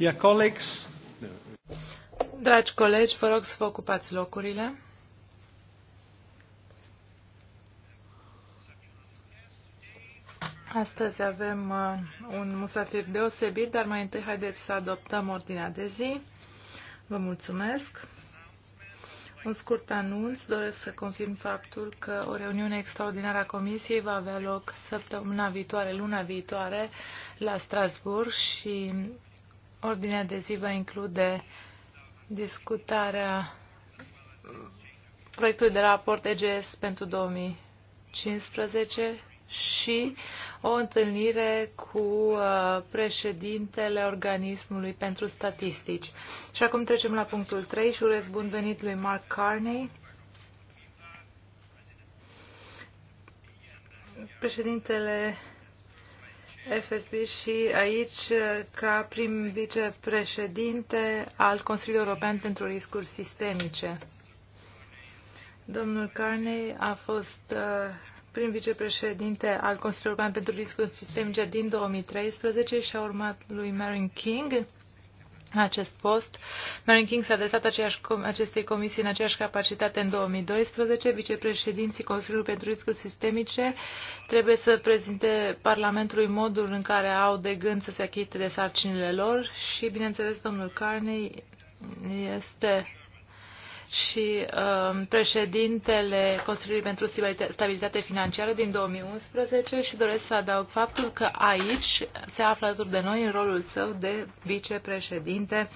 Dear colleagues, Dragi colegi, vă rog să vă ocupați locurile. Astăzi avem uh, un musafir deosebit, dar mai întâi haideți să adoptăm ordinea de zi. Vă mulțumesc. Un scurt anunț, doresc să confirm faptul că o reuniune extraordinară a Comisiei va avea loc săptămâna viitoare, luna viitoare, la Strasburg și Ordinea de zi va include discutarea proiectului de raport EGS pentru 2015 și o întâlnire cu uh, președintele Organismului pentru Statistici. Și acum trecem la punctul 3 și urez bun venit lui Mark Carney, președintele FSB și aici ca prim vicepreședinte al Consiliului European pentru Riscuri Sistemice. Domnul Carney a fost uh, prim vicepreședinte al Consiliului European pentru Riscuri Sistemice din 2013 și a urmat lui Marin King acest post. Marion King s-a adresat acestei comisii în aceeași capacitate în 2012. Vicepreședinții Consiliului pentru Riscuri Sistemice trebuie să prezinte Parlamentului modul în care au de gând să se achite de sarcinile lor și, bineînțeles, domnul Carney este și uh, președintele Consiliului pentru Stabilitate Financiară din 2011 și doresc să adaug faptul că aici se află alături de noi în rolul său de vicepreședinte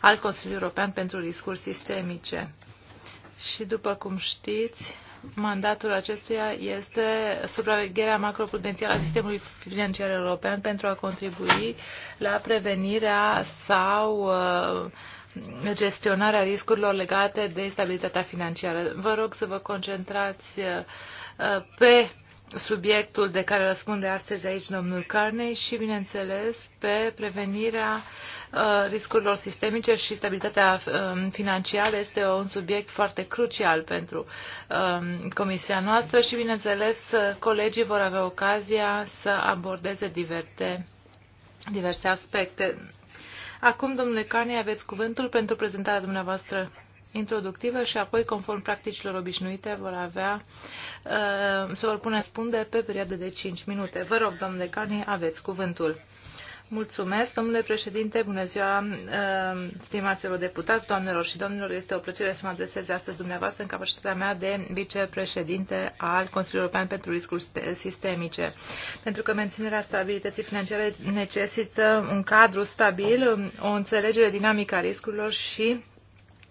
al Consiliului European pentru Riscuri Sistemice. Și după cum știți, mandatul acestuia este supravegherea macroprudențială a sistemului financiar european pentru a contribui la prevenirea sau uh, gestionarea riscurilor legate de stabilitatea financiară. Vă rog să vă concentrați uh, pe subiectul de care răspunde astăzi aici domnul Carney și, bineînțeles, pe prevenirea uh, riscurilor sistemice și stabilitatea um, financiară este un subiect foarte crucial pentru um, comisia noastră și, bineînțeles, uh, colegii vor avea ocazia să abordeze diverse diverse aspecte. Acum, domnule Carney, aveți cuvântul pentru prezentarea dumneavoastră introductivă și apoi, conform practicilor obișnuite, vor avea, uh, se vor pune spunde pe perioade de 5 minute. Vă rog, domnule Carney, aveți cuvântul. Mulțumesc, domnule președinte, bună ziua, uh, stimaților deputați, doamnelor și domnilor. Este o plăcere să mă adresez astăzi dumneavoastră în capacitatea mea de vicepreședinte al Consiliului European pentru Riscuri Sistemice. Pentru că menținerea stabilității financiare necesită un cadru stabil, o înțelegere dinamică a riscurilor și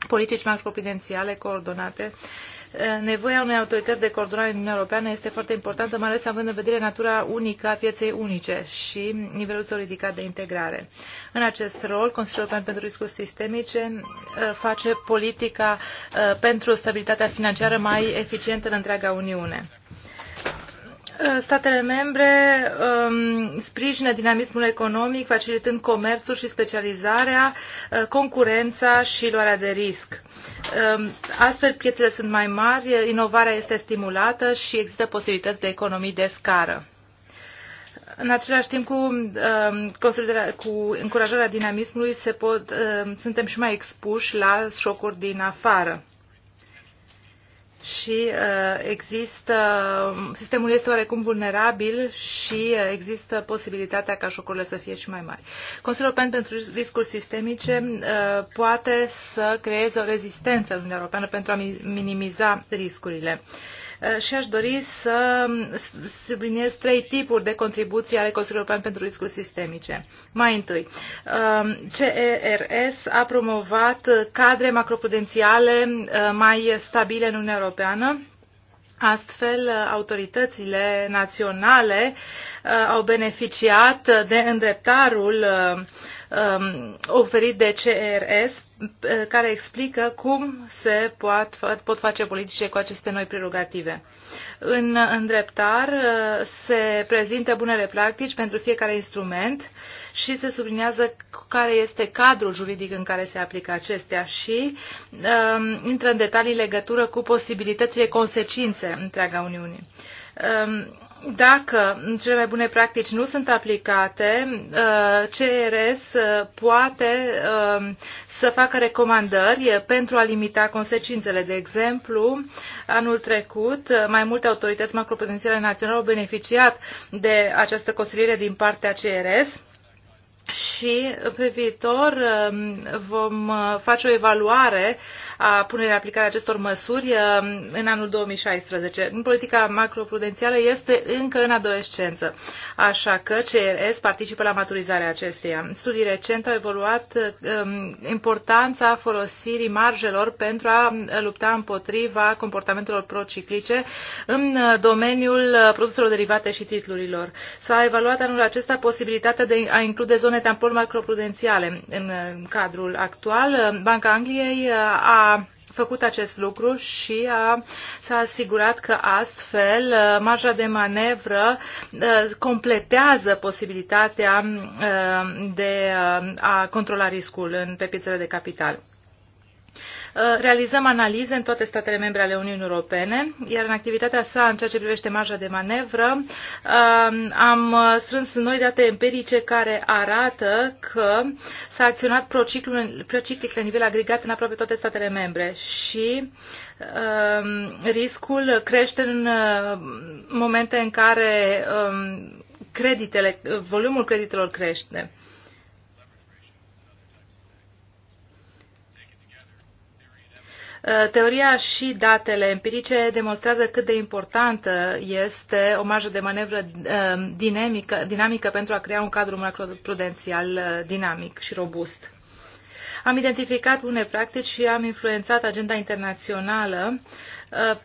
politici macroprudențiale coordonate uh, nevoia unei autorități de coordonare în Uniunea Europeană este foarte importantă, mai ales având în vedere natura unică a pieței unice și nivelul său ridicat de integrare. În acest rol, Consiliul European pentru Riscuri Sistemice uh, face politica uh, pentru stabilitatea financiară mai eficientă în întreaga Uniune statele membre um, sprijină dinamismul economic, facilitând comerțul și specializarea, uh, concurența și luarea de risc. Um, astfel, piețele sunt mai mari, inovarea este stimulată și există posibilități de economii de scară. În același timp, cu, um, cu încurajarea dinamismului, se pot, um, suntem și mai expuși la șocuri din afară și uh, există, sistemul este oarecum vulnerabil și uh, există posibilitatea ca șocurile să fie și mai mari. Consiliul European pentru Riscuri Sistemice uh, poate să creeze o rezistență în Uniunea Europeană pentru a minimiza riscurile. Uh, Uh, și aș dori să subliniez trei tipuri de contribuții ale Consiliului European pentru riscuri sistemice. Mai întâi, um, CERS a promovat cadre macroprudențiale uh, mai stabile în Uniunea Europeană, Astfel, uh, autoritățile naționale au beneficiat de îndreptarul um, oferit de CRS uh, care explică cum se pot, pot face politice cu aceste noi prerogative. În îndreptar uh, se prezintă bunele practici pentru fiecare instrument și se sublinează care este cadrul juridic în care se aplică acestea și um, intră în detalii legătură cu posibilitățile consecințe întreaga Uniunii. Ehm, dacă cele mai bune practici nu sunt aplicate, eh, CRS eh, poate ehm, să facă recomandări pentru a limita consecințele. De exemplu, anul trecut, eh, mai multe autorități macroprudențiale naționale au beneficiat de această consiliere din partea CRS și pe viitor um, vom uh, face o evaluare a punerii în aplicare acestor măsuri um, în anul 2016. În politica macroprudențială este încă în adolescență, așa că CRS participă la maturizarea acesteia. Studii recente au evoluat um, importanța folosirii marjelor pentru a lupta împotriva comportamentelor prociclice în uh, domeniul uh, produselor derivate și titlurilor. S-a evaluat anul acesta posibilitatea de a include zone tampon macroprudențiale în cadrul actual. Banca Angliei uh, a făcut acest lucru și a, s-a asigurat că astfel uh, marja de manevră uh, completează posibilitatea de a controla riscul în, pe piețele de capital. Uh, realizăm analize în toate statele membre ale Uniunii Europene, iar în activitatea sa, în ceea ce privește marja de manevră, um, am uh, strâns noi date empirice care arată că s-a acționat prociclic la nivel agregat în aproape toate statele membre și um, riscul crește în uh, momente în care um, creditele, volumul creditelor crește. Uh, teoria și datele empirice demonstrează cât de importantă uh, este o marjă de manevră uh, dinamică, dinamică pentru a crea un cadru macroprudențial dinamic și robust. Am identificat bune practici și am influențat agenda internațională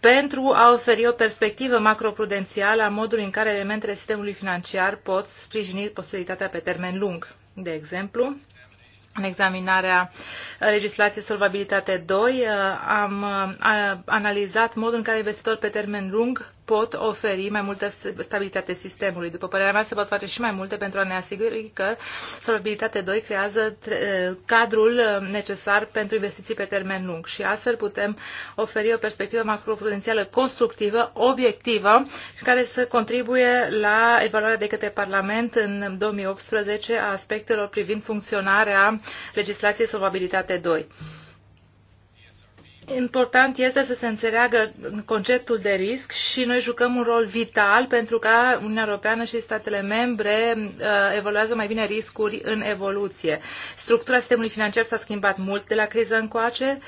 pentru a oferi o perspectivă macroprudențială a modului în care elementele sistemului financiar pot sprijini posibilitatea pe termen lung. De exemplu, în examinarea legislației solvabilitate 2, uh, am uh, analizat modul în care investitori pe termen lung pot oferi mai multă stabilitate sistemului. După părerea mea, se pot face și mai multe pentru a ne asigura că solvabilitate 2 creează cadrul uh, necesar pentru investiții pe termen lung și astfel putem oferi o perspectivă macroprudențială constructivă, obiectivă și care să contribuie la evaluarea de către Parlament în 2018 a aspectelor privind funcționarea legislației solvabilitate 2. Important este să se înțeleagă conceptul de risc și noi jucăm un rol vital pentru ca Uniunea Europeană și statele membre uh, evoluează mai bine riscuri în evoluție. Structura sistemului financiar s-a schimbat mult de la criză încoace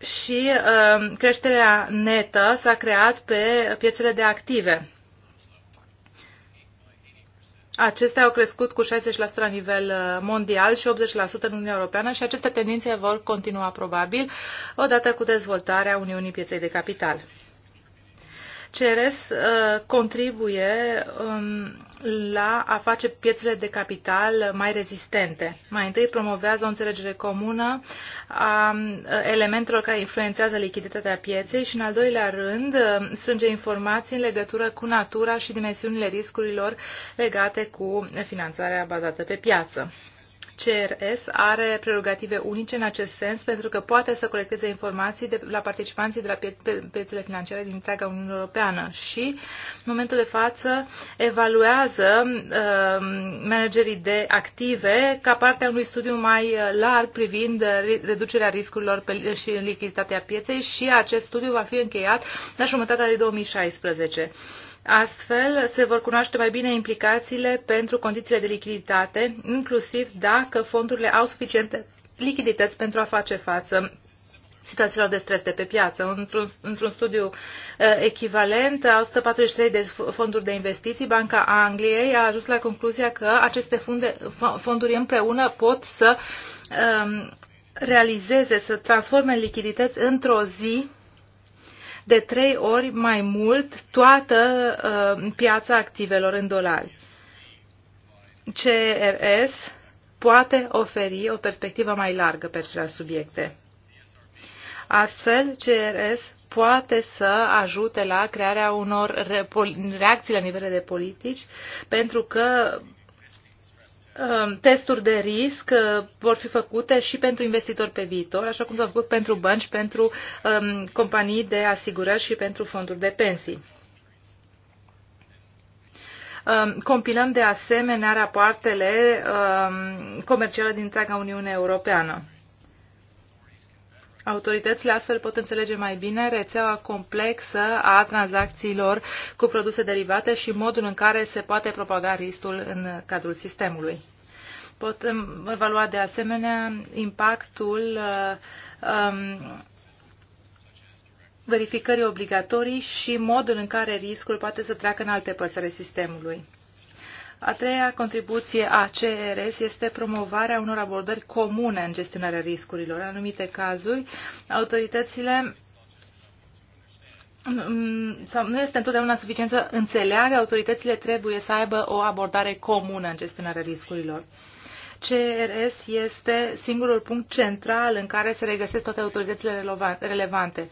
și uh, creșterea netă s-a creat pe piețele de active. Acestea au crescut cu 60% la nivel uh, mondial și 80% în Uniunea Europeană și aceste tendințe vor continua probabil odată cu dezvoltarea Uniunii Pieței de Capital. Ceres uh, contribuie um, la a face piețele de capital mai rezistente. Mai întâi promovează o înțelegere comună a uh, elementelor care influențează lichiditatea pieței și, în al doilea rând, uh, strânge informații în legătură cu natura și dimensiunile riscurilor legate cu finanțarea bazată pe piață. CRS are prerogative unice în acest sens pentru că poate să colecteze informații de la participanții de la piețele financiare din întreaga Uniune Europeană și, în momentul de față, evaluează uh, managerii de active ca parte a unui studiu mai larg privind reducerea riscurilor și lichiditatea pieței și acest studiu va fi încheiat la jumătatea de 2016. Astfel, se vor cunoaște mai bine implicațiile pentru condițiile de lichiditate, inclusiv dacă fondurile au suficiente lichidități pentru a face față situațiilor de stres de pe piață. Într-un, într-un studiu uh, echivalent, 143 de fonduri de investiții, Banca Angliei a ajuns la concluzia că aceste funde, fonduri împreună pot să um, realizeze, să transforme lichidități într-o zi de trei ori mai mult toată uh, piața activelor în dolari. CRS poate oferi o perspectivă mai largă pe aceleași subiecte. Astfel, CRS poate să ajute la crearea unor reacții la nivel de politici, pentru că Um, testuri de risc uh, vor fi făcute și pentru investitori pe viitor, așa cum s-au făcut pentru bănci, pentru um, companii de asigurări și pentru fonduri de pensii. Um, compilăm de asemenea rapoartele comerciale din întreaga Uniune Europeană. Autoritățile astfel pot înțelege mai bine rețeaua complexă a tranzacțiilor cu produse derivate și modul în care se poate propaga riscul în cadrul sistemului. Pot um, evalua de asemenea impactul uh, um, verificării obligatorii și modul în care riscul poate să treacă în alte părți ale sistemului. A treia contribuție a CRS este promovarea unor abordări comune în gestionarea riscurilor. În anumite cazuri, autoritățile mm, mm, sau nu este întotdeauna suficient să înțeleagă, autoritățile trebuie să aibă o abordare comună în gestionarea riscurilor. CRS este singurul punct central în care se regăsesc toate autoritățile relevante,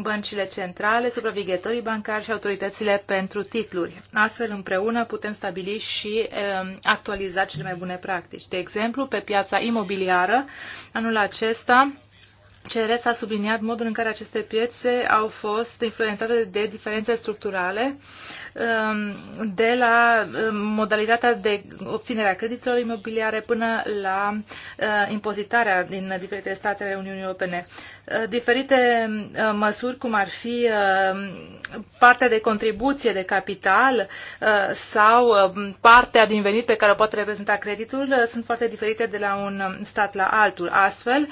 băncile centrale, supraveghetorii bancari și autoritățile pentru titluri. Astfel, împreună putem stabili și ehm, actualiza cele mai bune practici. De exemplu, pe piața imobiliară, anul acesta, CRS a subliniat modul în care aceste piețe au fost influențate de diferențe structurale Um, de la um, modalitatea de obținere a creditelor imobiliare până la uh, impozitarea din diferite state ale Uniunii Europene. Uh, diferite uh, măsuri, cum ar fi partea de contribuție de capital sau partea din venit pe care o poate reprezenta creditul, sunt foarte diferite de la un stat la altul. Astfel,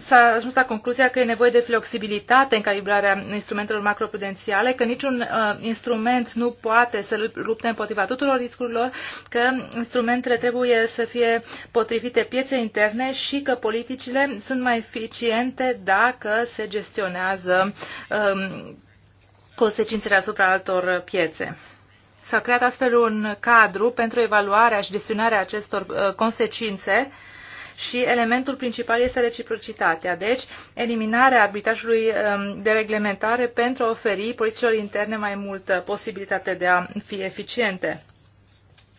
s-a ajuns la concluzia că e nevoie de flexibilitate în calibrarea instrumentelor macroprudențiale, că niciun instrument instrument nu poate să lupte împotriva tuturor riscurilor, că instrumentele trebuie să fie potrivite pieței interne și că politicile sunt mai eficiente dacă se gestionează um, consecințele asupra altor piețe. S-a creat astfel un cadru pentru evaluarea și gestionarea acestor uh, consecințe și elementul principal este reciprocitatea. Deci, eliminarea arbitrajului um, de reglementare pentru a oferi politicilor interne mai multă posibilitate de a fi eficiente.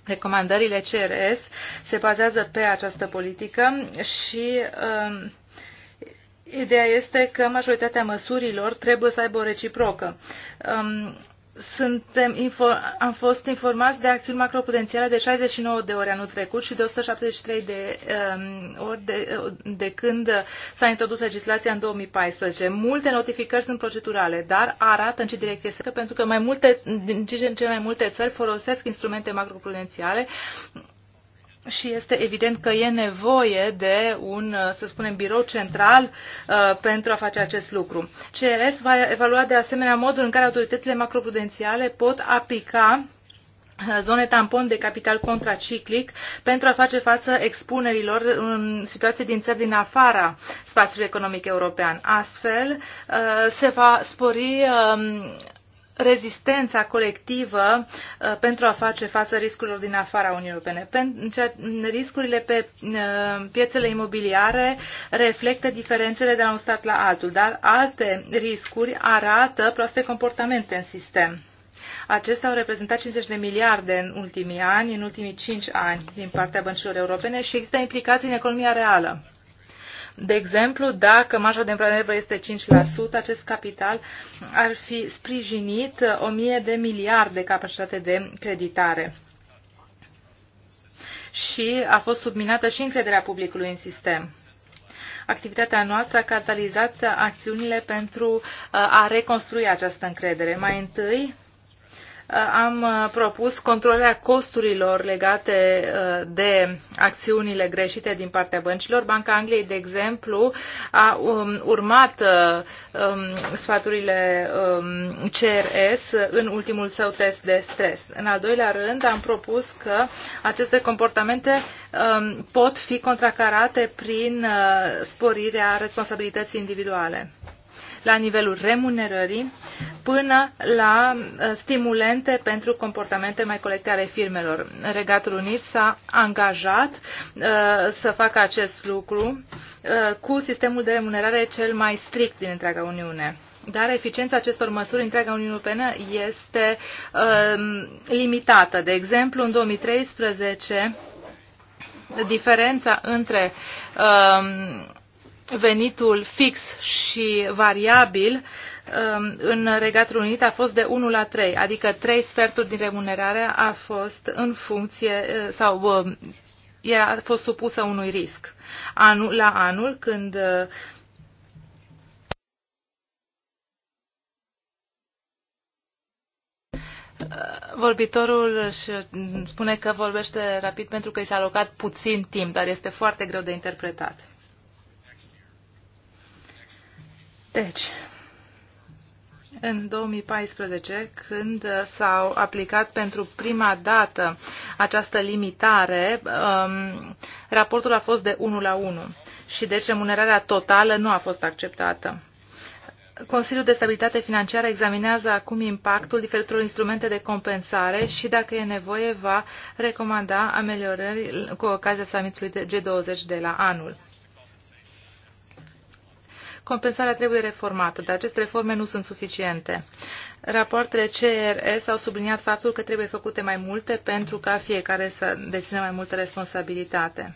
Recomandările CRS se bazează pe această politică și um, ideea este că majoritatea măsurilor trebuie să aibă o reciprocă. Um, suntem info- am fost informați de acțiuni macroprudențiale de 69 de ori anul trecut și de 173 de um, ori de, de când s-a introdus legislația în 2014. Multe notificări sunt procedurale, dar arată în ce direcție se pentru că mai multe, din ce în ce mai multe țări folosesc instrumente macroprudențiale și este evident că e nevoie de un, să spunem, birou central uh, pentru a face acest lucru. CRS va evalua de asemenea modul în care autoritățile macroprudențiale pot aplica uh, zone tampon de capital contraciclic pentru a face față expunerilor în situații din țări din afara spațiului economic european. Astfel, uh, se va spori um, rezistența colectivă uh, pentru a face față riscurilor din afara Uniunii Europene. Riscurile pe uh, piețele imobiliare reflectă diferențele de la un stat la altul, dar alte riscuri arată proaste comportamente în sistem. Acestea au reprezentat 50 de miliarde în ultimii ani, în ultimii 5 ani din partea băncilor europene și există implicații în economia reală. De exemplu, dacă marja de manevră este 5%, acest capital ar fi sprijinit 1000 de miliarde capacitate de creditare și a fost subminată și încrederea publicului în sistem. Activitatea noastră a catalizat acțiunile pentru uh, a reconstrui această încredere. Mai întâi, Uh, am uh, propus controlarea costurilor legate uh, de acțiunile greșite din partea băncilor. Banca Angliei, de exemplu, a um, urmat um, sfaturile um, CRS în ultimul său test de stres. În al doilea rând, am propus că aceste comportamente pot fi contracarate prin sporirea responsabilității individuale la nivelul remunerării până la uh, stimulente pentru comportamente mai colecte ale firmelor. Regatul Unit s-a angajat uh, să facă acest lucru uh, cu sistemul de remunerare cel mai strict din întreaga Uniune. Dar eficiența acestor măsuri în întreaga Uniune Europeană este uh, limitată. De exemplu, în 2013, diferența între uh, venitul fix și variabil um, în Regatul Unit a fost de 1 la 3, adică 3 sferturi din remunerare a fost în funcție uh, sau uh, a fost supusă unui risc. Anul, la anul, când uh, Vorbitorul își spune că vorbește rapid pentru că i s-a alocat puțin timp, dar este foarte greu de interpretat. Deci, în 2014, când s-au aplicat pentru prima dată această limitare, um, raportul a fost de 1 la 1 și deci remunerarea totală nu a fost acceptată. Consiliul de Stabilitate Financiară examinează acum impactul diferitelor instrumente de compensare și, dacă e nevoie, va recomanda ameliorări cu ocazia summitului G20 de la anul compensarea trebuie reformată, dar aceste reforme nu sunt suficiente. Rapoartele CRS au subliniat faptul că trebuie făcute mai multe pentru ca fiecare să dețină mai multă responsabilitate.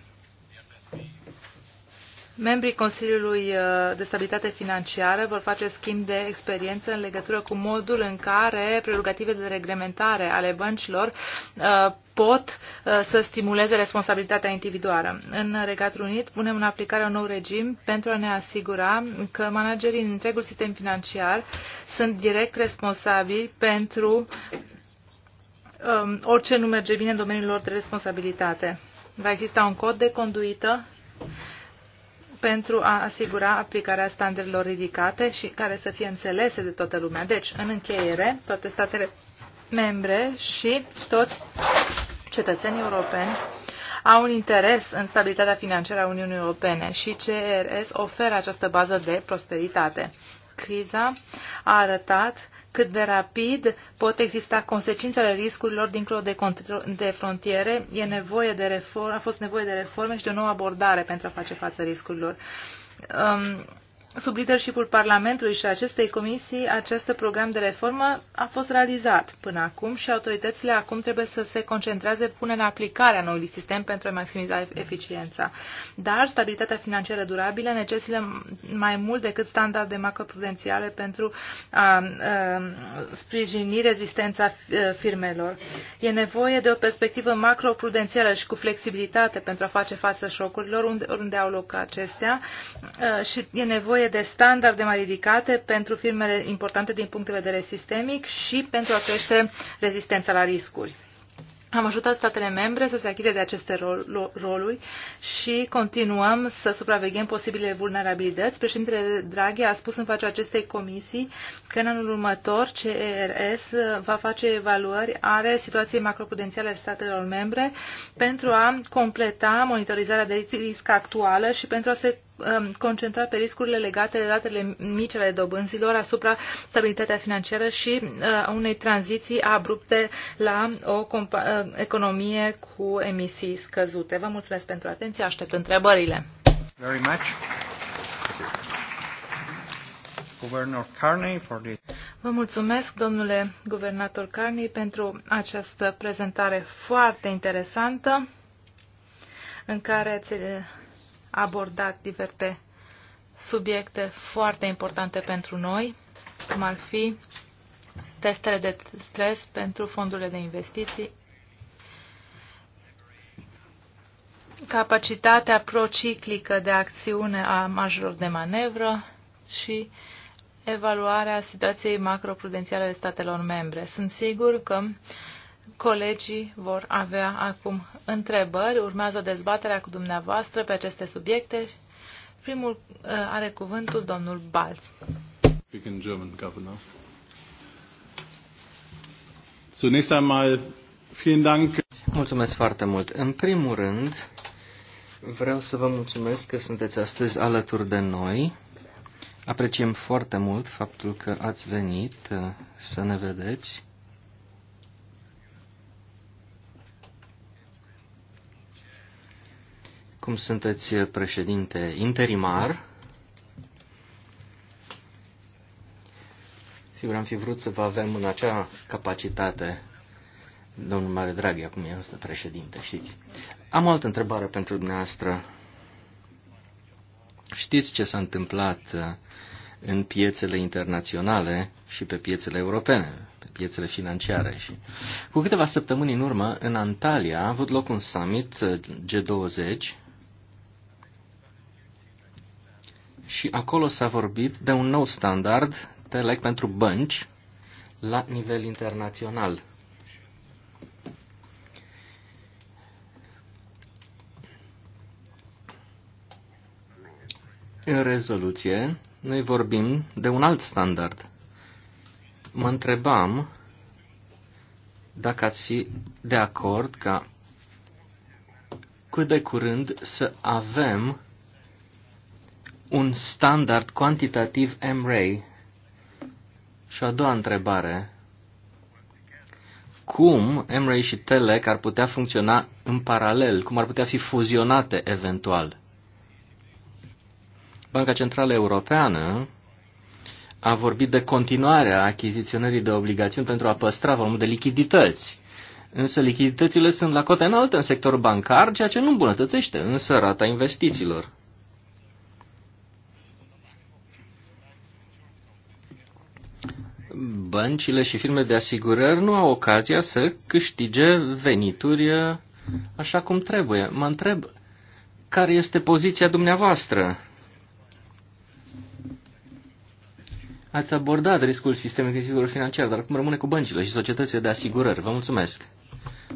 Membrii Consiliului uh, de Stabilitate Financiară vor face schimb de experiență în legătură cu modul în care prerogativele de reglementare ale băncilor uh, pot uh, să stimuleze responsabilitatea individuală. În Regatul Unit punem în aplicare un nou regim pentru a ne asigura că managerii în întregul sistem financiar sunt direct responsabili pentru um, orice nu merge bine în domeniul lor de responsabilitate. Va exista un cod de conduită pentru a asigura aplicarea standardelor ridicate și care să fie înțelese de toată lumea. Deci, în încheiere, toate statele membre și toți cetățenii europeni au un interes în stabilitatea financiară a Uniunii Europene și CRS oferă această bază de prosperitate. Criza a arătat cât de rapid pot exista consecințele riscurilor dincolo de, de frontiere. E nevoie de reform, a fost nevoie de reforme și de o nouă abordare pentru a face față riscurilor. Um, sub leadership Parlamentului și acestei comisii, acest program de reformă a fost realizat până acum și autoritățile acum trebuie să se concentreze pune în aplicarea noului sistem pentru a maximiza eficiența. Dar stabilitatea financiară durabilă necesită mai mult decât standarde macroprudențiale pentru a, sprijini rezistența firmelor. E nevoie de o perspectivă macroprudențială și cu flexibilitate pentru a face față șocurilor unde, unde au loc acestea și e nevoie de standarde mai ridicate pentru firmele importante din punct de vedere sistemic și pentru a crește rezistența la riscuri. Am ajutat statele membre să se achite de aceste rol, roluri și continuăm să supraveghem posibile vulnerabilități. Președintele Draghi a spus în fața acestei comisii că în anul următor CERS va face evaluări ale situației macroprudențiale statelor membre pentru a completa monitorizarea de risc actuală și pentru a se concentrat pe riscurile legate de ratele mici ale dobânzilor asupra stabilitatea financiară și uh, a unei tranziții abrupte la o uh, economie cu emisii scăzute. Vă mulțumesc pentru atenție, aștept întrebările. Very much. Vă mulțumesc, domnule guvernator Carney, pentru această prezentare foarte interesantă în care ați abordat diverse subiecte foarte importante pentru noi, cum ar fi testele de stres pentru fondurile de investiții, capacitatea prociclică de acțiune a majorilor de manevră și evaluarea situației macroprudențiale ale statelor membre. Sunt sigur că uh, Colegii vor avea acum întrebări. Urmează dezbaterea cu dumneavoastră pe aceste subiecte. Primul uh, are cuvântul domnul Balz. Zunächst einmal vielen Dank. Mulțumesc foarte mult. În primul rând, vreau să vă mulțumesc că sunteți astăzi alături de noi. Apreciem foarte mult faptul că ați venit uh, să ne vedeți. Acum sunteți președinte interimar. Sigur, am fi vrut să vă avem în acea capacitate. Domnul Mare Draghi, acum e însă președinte, știți. Am o altă întrebare pentru dumneavoastră. Știți ce s-a întâmplat uh, în piețele internaționale și pe piețele europene, pe piețele financiare. Și cu câteva săptămâni în urmă, în Antalya a avut loc un summit uh, G20 și acolo s-a vorbit de un nou standard, TELEC, pentru bănci la nivel internațional. În rezoluție, noi vorbim de un alt standard. Mă întrebam dacă ați fi de acord ca cât de curând să avem un standard cuantitativ ray Și a doua întrebare. Cum M-ray și TELEC ar putea funcționa în paralel? Cum ar putea fi fuzionate eventual? Banca Centrală Europeană a vorbit de continuarea achiziționării de obligațiuni pentru a păstra volumul de lichidități. Însă lichiditățile sunt la cote înaltă în sectorul bancar, ceea ce nu îmbunătățește însă rata investițiilor. băncile și firmele de asigurări nu au ocazia să câștige venituri uh, așa cum trebuie. Mă întreb, care este poziția dumneavoastră? Ați abordat riscul sistemului crizelor financiar, dar cum rămâne cu băncile și societățile de asigurări? Vă mulțumesc!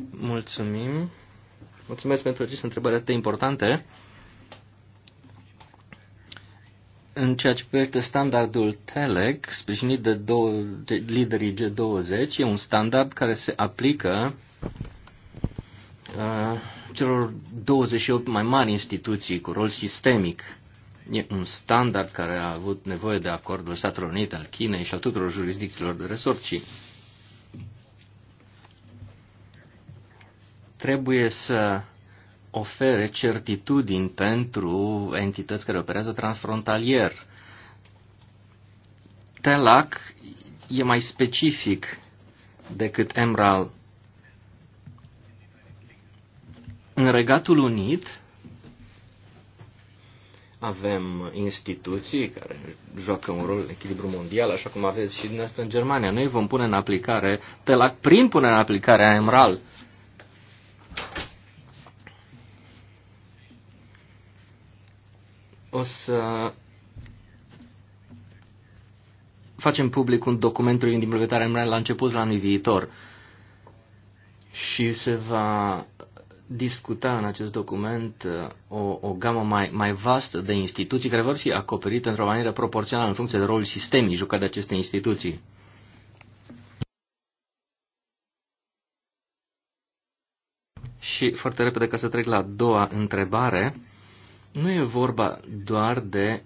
Mulțumim! Mulțumesc pentru aceste întrebări atât de importante. În ceea ce privește standardul TELEC, sprijinit de, două, de liderii G20, e un standard care se aplică uh, celor 28 mai mari instituții cu rol sistemic. E un standard care a avut nevoie de acordul Statelor Unite, al Chinei și al tuturor jurisdicțiilor de resort și trebuie să ofere certitudini pentru entități care operează transfrontalier. TELAC e mai specific decât EMRAL. În Regatul Unit avem instituții care joacă un rol în echilibru mondial, așa cum aveți și din asta în Germania. Noi vom pune în aplicare TELAC prin punerea în aplicare a EMRAL. o să facem public un document privind implementarea MRAN la începutul anului viitor și se va discuta în acest document uh, o, o gamă mai, mai vastă de instituții care vor fi acoperite într-o manieră proporțională în funcție de rolul sistemic jucat de aceste instituții. Și foarte repede ca să trec la a doua întrebare, nu e vorba doar de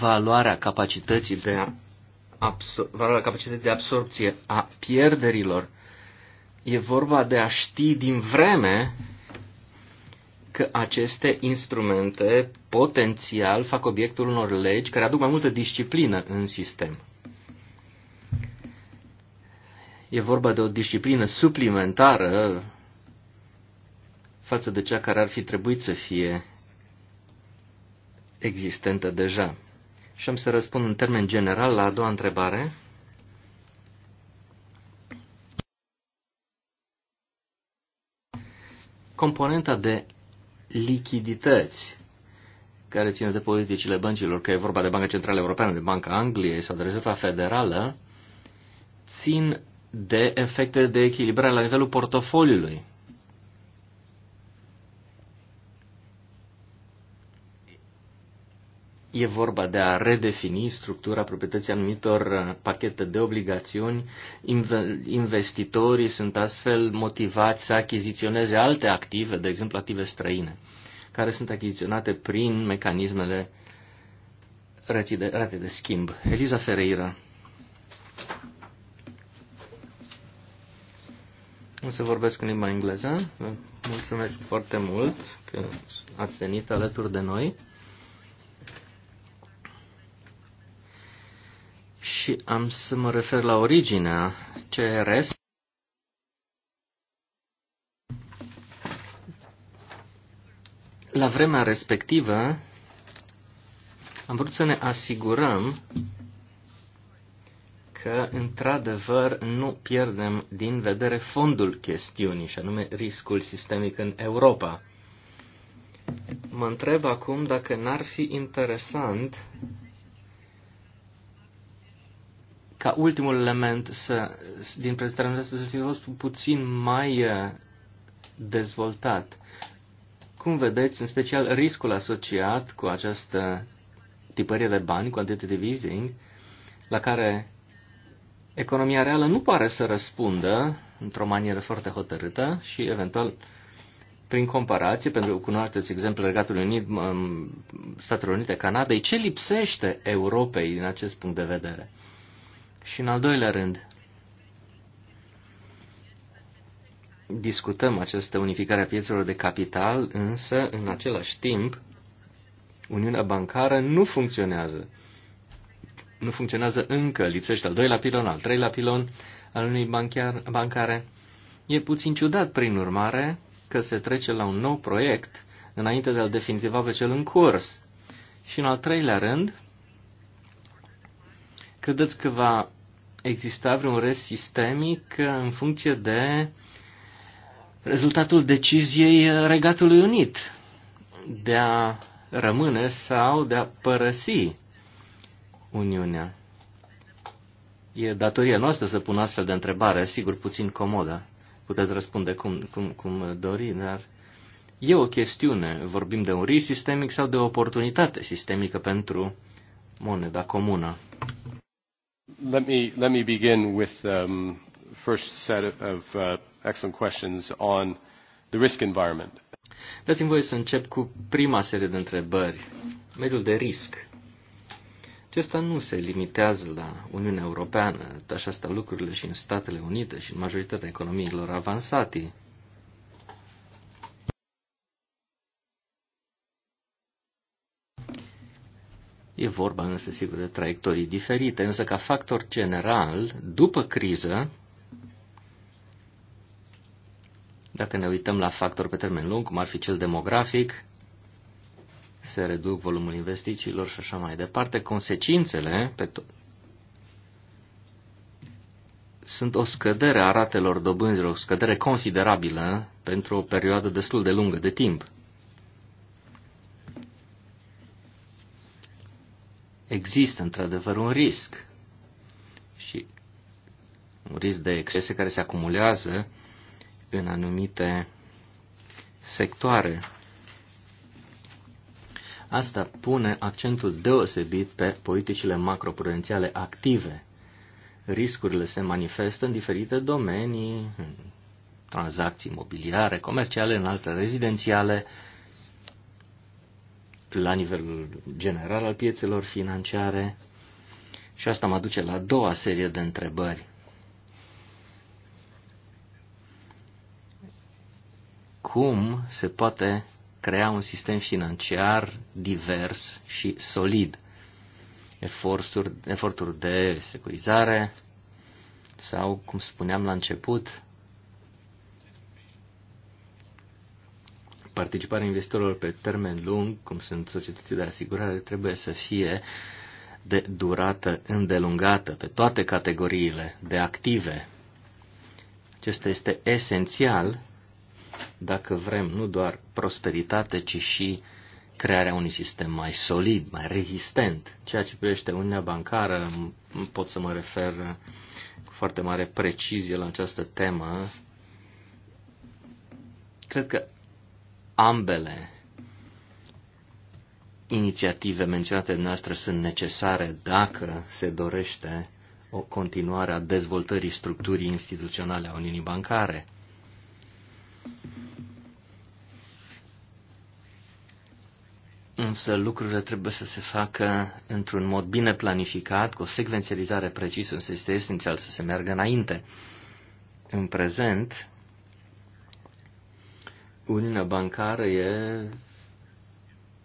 valoarea capacității de, absor- valoarea capacității de absorpție a pierderilor. E vorba de a ști din vreme că aceste instrumente potențial fac obiectul unor legi care aduc mai multă disciplină în sistem. E vorba de o disciplină suplimentară față de cea care ar fi trebuit să fie existentă deja. Și am să răspund în termen general la a doua întrebare. Componenta de lichidități care ține de politicile băncilor, că e vorba de Banca Centrală Europeană, de Banca Angliei sau de Rezerva Federală, țin de efecte de echilibrare la nivelul portofoliului. E vorba de a redefini structura proprietății anumitor uh, pachete de obligațiuni. Investitorii sunt astfel motivați să achiziționeze alte active, de exemplu active străine, care sunt achiziționate prin mecanismele rate de, schimb. Eliza Ferreira. O să vorbesc în limba engleză. mulțumesc foarte mult că ați venit alături de noi. și am să mă refer la originea CRS. La vremea respectivă am vrut să ne asigurăm că, într-adevăr, nu pierdem din vedere fondul chestiunii, și anume riscul sistemic în Europa. Mă întreb acum dacă n-ar fi interesant ca ultimul element să, din prezentarea noastră să fie fost puțin mai uh, dezvoltat. Cum vedeți, în special, riscul asociat cu această tipărie de bani, quantitative easing, la care economia reală nu pare să răspundă într-o manieră foarte hotărâtă și, eventual, prin comparație, pentru că cunoașteți exemplul Regatului Unit, Statelor Unite, Canadei, ce lipsește Europei din acest punct de vedere? Și în al doilea rând, discutăm această unificare a piețelor de capital, însă, în același timp, Uniunea bancară nu funcționează. Nu funcționează încă, lipsește al doilea pilon, al treilea pilon al unei banchiar, bancare. E puțin ciudat, prin urmare, că se trece la un nou proiect înainte de a l definitiva pe cel în curs. Și în al treilea rând, Credeți că va exista vreun rest sistemic în funcție de rezultatul deciziei Regatului Unit de a rămâne sau de a părăsi Uniunea? E datoria noastră să pun astfel de întrebare, sigur puțin comodă. Puteți răspunde cum, cum, cum dori, dar e o chestiune. Vorbim de un risc sistemic sau de o oportunitate sistemică pentru moneda comună. Let me, let me begin with the um, first set of, of uh, excellent questions on the risk environment. Dați-mi voie să încep cu prima serie de întrebări. Mediul de risc. Acesta nu se limitează la Uniunea Europeană, așa stau lucrurile și în Statele Unite și în majoritatea economiilor avansate. E vorba însă, sigur, de traiectorii diferite, însă ca factor general, după criză, dacă ne uităm la factor pe termen lung, cum ar fi cel demografic, se reduc volumul investițiilor și așa mai departe, consecințele pe to- sunt o scădere a ratelor dobânzilor, o scădere considerabilă pentru o perioadă destul de lungă de timp. există într-adevăr un risc și un risc de excese care se acumulează în anumite sectoare. Asta pune accentul deosebit pe politicile macroprudențiale active. Riscurile se manifestă în diferite domenii, în tranzacții imobiliare, comerciale, în alte rezidențiale, la nivelul general al piețelor financiare. Și asta mă duce la a doua serie de întrebări. Cum se poate crea un sistem financiar divers și solid? Eforturi, eforturi de securizare sau, cum spuneam la început, participarea investitorilor pe termen lung, cum sunt societății de asigurare, trebuie să fie de durată îndelungată pe toate categoriile de active. Acesta este esențial dacă vrem nu doar prosperitate, ci și crearea unui sistem mai solid, mai rezistent. Ceea ce privește Uniunea Bancară, pot să mă refer cu foarte mare precizie la această temă. Cred că ambele inițiative menționate de noastră sunt necesare dacă se dorește o continuare a dezvoltării structurii instituționale a Uniunii Bancare. Însă lucrurile trebuie să se facă într-un mod bine planificat, cu o secvențializare precisă, însă este esențial să se meargă înainte. În prezent, Uniunea bancară e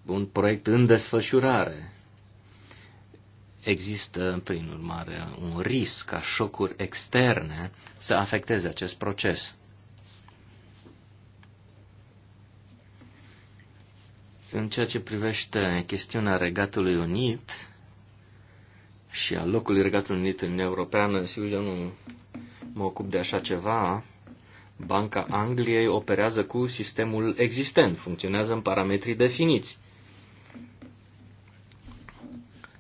un proiect în desfășurare. Există, prin urmare, un risc ca șocuri externe să afecteze acest proces. În ceea ce privește chestiunea Regatului Unit și a locului Regatului Unit în Uniunea Europeană, sigur, eu nu mă ocup de așa ceva, Banca Angliei operează cu sistemul existent, funcționează în parametrii definiți.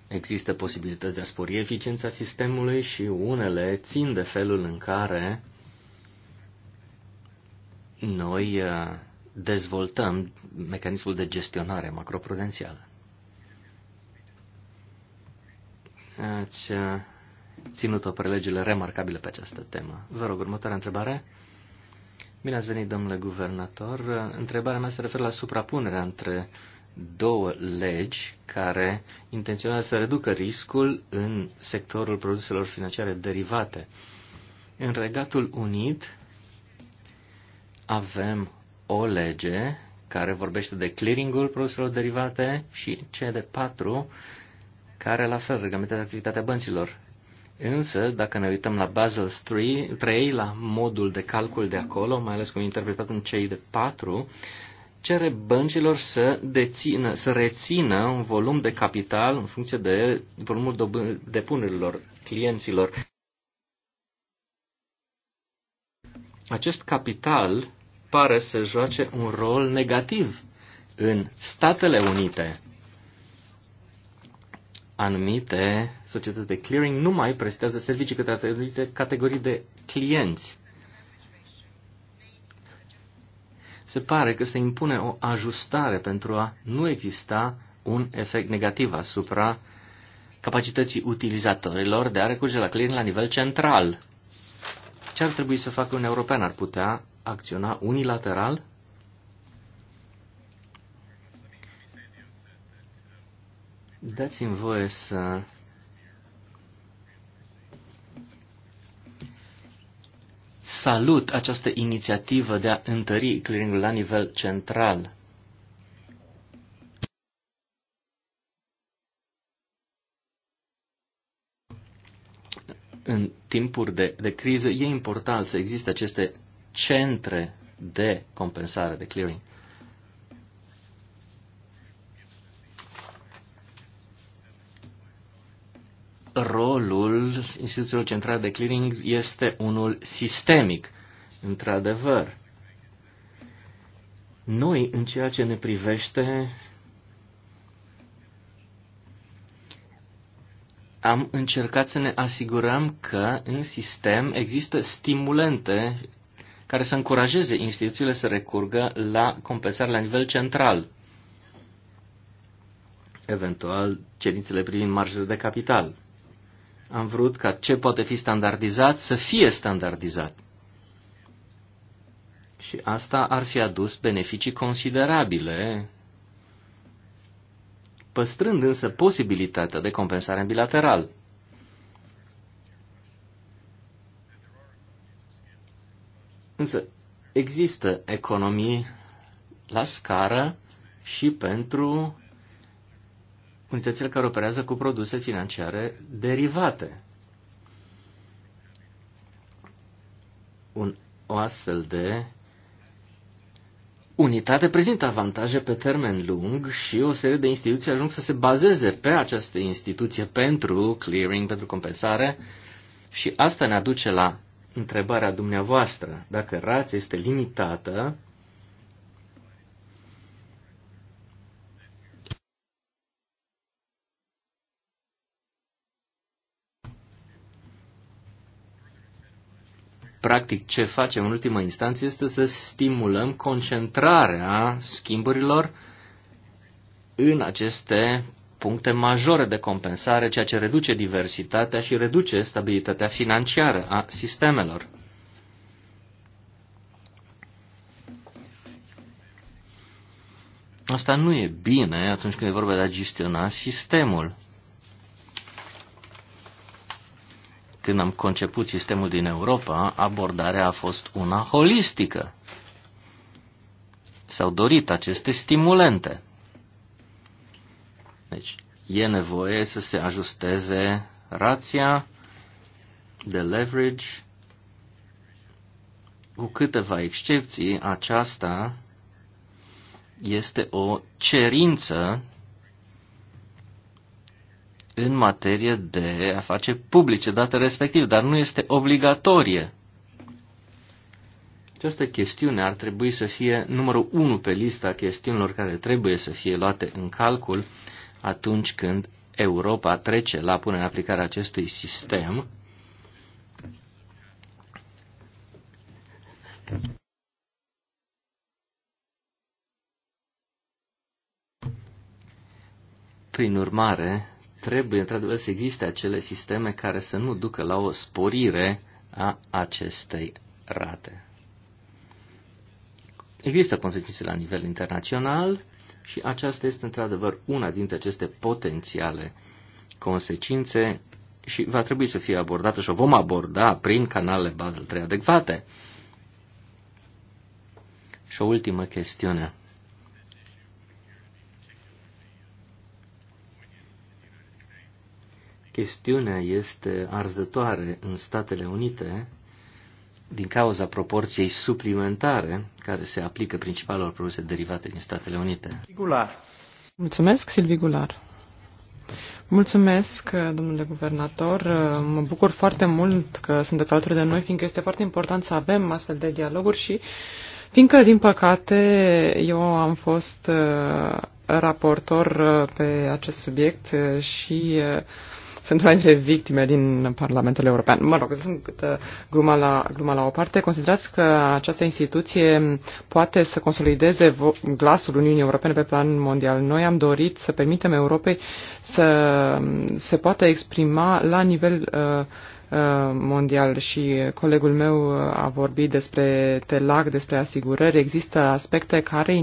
Există posibilități de a spori eficiența sistemului și unele țin de felul în care noi uh, dezvoltăm mecanismul de gestionare macroprudențială. Ați uh, ținut o prelegere remarcabilă pe această temă. Vă rog, următoarea întrebare. Bine ați venit, domnule guvernator. Întrebarea mea se referă la suprapunerea între două legi care intenționează să reducă riscul în sectorul produselor financiare derivate. În Regatul Unit avem o lege care vorbește de clearingul produselor derivate și cea de patru care la fel reglementează activitatea bănților. Însă, dacă ne uităm la Basel 3, 3 la modul de calcul de acolo, mai ales cum e interpretat în cei de 4, cere băncilor să, dețină, să rețină un volum de capital în funcție de volumul depunerilor clienților. Acest capital pare să joace un rol negativ în Statele Unite, anumite societăți de clearing nu mai prestează servicii către anumite categorii de clienți. Se pare că se impune o ajustare pentru a nu exista un efect negativ asupra capacității utilizatorilor de a recurge la clearing la nivel central. Ce ar trebui să facă un european? Ar putea acționa unilateral Dați-mi voie să salut această inițiativă de a întări clearingul la nivel central. În timpuri de, de criză e important să existe aceste centre de compensare, de clearing. rolul Institutului centrale de clearing este unul sistemic, într-adevăr. Noi, în ceea ce ne privește, am încercat să ne asigurăm că în sistem există stimulente care să încurajeze instituțiile să recurgă la compensare la nivel central, eventual cerințele privind marjele de capital. Am vrut ca ce poate fi standardizat să fie standardizat. Și asta ar fi adus beneficii considerabile, păstrând însă posibilitatea de compensare bilateral. Însă există economii la scară și pentru unitățile care operează cu produse financiare derivate. Un, o astfel de unitate prezintă avantaje pe termen lung și o serie de instituții ajung să se bazeze pe această instituție pentru clearing, pentru compensare și asta ne aduce la întrebarea dumneavoastră. Dacă rația este limitată, Practic, ce facem în ultimă instanță este să stimulăm concentrarea schimburilor în aceste puncte majore de compensare, ceea ce reduce diversitatea și reduce stabilitatea financiară a sistemelor. Asta nu e bine atunci când e vorba de a gestiona sistemul. când am conceput sistemul din Europa, abordarea a fost una holistică. S-au dorit aceste stimulente. Deci, e nevoie să se ajusteze rația de leverage. Cu câteva excepții, aceasta este o cerință în materie de a face publice date respectiv, dar nu este obligatorie. Această chestiune ar trebui să fie numărul 1 pe lista chestiunilor care trebuie să fie luate în calcul atunci când Europa trece la punerea în aplicare acestui sistem. Prin urmare, trebuie într-adevăr să existe acele sisteme care să nu ducă la o sporire a acestei rate. Există consecințe la nivel internațional și aceasta este într-adevăr una dintre aceste potențiale consecințe și va trebui să fie abordată și o vom aborda prin canalele Basel 3 adecvate. Și o ultimă chestiune. Chestiunea este arzătoare în Statele Unite din cauza proporției suplimentare care se aplică principalelor produse derivate din Statele Unite. Gular. Mulțumesc, Silvi Gular. Mulțumesc, domnule guvernator. Mă bucur foarte mult că sunteți alături de noi, fiindcă este foarte important să avem astfel de dialoguri și fiindcă, din păcate, eu am fost uh, raportor uh, pe acest subiect uh, și sunt una dintre victime din Parlamentul European. Mă rog, sunt uh, gluma la, gluma la o parte. Considerați că această instituție poate să consolideze glasul Uniunii Europene pe plan mondial. Noi am dorit să permitem Europei să se poată exprima la nivel uh, uh mondial și colegul meu a vorbit despre telac, despre asigurări. Există aspecte care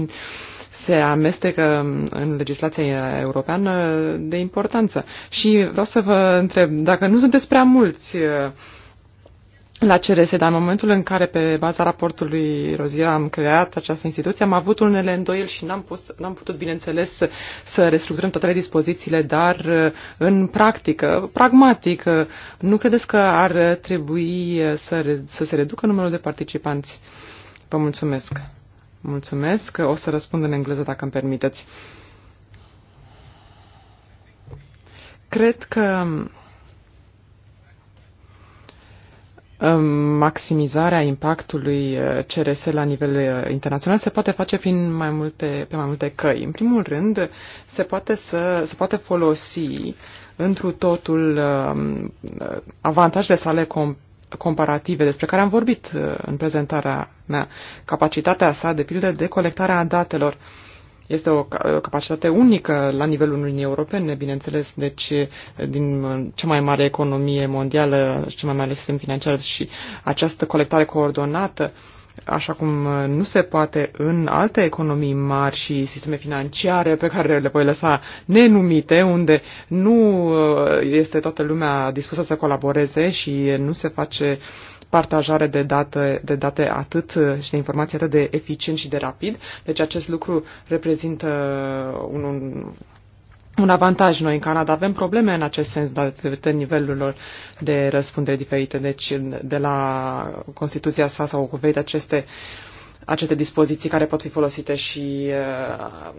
se amestecă în legislația europeană de importanță. Și vreau să vă întreb, dacă nu sunteți prea mulți uh, la CRS, dar în momentul în care pe baza raportului Rozia am creat această instituție, am avut unele îndoieli și n-am, pus, n-am putut, bineînțeles, să, să restructurăm toate dispozițiile, dar uh, în practică, pragmatic, uh, nu credeți că ar trebui să, să se reducă numărul de participanți? Vă mulțumesc! Mulțumesc. O să răspund în engleză dacă îmi permiteți. Cred că um, maximizarea impactului uh, CRS la nivel uh, internațional se poate face prin mai multe, pe mai multe căi. În primul rând, se poate, să, se poate folosi întru totul um, avantajele sale competitive comparative despre care am vorbit uh, în prezentarea mea. Capacitatea sa, de pildă, de colectarea a datelor este o capacitate unică la nivelul Uniunii Europene, bineînțeles, deci uh, din uh, cea mai mare economie mondială, cea mai mare sistem financiar și această colectare coordonată uh, așa cum uh, nu se poate în alte economii mari și sisteme financiare pe care le voi lăsa nenumite, unde nu uh, este toată lumea dispusă să colaboreze și nu se face partajare de date, de date atât uh, și de informații atât de eficient și de rapid. Deci acest lucru reprezintă un, un un avantaj noi în Canada. Avem probleme în acest sens datorită nivelurilor de răspundere diferite. Deci de la Constituția sa sau cu ocupat aceste, aceste dispoziții care pot fi folosite și uh,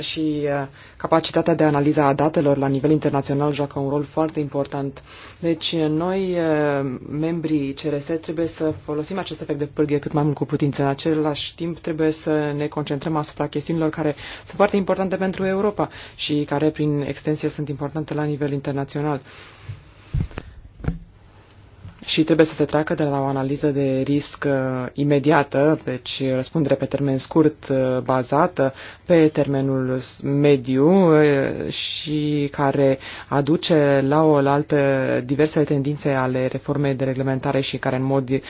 și uh, capacitatea de analiză a datelor la nivel internațional joacă un rol foarte important. Deci uh, noi, uh, membrii CRS, trebuie să folosim acest efect de pârghie cât mai mult cu putință. În același timp trebuie să ne concentrăm asupra chestiunilor care sunt foarte importante pentru Europa și care prin extensie sunt importante la nivel internațional și trebuie să se treacă de la o analiză de risc uh, imediată, deci răspundere pe termen scurt uh, bazată pe termenul mediu uh, și care aduce la o altă diversele tendințe ale reformei de reglementare și care în mod uh,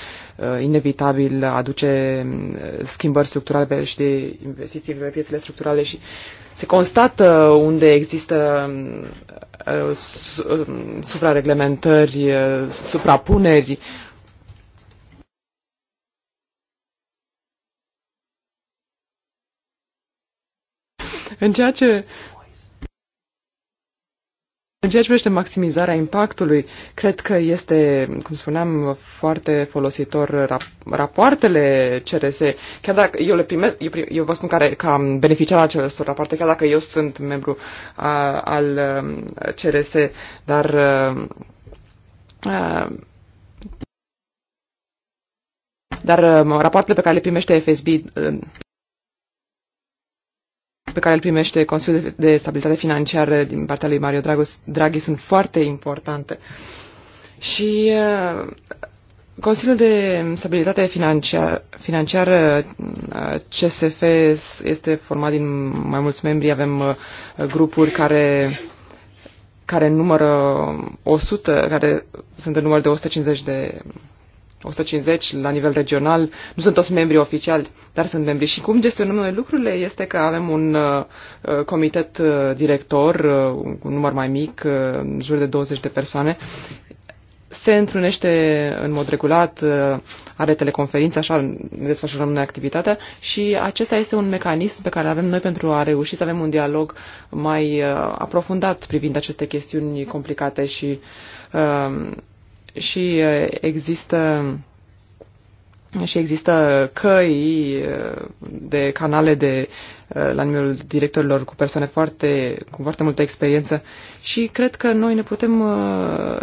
inevitabil aduce mm, schimbări structurale și de investiții pe piețele structurale și uh, se constată unde există uh, uh, suprareglementări, uh, suprapuneri. În ceea ce în ceea ce privește maximizarea impactului, cred că este, cum spuneam, foarte folositor rap- rapoartele CRS. Chiar dacă eu le primesc, eu, prim, eu vă spun care, ca beneficiar al acestor rapoarte, chiar dacă eu sunt membru a, al um, CRS, dar um, a, dar um, rapoartele pe care le primește FSB pe care îl primește Consiliul de Stabilitate Financiară din partea lui Mario Dragos, Draghi sunt foarte importante. Și uh, Consiliul de Stabilitate Financiar, Financiară, uh, CSF, este format din mai mulți membri. Avem uh, grupuri care, care numără 100, care sunt în număr de 150 de 150 la nivel regional. Nu sunt toți membri oficiali, dar sunt membri. Și cum gestionăm noi lucrurile este că avem un uh, uh comitet uh, director, uh, un număr mai mic, uh, în jur de 20 de persoane. Se întrunește în mod regulat, uh, are teleconferințe, așa desfășurăm noi activitatea și acesta este un mecanism pe care avem noi pentru a reuși să avem un dialog mai uh, aprofundat privind aceste chestiuni complicate și uh, și uh, există și există căi uh, de canale de uh, la nivelul directorilor cu persoane foarte, cu foarte multă experiență și cred că noi ne putem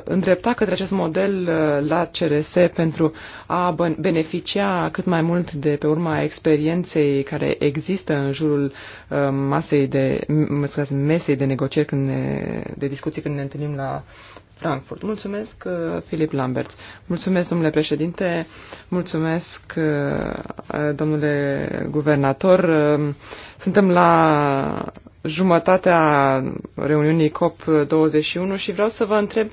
îndrepta către acest model la CRS pentru a beneficia cât mai mult de pe urma experienței care există în jurul masei de, scuze, mesei de negocieri, când ne, de discuții când ne întâlnim la Frankfurt. Mulțumesc, uh, Filip Lamberts. Mulțumesc, domnule președinte. Mulțumesc, uh, domnule guvernator. Um, suntem la jumătatea reuniunii COP21 și vreau să vă întreb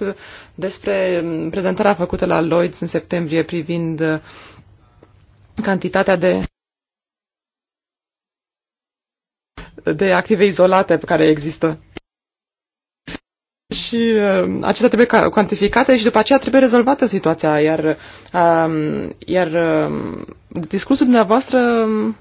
despre um, prezentarea făcută la Lloyds în septembrie privind uh, cantitatea de de active izolate care există și uh, acestea trebuie cuantificate și după aceea trebuie rezolvată situația, iar, uh, iar uh, discursul dumneavoastră um,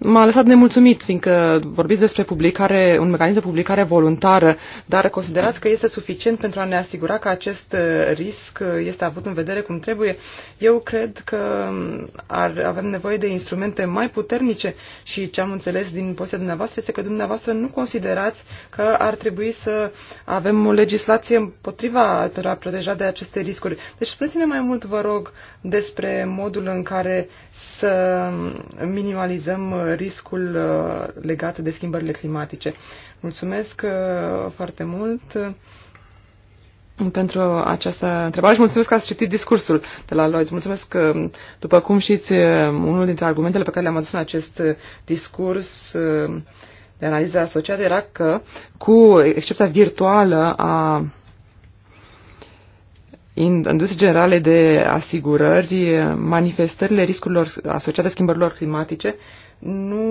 m-a lăsat nemulțumit, fiindcă vorbiți despre publicare, un mecanism de publicare voluntară, dar considerați că este suficient pentru a ne asigura că acest uh, risc uh, este avut în vedere cum trebuie? Eu cred că um, ar, avem nevoie de instrumente mai puternice și ce am înțeles din poziția dumneavoastră este că dumneavoastră nu considerați că ar trebui să avem o legislație împotriva pentru a proteja de aceste riscuri. Deci spuneți-ne mai mult, vă rog, despre modul în care să minimalizăm uh, riscul uh, legat de schimbările climatice. Mulțumesc uh, foarte mult uh, pentru această întrebare și mulțumesc că ați citit discursul de la Lloyds. Mulțumesc că, după cum știți, unul dintre argumentele pe care le-am adus în acest discurs de analiză asociată era că, cu excepția virtuală a industrie generale de asigurări, manifestările riscurilor asociate schimbărilor climatice nu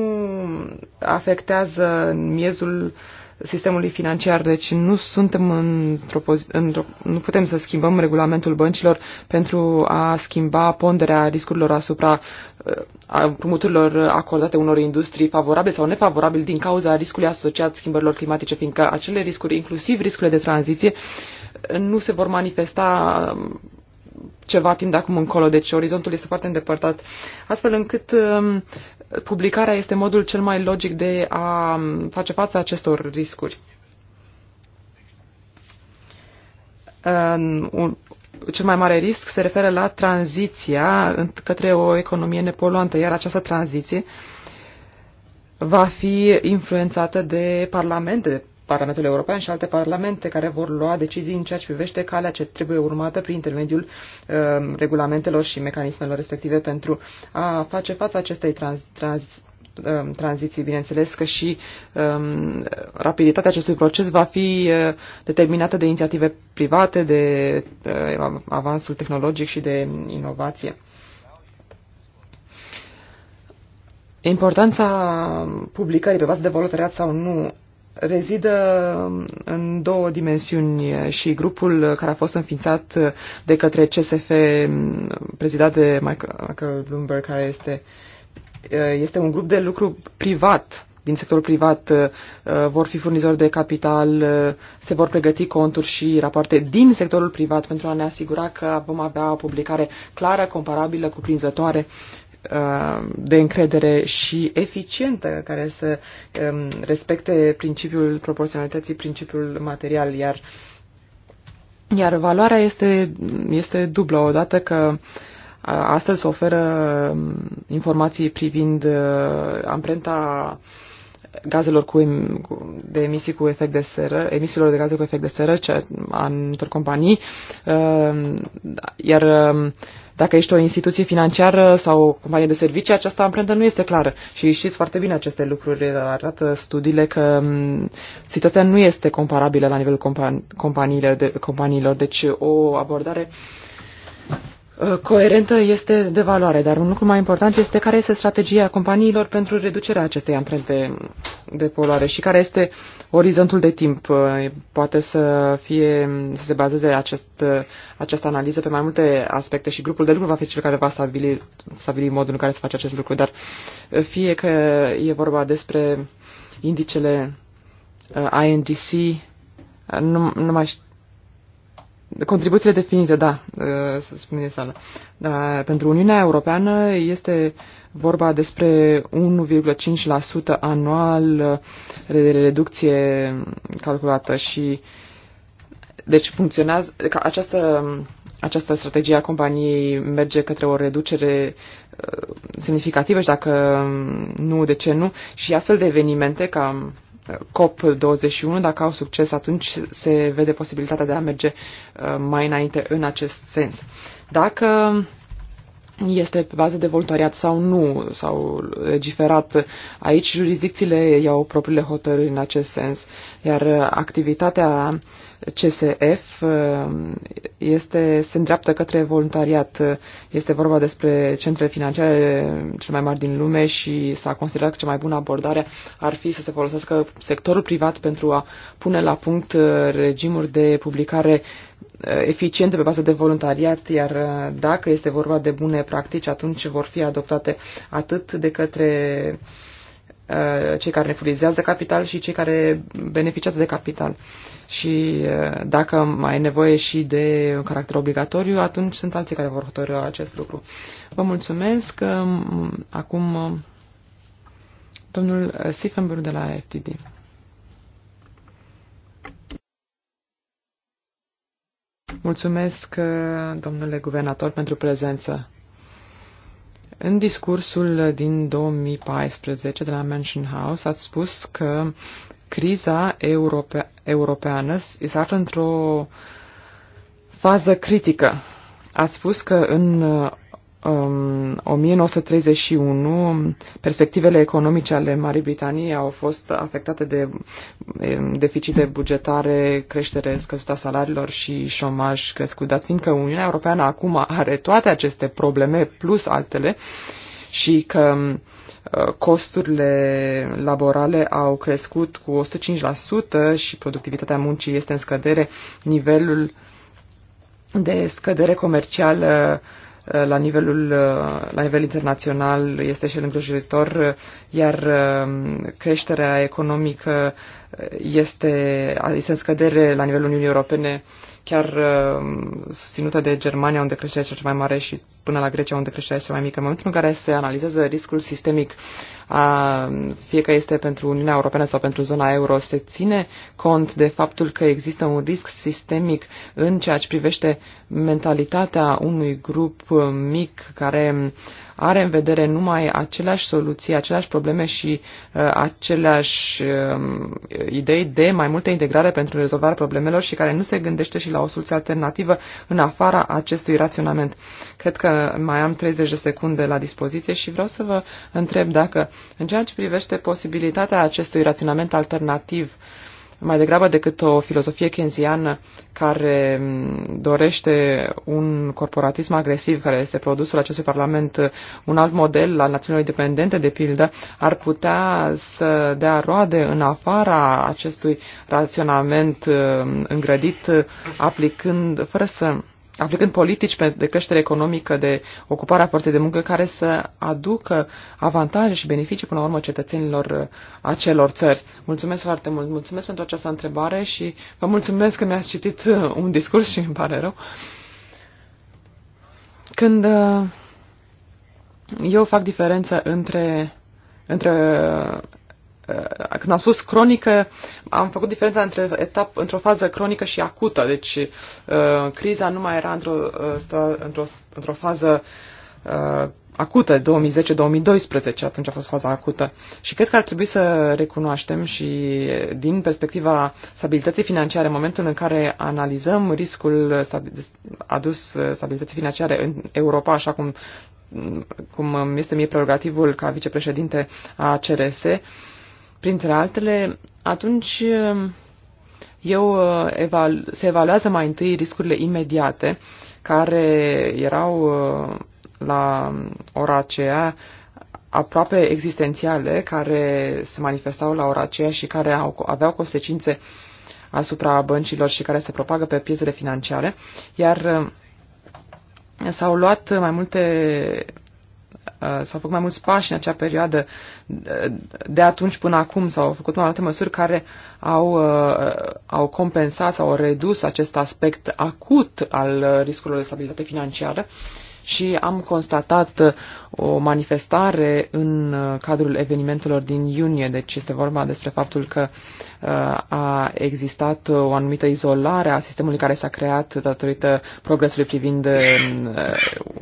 afectează miezul sistemului financiar, deci nu suntem într-o într nu putem să schimbăm regulamentul băncilor pentru a schimba ponderea riscurilor asupra uh, împrumuturilor acordate unor industrii favorabile sau nefavorabile din cauza riscului asociat schimbărilor climatice, fiindcă acele riscuri, inclusiv riscurile de tranziție, nu se vor manifesta um, ceva timp de acum încolo, deci orizontul este foarte îndepărtat, astfel încât um, publicarea este modul cel mai logic de a face față acestor riscuri. Cel mai mare risc se referă la tranziția către o economie nepoluantă, iar această tranziție va fi influențată de parlamente, Parlamentul European și alte parlamente care vor lua decizii în ceea ce privește calea ce trebuie urmată prin intermediul uh, regulamentelor și mecanismelor respective pentru a face față acestei trans, trans, uh, tranziții, bineînțeles că și um, rapiditatea acestui proces va fi uh, determinată de inițiative private, de uh, avansul tehnologic și de inovație. Importanța publicării pe bază de voluntariat sau nu rezidă în două dimensiuni și grupul care a fost înființat de către CSF, prezidat de Michael Bloomberg, care este, este un grup de lucru privat din sectorul privat vor fi furnizori de capital, se vor pregăti conturi și rapoarte din sectorul privat pentru a ne asigura că vom avea o publicare clară, comparabilă, cuprinzătoare Uh, de încredere și eficientă, care să um, respecte principiul proporționalității, principiul material, iar, iar valoarea este, este dublă, odată că uh, astăzi oferă um, informații privind uh, amprenta gazelor cu, de emisii cu efect de seră, emisiilor de gaze cu efect de seră ce, a anumitor companii, iar um, dacă ești o instituție financiară sau o companie de servicii, această amprentă nu este clară. Și știți foarte bine aceste lucruri. Arată studiile că situația nu este comparabilă la nivelul companiilor, de, companiilor. Deci o abordare Uh, coerentă este de valoare, dar un lucru mai important este care este strategia companiilor pentru reducerea acestei amprente de poluare și care este orizontul de timp. Uh, poate să, fie, să se bazeze acest, uh, această analiză pe mai multe aspecte și grupul de lucru va fi cel care va stabili, stabili modul în care se face acest lucru, dar fie că e vorba despre indicele INDC, nu, nu mai știu contribuțiile definite, da, uh, să spune din sală. Da, pentru Uniunea Europeană este vorba despre 1,5% anual uh, de reducție calculată și deci funcționează, această, această strategie a companiei merge către o reducere uh, semnificativă și dacă nu, de ce nu? Și astfel de evenimente ca COP21, dacă au succes, atunci se vede posibilitatea de a merge uh, mai înainte în acest sens. Dacă este pe bază de voluntariat sau nu, sau legiferat. Aici jurisdicțiile iau propriile hotărâri în acest sens, iar activitatea CSF eh, este, se îndreaptă către voluntariat. Este vorba despre centrele financiare cel mai mari din lume și s-a considerat că cea mai bună abordare ar fi să se folosească sectorul privat pentru a pune la punct eh, regimuri de publicare Uh, eficiente pe bază de voluntariat, iar uh, dacă este vorba de bune practici, atunci vor fi adoptate atât de către uh, cei care furizează capital și cei care beneficiază de capital. Și dacă mai e nevoie și de un caracter obligatoriu, atunci sunt alții care vor hotărâ acest lucru. Vă mulțumesc. Um, acum, domnul Sifenberg de la FTD. Mulțumesc, uh, domnule guvernator, pentru prezență. În discursul din 2014 de la Mansion House ați spus că criza europe- europeană este află într-o fază critică. Ați spus că în uh, 1931 um, perspectivele economice ale Marii Britanii au fost afectate de um, deficite bugetare, creștere scăzută a salariilor și șomaj crescut, dat fiindcă Uniunea Europeană acum are toate aceste probleme plus altele și că um, costurile laborale au crescut cu 105% și productivitatea muncii este în scădere, nivelul de scădere comercială uh, Eh, la nivelul, eh, la nivel internațional este și el îngrijorător, eh, iar ehm, creșterea economică este, este în scădere la nivelul Uniunii Europene, chiar ehm, susținută de Germania, unde creșterea este cea mai mare și până la Grecia, unde creșterea este mai mică. În momentul în care se analizează riscul sistemic, a, fie că este pentru Uniunea Europeană sau pentru zona euro, se ține cont de faptul că există un risc sistemic în ceea ce privește mentalitatea unui grup mic care are în vedere numai aceleași soluții, aceleași probleme și uh, aceleași uh, idei de mai multă integrare pentru rezolvarea problemelor și care nu se gândește și la o soluție alternativă în afara acestui raționament. Cred că mai am 30 de secunde la dispoziție și vreau să vă întreb dacă, în ceea ce privește posibilitatea acestui raționament alternativ, mai degrabă decât o filozofie kenziană care dorește un corporatism agresiv, care este produsul acestui Parlament, un alt model al națiunilor independente, de pildă, ar putea să dea roade în afara acestui raționament îngrădit, aplicând, fără să aplicând politici de creștere economică, de ocupare a forței de muncă, care să aducă avantaje și beneficii până la urmă cetățenilor uh, acelor țări. Mulțumesc foarte mult, mulțumesc pentru această întrebare și vă mulțumesc că mi-ați citit uh, un discurs și îmi pare rău. Când uh, eu fac diferență între, între Uh, când am spus cronică, am făcut diferența între etap, într-o fază cronică și acută. Deci uh, criza nu mai era într-o, uh, într-o, într-o fază acută, 2010-2012, atunci a fost faza acută. Și cred că ar trebui să recunoaștem și din perspectiva stabilității financiare, în momentul în care analizăm riscul adus stabilității financiare în Europa, așa cum, cum este mie prerogativul ca vicepreședinte a CRS, uh, printre altele, atunci eh, eu eh, se evaluează mai întâi riscurile imediate care erau eh, la ora aceea aproape existențiale care se manifestau la ora aceea și care au, aveau consecințe asupra băncilor și care se propagă pe piețele financiare, iar s-au luat mai multe Uh, s-au făcut mai mulți pași în acea perioadă uh, de atunci până acum, s-au făcut mai multe măsuri care au, uh, au compensat sau au redus acest aspect acut al riscurilor de stabilitate financiară. Uh, și am constatat uh, o manifestare în uh, cadrul evenimentelor din iunie, deci este vorba despre faptul că uh, a existat o anumită izolare a sistemului care s-a creat datorită progresului privind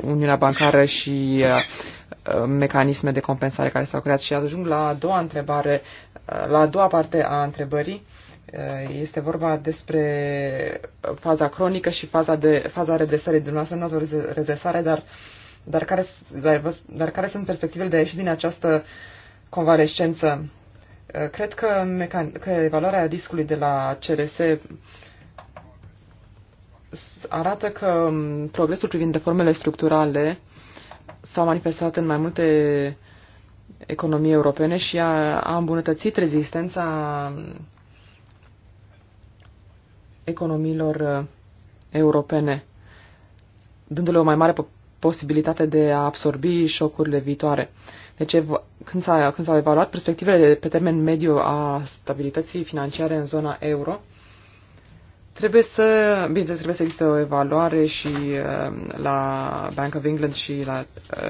Uniunea Bancară și mecanisme de compensare care s-au creat. Și ajung la a doua întrebare, la a doua parte a întrebării Eh, este vorba despre faza cronică și faza de faza redresării. Dumneavoastră nu ați o redresare, dar, dar, care, dar, dar care sunt perspectivele de a ieși din această convalescență? Eh, cred că, mecan- că evaluarea discului de la CRS arată că mm, progresul privind reformele structurale s a manifestat în mai multe economii europene și a, a îmbunătățit rezistența mm, economiilor uh, europene, dându-le o mai mare posibilitate de a absorbi șocurile viitoare. Deci, când s-au, când s-au evaluat perspectivele pe termen mediu a stabilității financiare în zona euro, Trebuie să, bineînțeles, trebuie să există o evaluare și uh, la Bank of England și la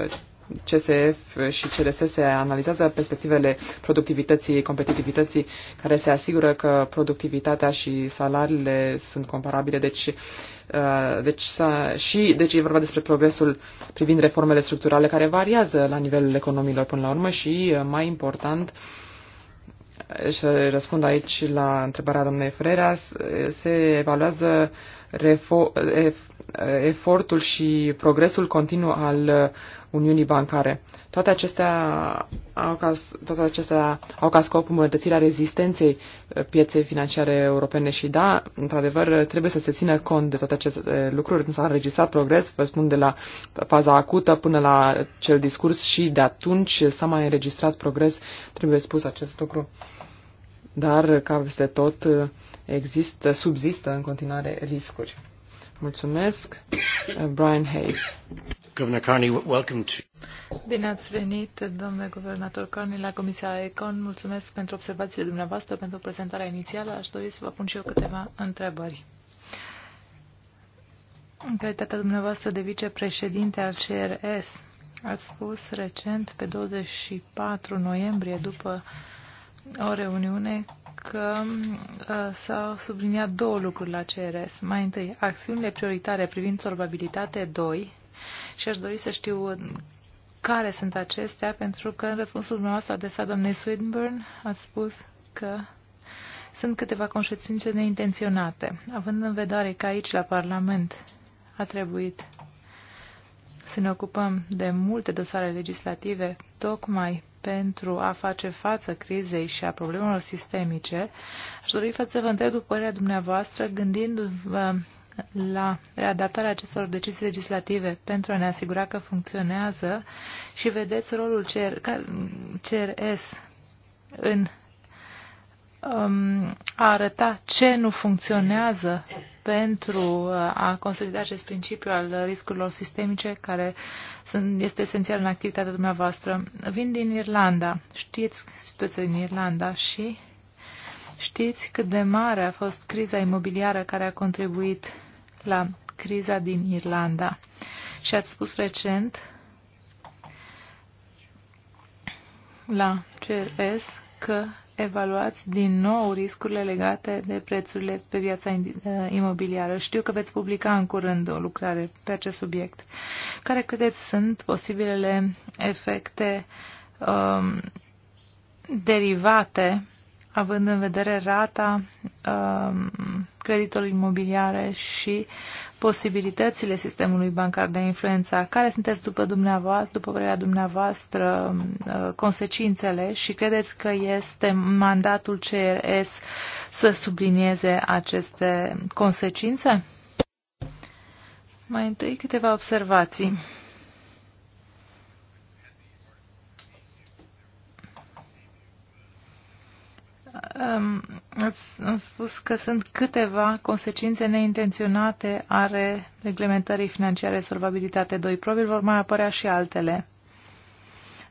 uh, CSF și CRS se analizează perspectivele productivității, competitivității, care se asigură că productivitatea și salariile sunt comparabile. Deci, uh, deci, și, deci e vorba despre progresul privind reformele structurale care variază la nivelul economiilor până la urmă și, uh, mai important, și răspund aici la întrebarea domnului Frerea, se evaluează efortul și progresul continuu al Uniunii Bancare. Toate acestea au ca, toate acestea au ca scop îmbunătățirea rezistenței uh, pieței financiare europene și da, într-adevăr, trebuie să se țină cont de toate aceste uh, lucruri. S-a înregistrat progres, vă spun, de la faza acută până la cel discurs și de atunci s-a mai înregistrat progres, trebuie spus acest lucru. Dar, ca peste tot, uh, există, subzistă în continuare riscuri. Mulțumesc, Brian Hayes. Governor Carney, welcome to... Bine ați venit, domnule guvernator Carney, la Comisia Econ. Mulțumesc pentru observațiile dumneavoastră, pentru prezentarea inițială. Aș dori să vă pun și eu câteva întrebări. În calitatea dumneavoastră de vicepreședinte al CRS, ați spus recent, pe 24 noiembrie, după o reuniune, că uh, s-au subliniat două lucruri la CRS. Mai întâi, acțiunile prioritare privind solvabilitate 2 și aș dori să știu uh, care sunt acestea, pentru că în răspunsul dumneavoastră adresat doamnei Swinburne a spus că sunt câteva conștiințe neintenționate, având în vedere că aici, la Parlament, a trebuit să ne ocupăm de multe dosare legislative, tocmai pentru a face față crizei și a problemelor sistemice, aș dori să vă întreb după părerea dumneavoastră, gândindu-vă la readaptarea acestor decizii legislative pentru a ne asigura că funcționează și vedeți rolul CR, CRS în um, a arăta ce nu funcționează pentru uh, a consolida acest principiu al riscurilor sistemice care sunt, este esențial în activitatea dumneavoastră. Vin din Irlanda, știți situația din Irlanda și știți cât de mare a fost criza imobiliară care a contribuit la criza din Irlanda. Și ați spus recent la CRS că evaluați din nou riscurile legate de prețurile pe viața uh, imobiliară. Știu că veți publica în curând o lucrare pe acest subiect. Care credeți sunt posibilele efecte um, derivate având în vedere rata uh, creditului imobiliare și posibilitățile sistemului bancar de influență. influența. Care sunteți după dumneavoastră, după părerea dumneavoastră, um, uh, consecințele și credeți că este mandatul CRS să sublinieze aceste consecințe? Mai întâi câteva observații. ați, ați spus că sunt câteva consecințe neintenționate ale reglementării financiare solvabilitate 2. Probabil vor mai apărea și altele,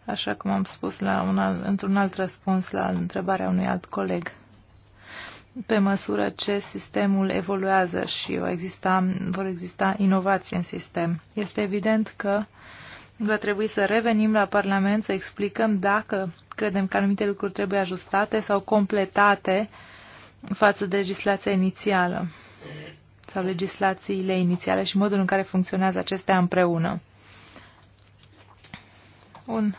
așa cum am spus la un alt, într-un alt răspuns la întrebarea unui alt coleg. Pe măsură ce sistemul evoluează și o exista, vor exista inovații în sistem. Este evident că va trebui să revenim la Parlament să explicăm dacă credem că anumite lucruri trebuie ajustate sau completate față de legislația inițială sau legislațiile inițiale și modul în care funcționează acestea împreună. Un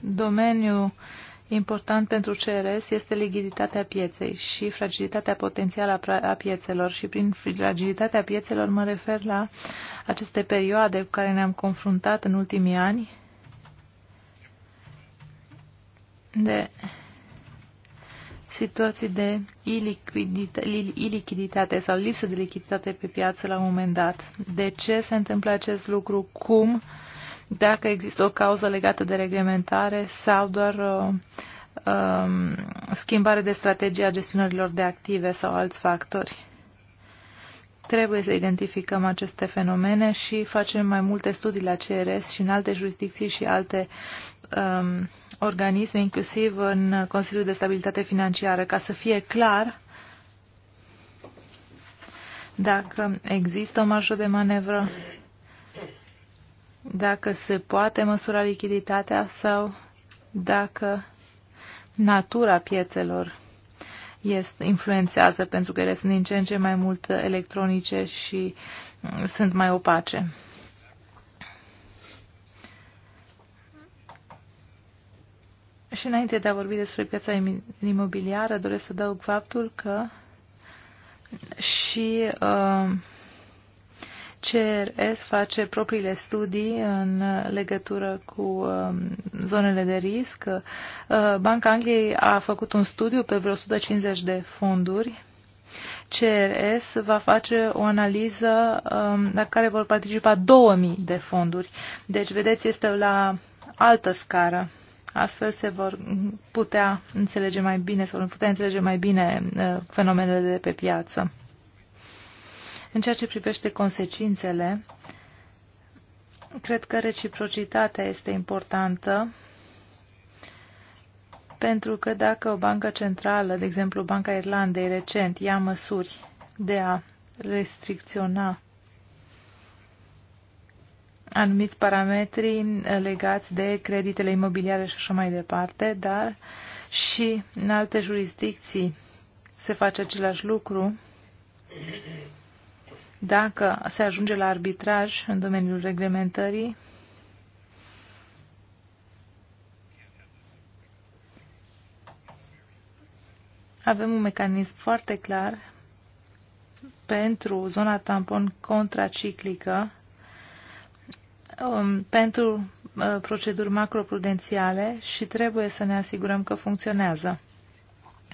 domeniu important pentru CRS este lichiditatea pieței și fragilitatea potențială a piețelor. Și prin fragilitatea piețelor mă refer la aceste perioade cu care ne-am confruntat în ultimii ani, de situații de ilichiditate sau lipsă de lichiditate pe piață la un moment dat. De ce se întâmplă acest lucru? Cum? Dacă există o cauză legată de reglementare sau doar uh, um, schimbare de strategie a gestionărilor de active sau alți factori? Trebuie să identificăm aceste fenomene și facem mai multe studii la CRS și în alte jurisdicții și alte um, organisme, inclusiv în Consiliul de Stabilitate Financiară, ca să fie clar dacă există o marjă de manevră, dacă se poate măsura lichiditatea sau dacă natura piețelor este, influențează, pentru că ele sunt din ce în ce mai mult electronice și mm, sunt mai opace. Și înainte de a vorbi despre piața imobiliară, doresc să dau faptul că și uh, CRS face propriile studii în legătură cu um, zonele de risc. Uh, Banca Angliei a făcut un studiu pe vreo 150 de fonduri. CRS va face o analiză um, la care vor participa 2000 de fonduri. Deci, vedeți, este la altă scară. Astfel se vor putea înțelege mai bine sau vor putea înțelege mai bine uh, fenomenele de pe piață. În ceea ce privește consecințele, cred că reciprocitatea este importantă pentru că dacă o bancă centrală, de exemplu Banca Irlandei recent, ia măsuri de a restricționa anumiți parametri legați de creditele imobiliare și așa mai departe, dar și în alte jurisdicții se face același lucru dacă se ajunge la arbitraj în domeniul reglementării. Avem un mecanism foarte clar pentru zona tampon contraciclică Um, pentru uh, proceduri macroprudențiale și trebuie să ne asigurăm că funcționează.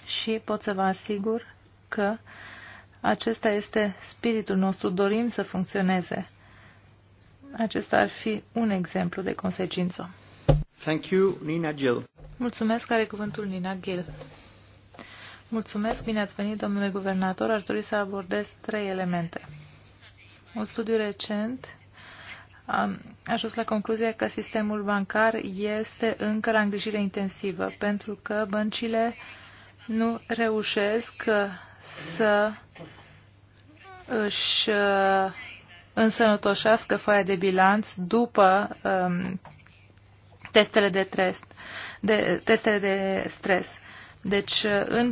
Și pot să vă asigur că acesta este spiritul nostru, dorim să funcționeze. Acesta ar fi un exemplu de consecință. Thank you, Nina Gill. Mulțumesc, are cuvântul Nina Gill. Mulțumesc, bine ați venit, domnule guvernator. Aș dori să abordez trei elemente. Un studiu recent am ajuns la concluzia că sistemul bancar este încă la îngrijire intensivă, pentru că băncile nu reușesc să își uh, însănătoșească foaia de bilanț după um, testele de, trest, de, testele de stres. Deci, în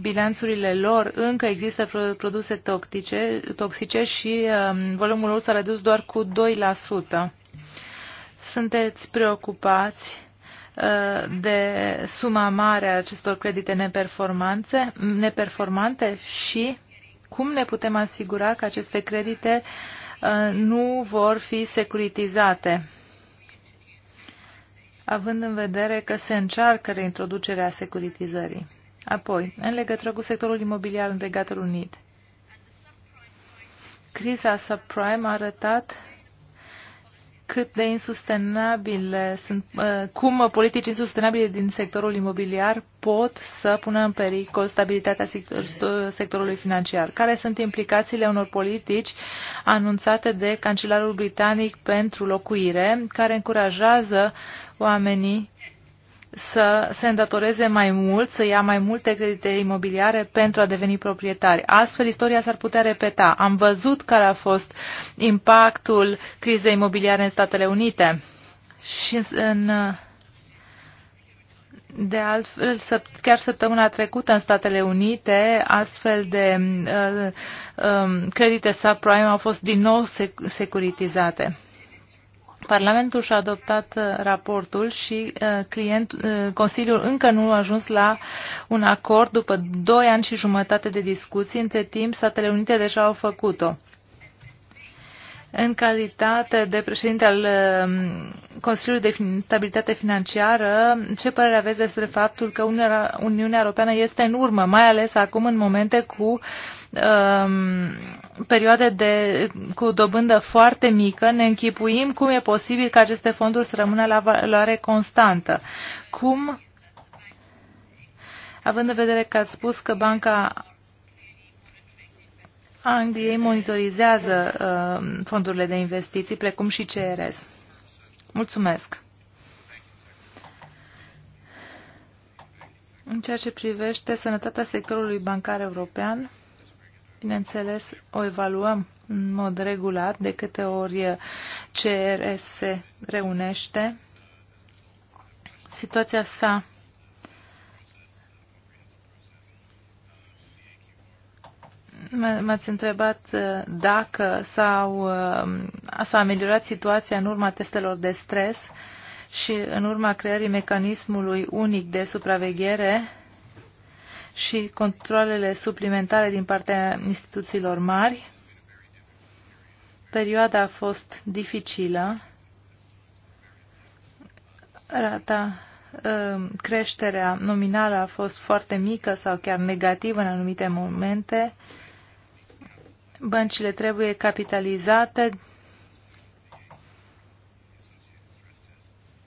bilanțurile lor încă există produse toxice, toxice și um, volumul lor s-a redus doar cu 2%. Sunteți preocupați uh, de suma mare a acestor credite neperformanțe, neperformante și cum ne putem asigura că aceste credite uh, nu vor fi securitizate? având în vedere că se încearcă reintroducerea securitizării. Apoi, în legătură cu sectorul imobiliar în Regatul Unit, criza subprime a arătat cât de insustenabile sunt, uh, cum politici insustenabile din sectorul imobiliar pot să pună în pericol stabilitatea sectorului financiar. Care sunt implicațiile unor politici anunțate de Cancelarul Britanic pentru locuire, care încurajează oamenii să se îndatoreze mai mult, să ia mai multe credite imobiliare pentru a deveni proprietari. Astfel, istoria s-ar putea repeta. Am văzut care a fost impactul crizei imobiliare în Statele Unite și în de altfel, chiar săptămâna trecută în Statele Unite, astfel de uh, uh, credite subprime au fost din nou securitizate. Parlamentul și-a adoptat uh, raportul și uh, client, uh, Consiliul încă nu a ajuns la un acord după doi ani și jumătate de discuții. Între timp, Statele Unite deja au făcut-o. În calitate de președinte al um, Consiliului de Stabilitate Financiară, ce părere aveți despre faptul că Uniunea Europeană este în urmă, mai ales acum în momente cu um, perioade de, cu dobândă foarte mică? Ne închipuim cum e posibil ca aceste fonduri să rămână la valoare constantă. Cum, având în vedere că ați spus că Banca Angliei monitorizează uh, fondurile de investiții, precum și CRS. Mulțumesc! În ceea ce privește sănătatea sectorului bancar european, bineînțeles, o evaluăm în mod regulat de câte ori CRS se reunește. Situația sa M-ați întrebat uh, dacă s-au, uh, s-a ameliorat situația în urma testelor de stres și în urma creării mecanismului unic de supraveghere și controlele suplimentare din partea instituțiilor mari. Perioada a fost dificilă. Rata uh, creșterea nominală a fost foarte mică sau chiar negativă în anumite momente. Băncile trebuie capitalizate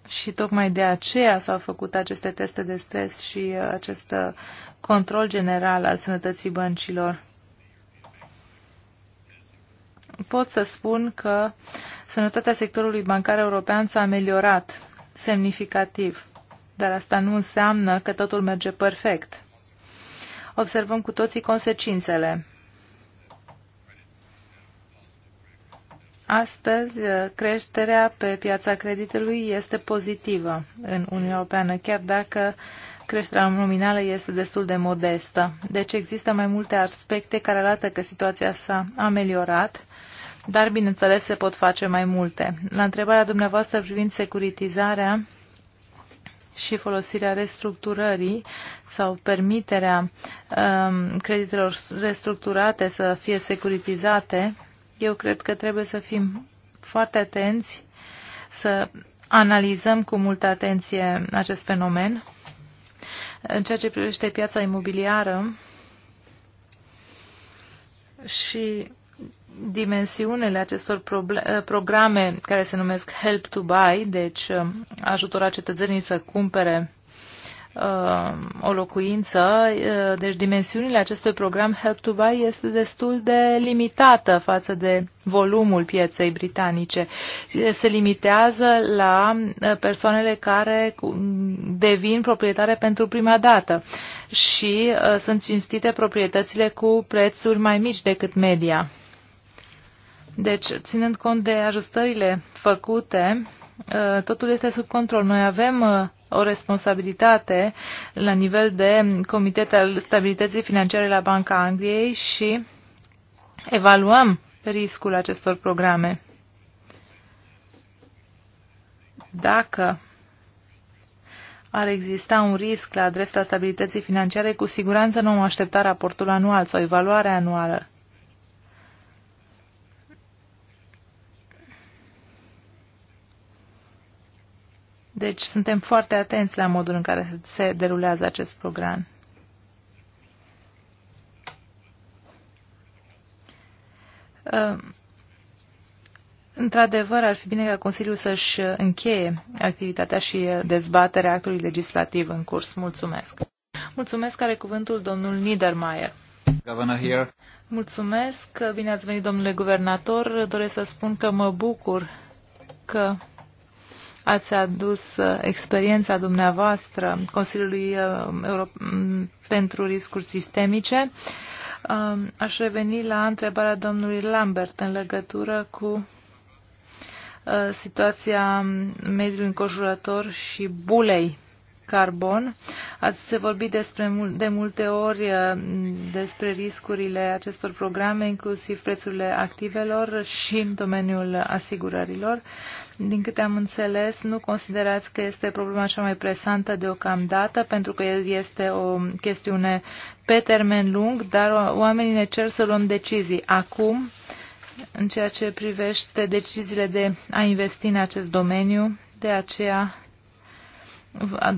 și tocmai de aceea s-au făcut aceste teste de stres și uh, acest uh, control general al sănătății băncilor. Pot să spun că sănătatea sectorului bancar european s-a ameliorat semnificativ, dar asta nu înseamnă că totul merge perfect. Observăm cu toții consecințele. Astăzi, uh, creșterea pe piața creditului este pozitivă în Uniunea Europeană, chiar dacă creșterea nominală este destul de modestă. Deci există mai multe aspecte care arată că situația s-a ameliorat, dar, bineînțeles, se pot face mai multe. La întrebarea dumneavoastră privind securitizarea, și folosirea restructurării sau permiterea um, creditelor restructurate să fie securitizate eu cred că trebuie să fim foarte atenți, să analizăm cu multă atenție acest fenomen. În ceea ce privește piața imobiliară și dimensiunile acestor programe care se numesc Help to Buy, deci uh, ajutora cetățenii să cumpere Uh, o locuință, uh, deci dimensiunile acestui program Help to Buy este destul de limitată față de volumul pieței britanice. Se limitează la uh, persoanele care devin proprietare pentru prima dată și sunt cinstite proprietățile cu prețuri mai mici decât media. Deci, ținând cont de ajustările făcute, totul este sub control. Noi avem o responsabilitate la nivel de Comitet al Stabilității Financiare la Banca Angliei și evaluăm riscul acestor programe. Dacă ar exista un risc la adresa stabilității financiare, cu siguranță nu am aștepta raportul anual sau evaluarea anuală. Deci suntem foarte atenți la modul în care se derulează acest program. Uh, într-adevăr, ar fi bine ca Consiliul să-și încheie activitatea și uh, dezbaterea actului legislativ în curs. Mulțumesc. Mulțumesc, are cuvântul domnul Niedermayer. Mulțumesc, bine ați venit, domnule guvernator. Doresc să spun că mă bucur că ați adus uh, experiența dumneavoastră Consiliului uh, Euro- pentru riscuri sistemice. Um, aș reveni la întrebarea domnului Lambert în legătură cu uh, situația mediului înconjurător și bulei carbon. Ați se vorbit despre, de multe ori uh, despre riscurile acestor programe, inclusiv prețurile activelor și în domeniul asigurărilor. Din câte am înțeles, nu considerați că este problema cea mai presantă deocamdată, pentru că este o chestiune pe termen lung, dar oamenii ne cer să luăm decizii acum în ceea ce privește deciziile de a investi în acest domeniu. De aceea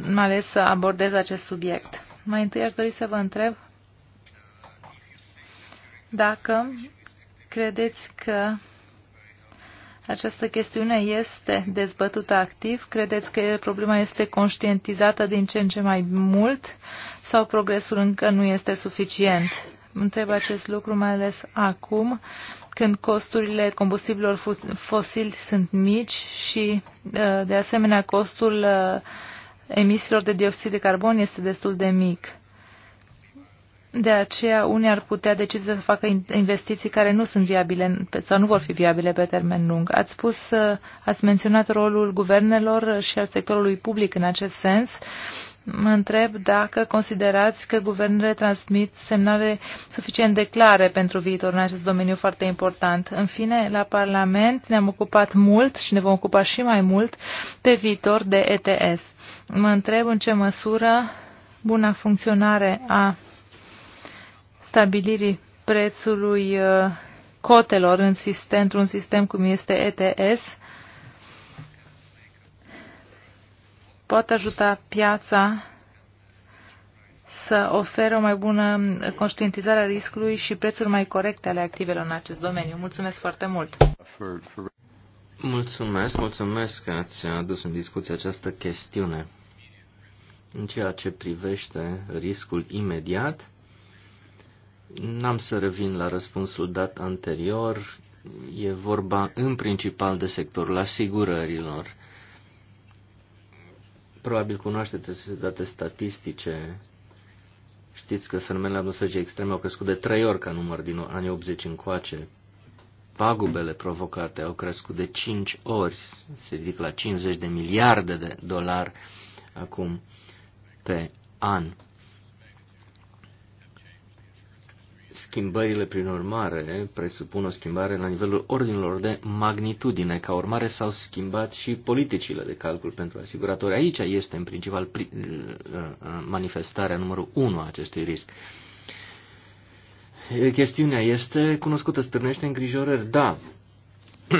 mai ales să abordez acest subiect. Mai întâi aș dori să vă întreb dacă credeți că această chestiune este dezbătută activ? Credeți că problema este conștientizată din ce în ce mai mult sau progresul încă nu este suficient? Întreb acest lucru mai ales acum, când costurile combustibilor fosili sunt mici și, uh, de asemenea, costul uh, emisiilor de dioxid de carbon este destul de mic. De aceea, unii ar putea decide să facă investiții care nu sunt viabile sau nu vor fi viabile pe termen lung. Ați spus, ați menționat rolul guvernelor și al sectorului public în acest sens Mă întreb dacă considerați că guvernele transmit semnale suficient de clare pentru viitor în acest domeniu foarte important. În fine, la Parlament ne-am ocupat mult și ne vom ocupa și mai mult pe viitor de ETS. Mă întreb în ce măsură buna funcționare a stabilirii prețului uh, cotelor în sistem, într-un sistem cum este ETS pot ajuta piața să oferă o mai bună conștientizare a riscului și prețuri mai corecte ale activelor în acest domeniu. Mulțumesc foarte mult! Mulțumesc, mulțumesc că ați adus în discuție această chestiune. În ceea ce privește riscul imediat, n-am să revin la răspunsul dat anterior. E vorba în principal de sectorul asigurărilor Probabil cunoașteți aceste date statistice. Știți că fenomenele atmosferice extreme au crescut de trei ori ca număr din anii 80 încoace. Pagubele provocate au crescut de 5 ori, se ridică la 50 de miliarde de dolari acum pe an. Schimbările, prin urmare, presupun o schimbare la nivelul ordinilor de magnitudine. Ca urmare, s-au schimbat și politicile de calcul pentru asiguratori. Aici este, în principal, uh, uh, manifestarea numărul 1 a acestui risc. Chestiunea este cunoscută, stârnește îngrijorări. Da,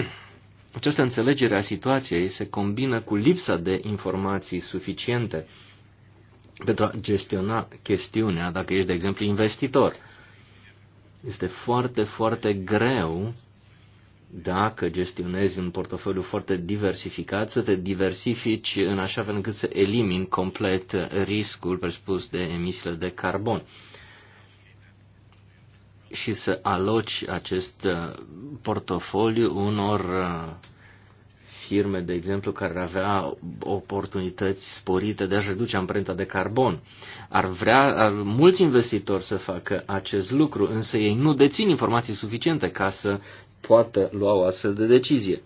această înțelegere a situației se combină cu lipsa de informații suficiente pentru a gestiona chestiunea, dacă ești, de exemplu, investitor este foarte, foarte greu dacă gestionezi un portofoliu foarte diversificat, să te diversifici în așa fel încât să elimini complet riscul presupus de emisiile de carbon și să aloci acest uh, portofoliu unor uh, firme, de exemplu, care ar avea oportunități sporite de a-și reduce amprenta de carbon. Ar vrea ar, mulți investitori să facă acest lucru, însă ei nu dețin informații suficiente ca să poată lua o astfel de decizie.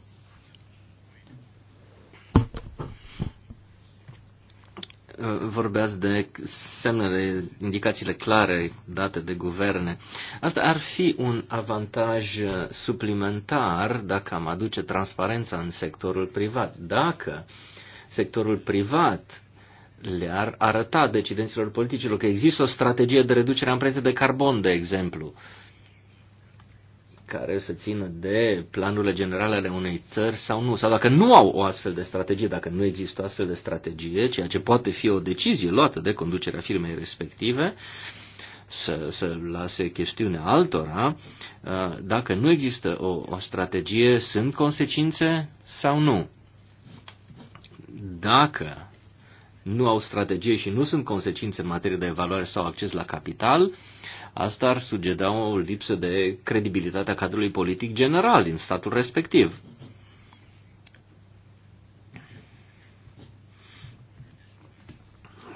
vorbeați de semnele, indicațiile clare date de guverne. Asta ar fi un avantaj suplimentar dacă am aduce transparența în sectorul privat. Dacă sectorul privat le-ar arăta decidenților politicilor că există o strategie de reducere a amprentei de carbon, de exemplu, care să țină de planurile generale ale unei țări sau nu, sau dacă nu au o astfel de strategie, dacă nu există o astfel de strategie, ceea ce poate fi o decizie luată de conducerea firmei respective, să, să lase chestiunea altora, ă, dacă nu există o, o strategie, sunt consecințe sau nu? Dacă nu au strategie și nu sunt consecințe în materie de evaluare sau acces la capital, Asta ar sugeda o lipsă de credibilitate a cadrului politic general din statul respectiv.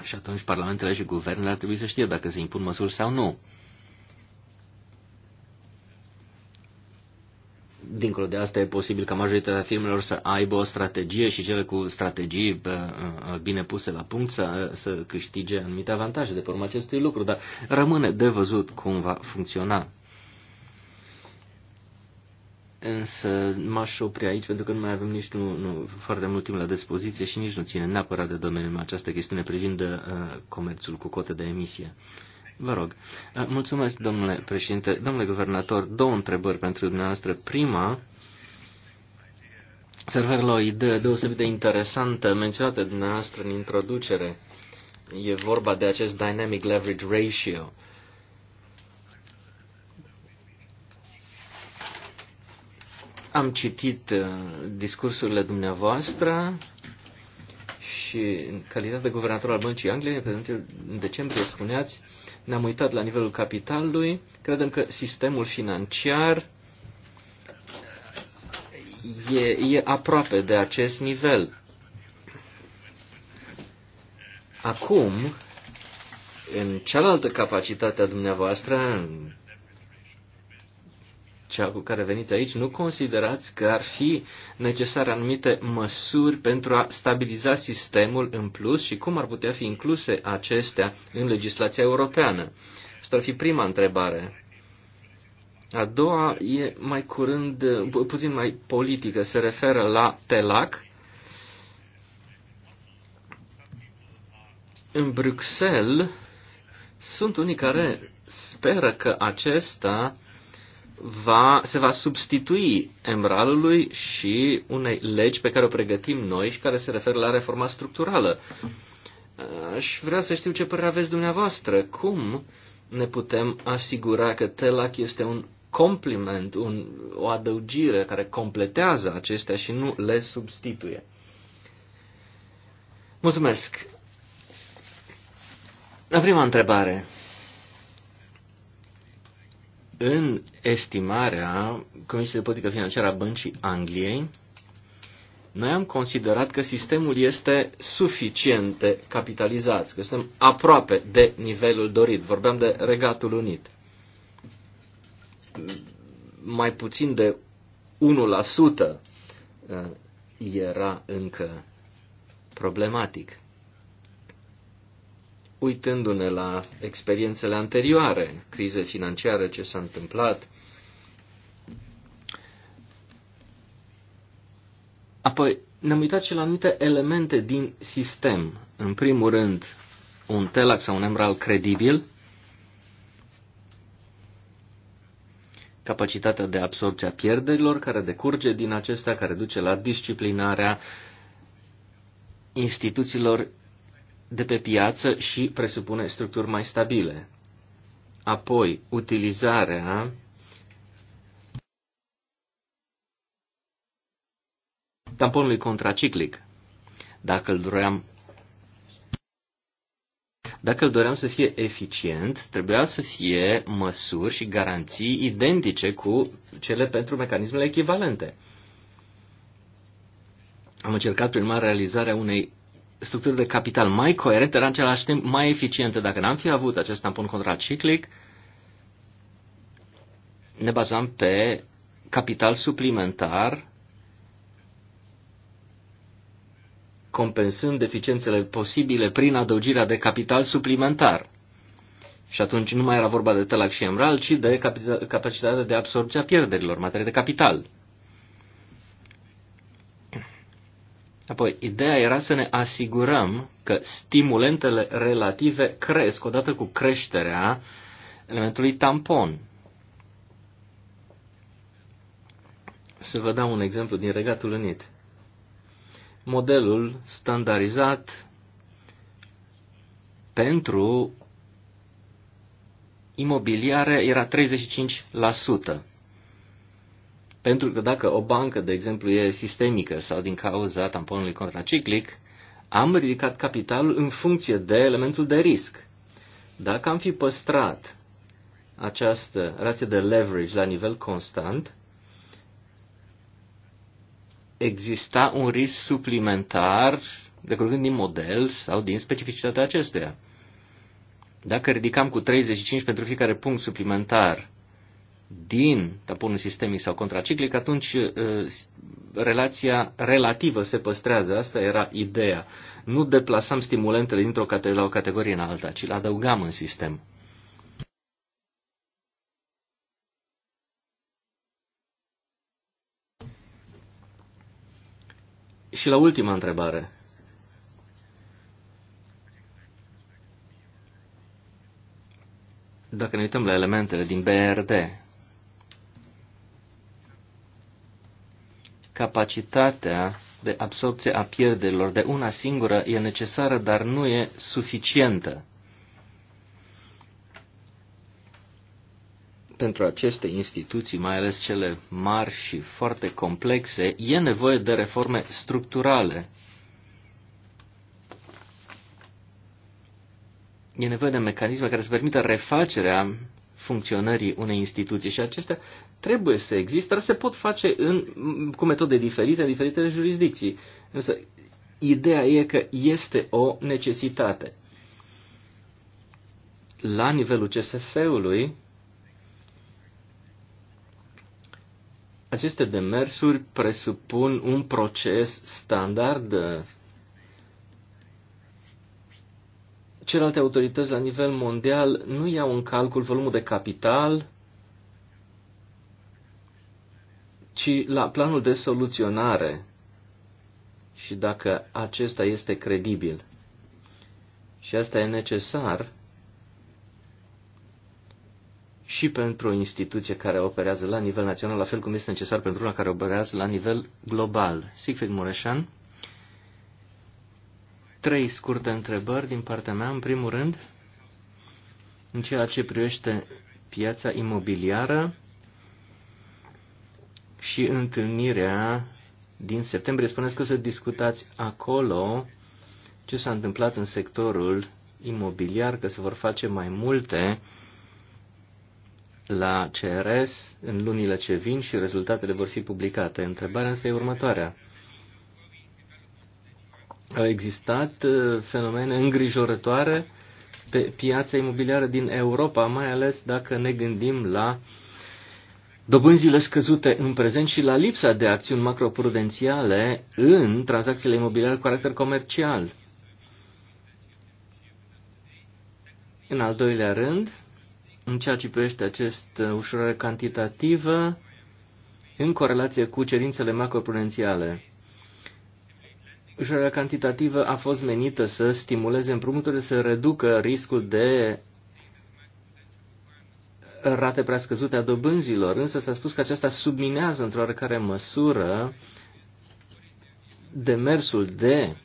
Și atunci parlamentele și guvernele ar trebui să știe dacă se impun măsuri sau nu. Dincolo de asta, e posibil ca majoritatea firmelor să aibă o strategie și cele cu strategii bine puse la punct să, să câștige anumite avantaje de pe urma acestui lucru, dar rămâne de văzut cum va funcționa. Însă m-aș opri aici pentru că nu mai avem nici nu, nu, foarte mult timp la dispoziție și nici nu ține neapărat de domeniul această chestiune privind de, uh, comerțul cu cote de emisie. Uh, Vă rog. Mulțumesc, domnule președinte. Domnule guvernator, două întrebări pentru dumneavoastră. Prima, se referă la o idee deosebit de interesantă menționată dumneavoastră în introducere. E vorba de acest dynamic leverage ratio. Am citit uh, discursurile dumneavoastră și în calitate de guvernator al Băncii Angliei, pe în decembrie spuneați ne-am uitat la nivelul capitalului. Credem că sistemul financiar e, e aproape de acest nivel. Acum, în cealaltă capacitate a dumneavoastră, în cea cu care veniți aici, nu considerați că ar fi necesare anumite măsuri pentru a stabiliza sistemul în plus și cum ar putea fi incluse acestea în legislația europeană? Asta ar fi prima întrebare. A doua e mai curând, puțin mai politică, se referă la TELAC. În Bruxelles sunt unii care speră că acesta va, se va substitui emralului și unei legi pe care o pregătim noi și care se referă la reforma structurală. Aș vrea să știu ce părere aveți dumneavoastră. Cum ne putem asigura că TELAC este un compliment, un, o adăugire care completează acestea și nu le substituie? Mulțumesc! La prima întrebare, în estimarea Comisiei de Politică Financiară a Băncii Angliei, noi am considerat că sistemul este suficient de capitalizat, că suntem aproape de nivelul dorit. Vorbeam de Regatul Unit. Mai puțin de 1% uh, era încă problematic uitându-ne la experiențele anterioare, crize financiare, ce s-a întâmplat. Apoi ne-am uitat și la anumite elemente din sistem. În primul rând, un TELAC sau un EMRAL credibil, capacitatea de absorbție a pierderilor care decurge din acestea, care duce la disciplinarea instituțiilor de pe piață și presupune structuri mai stabile. Apoi, utilizarea tamponului contraciclic. Dacă îl doream dacă îl doream să fie eficient, trebuia să fie măsuri și garanții identice cu cele pentru mecanismele echivalente. Am încercat prin mare realizarea unei structuri de capital mai coerente, dar în același timp mai eficiente. Dacă n-am fi avut acest tampon contraciclic, ciclic, ne bazam pe capital suplimentar compensând deficiențele posibile prin adăugirea de capital suplimentar. Și atunci nu mai era vorba de TELAC și EMRAL, ci de capacitatea de absorbție a pierderilor, materie de capital. Apoi, ideea era să ne asigurăm că stimulentele relative cresc odată cu creșterea elementului tampon. Să vă dau un exemplu din Regatul Unit. Modelul standardizat pentru imobiliare era 35%. Pentru că dacă o bancă, de exemplu, e sistemică sau din cauza tamponului contraciclic, am ridicat capitalul în funcție de elementul de risc. Dacă am fi păstrat această rație de leverage la nivel constant, exista un risc suplimentar decurgând din model sau din specificitatea acesteia. Dacă ridicam cu 35 pentru fiecare punct suplimentar din tăpunul sistemic sau contraciclic, atunci uh, relația relativă se păstrează. Asta era ideea. Nu deplasam stimulentele dintr-o categorie la o categorie în alta, ci le adăugam în sistem. Și la ultima întrebare. Dacă ne uităm la elementele din BRD, capacitatea de absorpție a pierderilor de una singură e necesară, dar nu e suficientă. Pentru aceste instituții, mai ales cele mari și foarte complexe, e nevoie de reforme structurale. E nevoie de mecanisme care să permită refacerea funcționării unei instituții și acestea trebuie să existe, dar se pot face în, cu metode diferite în diferitele jurisdicții. Însă ideea e că este o necesitate. La nivelul CSF-ului, aceste demersuri presupun un proces standard celelalte autorități la nivel mondial nu iau în calcul volumul de capital, ci la planul de soluționare și dacă acesta este credibil. Și asta e necesar și pentru o instituție care operează la nivel național, la fel cum este necesar pentru una care operează la nivel global. Siegfried Mureșan trei scurte întrebări din partea mea. În primul rând, în ceea ce privește piața imobiliară și întâlnirea din septembrie, spuneți că o să discutați acolo ce s-a întâmplat în sectorul imobiliar, că se vor face mai multe la CRS în lunile ce vin și rezultatele vor fi publicate. Întrebarea însă e următoarea. Au existat uh, fenomene îngrijorătoare pe piața imobiliară din Europa, mai ales dacă ne gândim la dobânzile scăzute în prezent și la lipsa de acțiuni macroprudențiale în tranzacțiile imobiliare cu caracter comercial. În al doilea rând, în ceea ce privește această uh, ușurare cantitativă, în corelație cu cerințele macroprudențiale. Ușurarea cantitativă a fost menită să stimuleze împrumuturile, să reducă riscul de rate prea scăzute a dobânzilor, însă s-a spus că aceasta subminează într-o oarecare măsură demersul de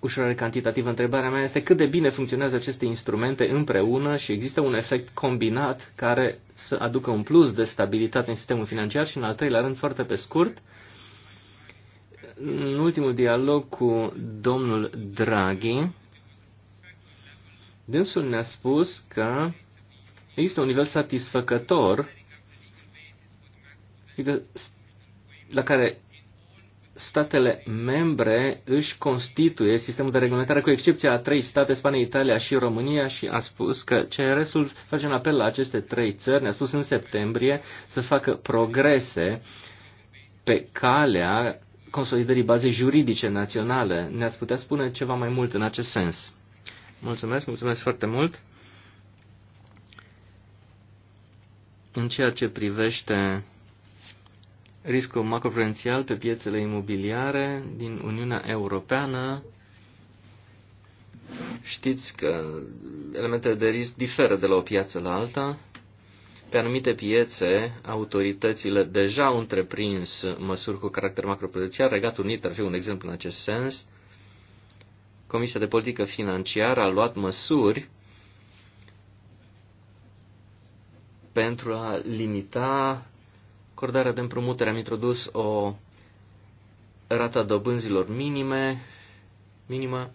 ușurare cantitativă. Întrebarea mea este cât de bine funcționează aceste instrumente împreună și există un efect combinat care să aducă un plus de stabilitate în sistemul financiar și, în al treilea rând, foarte pe scurt, în ultimul dialog cu domnul Draghi, dânsul ne-a spus că există un nivel satisfăcător adică la care statele membre își constituie sistemul de reglementare, cu excepția a trei state, Spania, Italia și România, și a spus că CRS-ul face un apel la aceste trei țări, ne-a spus în septembrie, să facă progrese pe calea consolidării bazei juridice naționale. Ne-ați putea spune ceva mai mult în acest sens? Mulțumesc, mulțumesc foarte mult. În ceea ce privește riscul macroprudențial pe piețele imobiliare din Uniunea Europeană, știți că elementele de risc diferă de la o piață la alta. Pe anumite piețe, autoritățile deja au întreprins măsuri cu caracter macroprudențial. Regatul Unit ar fi un exemplu în acest sens. Comisia de Politică Financiară a luat măsuri pentru a limita acordarea de împrumuturi. Am introdus o rata dobânzilor minime, minimă.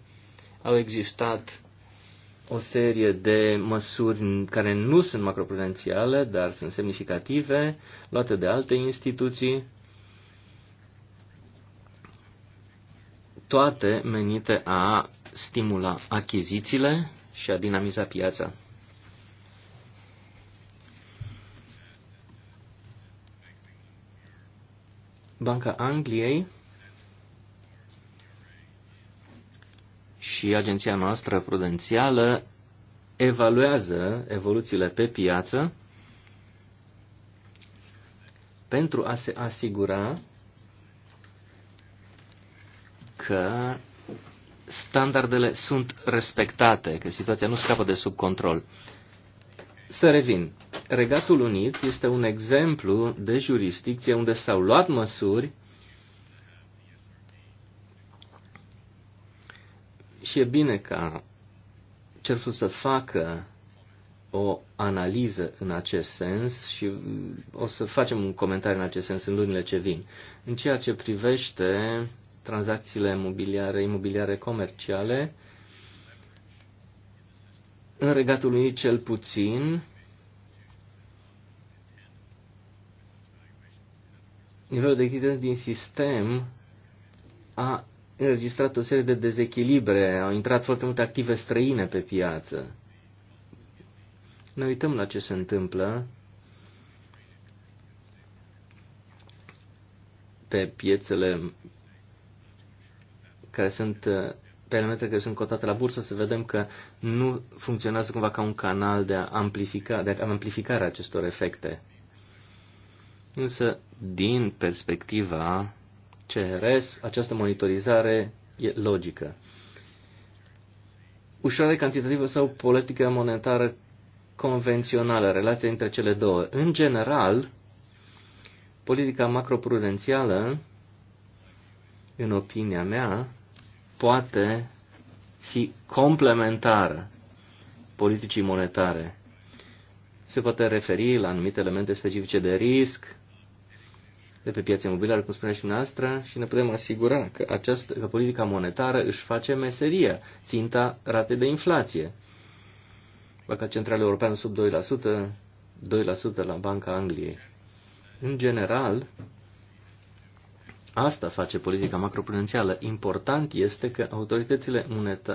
Au existat o serie de măsuri care nu sunt macroprudențiale, dar sunt semnificative, luate de alte instituții, toate menite a stimula achizițiile și a dinamiza piața. Banca Angliei și agenția noastră prudențială evaluează evoluțiile pe piață pentru a se asigura că standardele sunt respectate, că situația nu scapă de sub control. Să revin. Regatul Unit este un exemplu de jurisdicție unde s-au luat măsuri Și e bine ca cerful să facă o analiză în acest sens și o să facem un comentariu în acest sens în lunile ce vin. În ceea ce privește tranzacțiile imobiliare, imobiliare comerciale, în regatul unii cel puțin, nivelul de lichidități din sistem a înregistrat o serie de dezechilibre, au intrat foarte multe active străine pe piață. Ne uităm la ce se întâmplă pe piețele care sunt pe elemente care sunt cotate la bursă, să vedem că nu funcționează cumva ca un canal de, amplifica, de amplificare a acestor efecte. Însă, din perspectiva CRS, această monitorizare e logică. Ușurare cantitativă sau politică monetară convențională, relația între cele două. În general, politica macroprudențială, în opinia mea, poate fi complementară politicii monetare. Se poate referi la anumite elemente specifice de risc, de pe piața imobiliară, cum spunea și noastră, și ne putem asigura că, această, că politica monetară își face meseria, ținta rate de inflație. Banca Centrală Europeană sub 2%, 2% la Banca Angliei. În general, asta face politica macroprudențială. Important este că autoritățile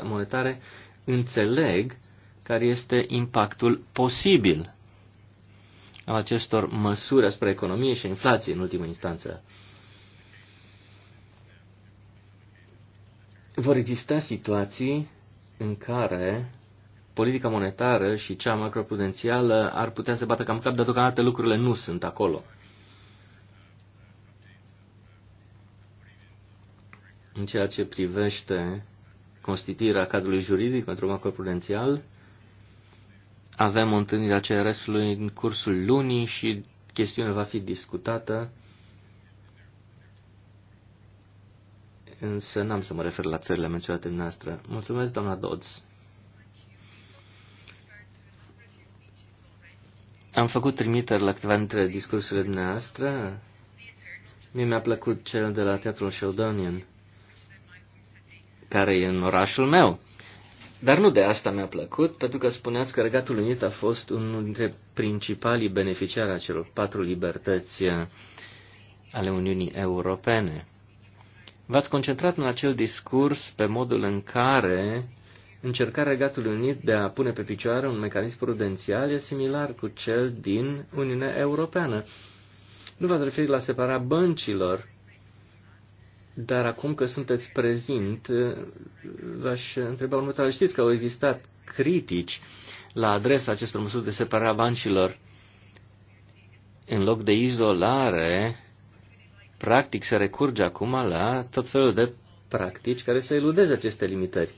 monetare înțeleg care este impactul posibil al acestor măsuri asupra economiei și inflației în ultimă instanță. Vor exista situații în care politica monetară și cea macroprudențială ar putea să bată cam cap, dar deocamdată lucrurile nu sunt acolo. În ceea ce privește constituirea cadrului juridic pentru macroprudențial, avem întâlnirea CRS-ului în cursul lunii și chestiunea va fi discutată. Însă n-am să mă refer la țările menționate noastră. Mulțumesc, doamna Dodds. Am făcut trimiteri la câteva dintre discursurile dumneavoastră. Mie mi-a plăcut cel de la Teatrul Sheldonian, care e în orașul meu. Dar nu de asta mi-a plăcut, pentru că spuneați că Regatul Unit a fost unul dintre principalii beneficiari a celor patru libertăți eh, ale Uniunii Europene. V-ați concentrat în acel discurs pe modul în care încercarea Regatului Unit de a pune pe picioare un mecanism prudențial e similar cu cel din Uniunea Europeană. Nu v-ați referit la separarea băncilor dar acum că sunteți prezent, v-aș întreba următoarea. Știți că au existat critici la adresa acestor măsuri de separare a bancilor. În loc de izolare, practic se recurge acum la tot felul de practici care să eludeze aceste limitări.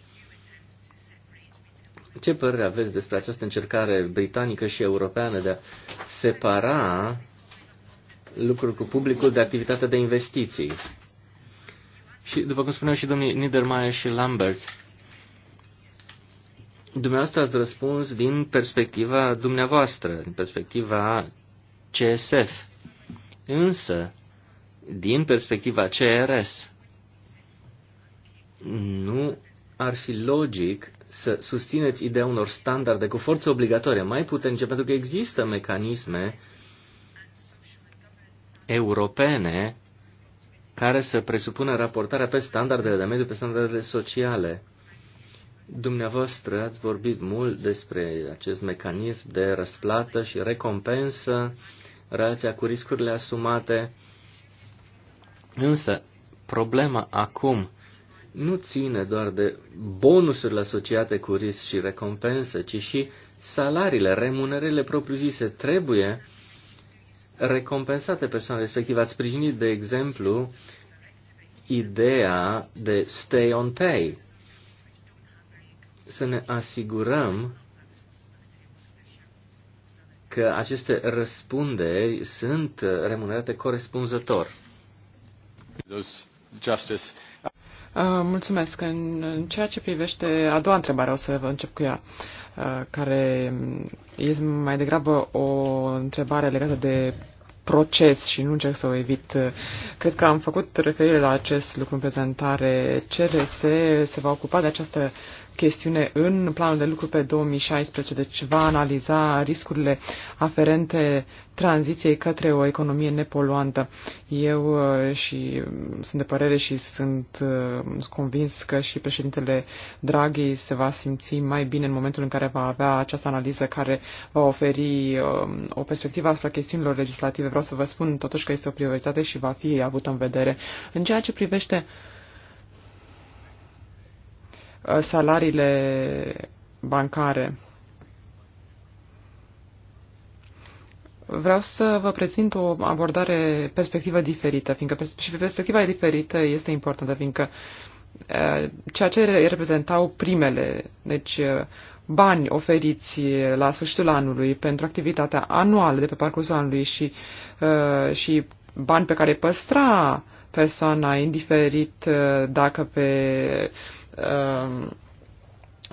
Ce părere aveți despre această încercare britanică și europeană de a separa lucruri cu publicul de activitatea de investiții? Și, după cum spuneau și domnii Niedermayer și Lambert, dumneavoastră ați răspuns din perspectiva dumneavoastră, din perspectiva CSF. Însă, din perspectiva CRS, nu ar fi logic să susțineți ideea unor standarde cu forță obligatorie mai puternice, pentru că există mecanisme europene care să presupună raportarea pe standardele de mediu, pe standardele sociale. Dumneavoastră ați vorbit mult despre acest mecanism de răsplată și recompensă, relația cu riscurile asumate, însă problema acum nu ține doar de bonusurile asociate cu risc și recompensă, ci și salariile, remunerele propriu-zise trebuie uh, recompensate persoanele respectivă, Ați sprijinit, de exemplu, ideea de stay on pay. Să ne asigurăm că aceste răspunderi sunt remunerate corespunzător. Uh, mulțumesc. În, în ceea ce privește a doua întrebare, o să vă încep cu ea, uh, care este mai degrabă o întrebare legată de proces și nu încerc să o evit. Cred că am făcut referire la acest lucru în prezentare. CRS se va ocupa de această chestiune în planul de lucru pe 2016, deci va analiza riscurile aferente tranziției către o economie nepoluantă. Eu uh, și sunt de părere și sunt uh, convins că și președintele Draghi se va simți mai bine în momentul în care va avea această analiză care va oferi uh, o perspectivă asupra chestiunilor legislative. Vreau să vă spun totuși că este o prioritate și va fi avută în vedere. În ceea ce privește uh, Uh, salariile bancare. Vreau să vă prezint o abordare, perspectivă diferită, fiindcă și perspectiva diferită este importantă, fiindcă uh, ceea ce reprezentau primele, deci uh, bani oferiți la sfârșitul anului pentru activitatea anuală de pe parcursul anului și, și bani pe care păstra persoana, indiferit dacă pe Um,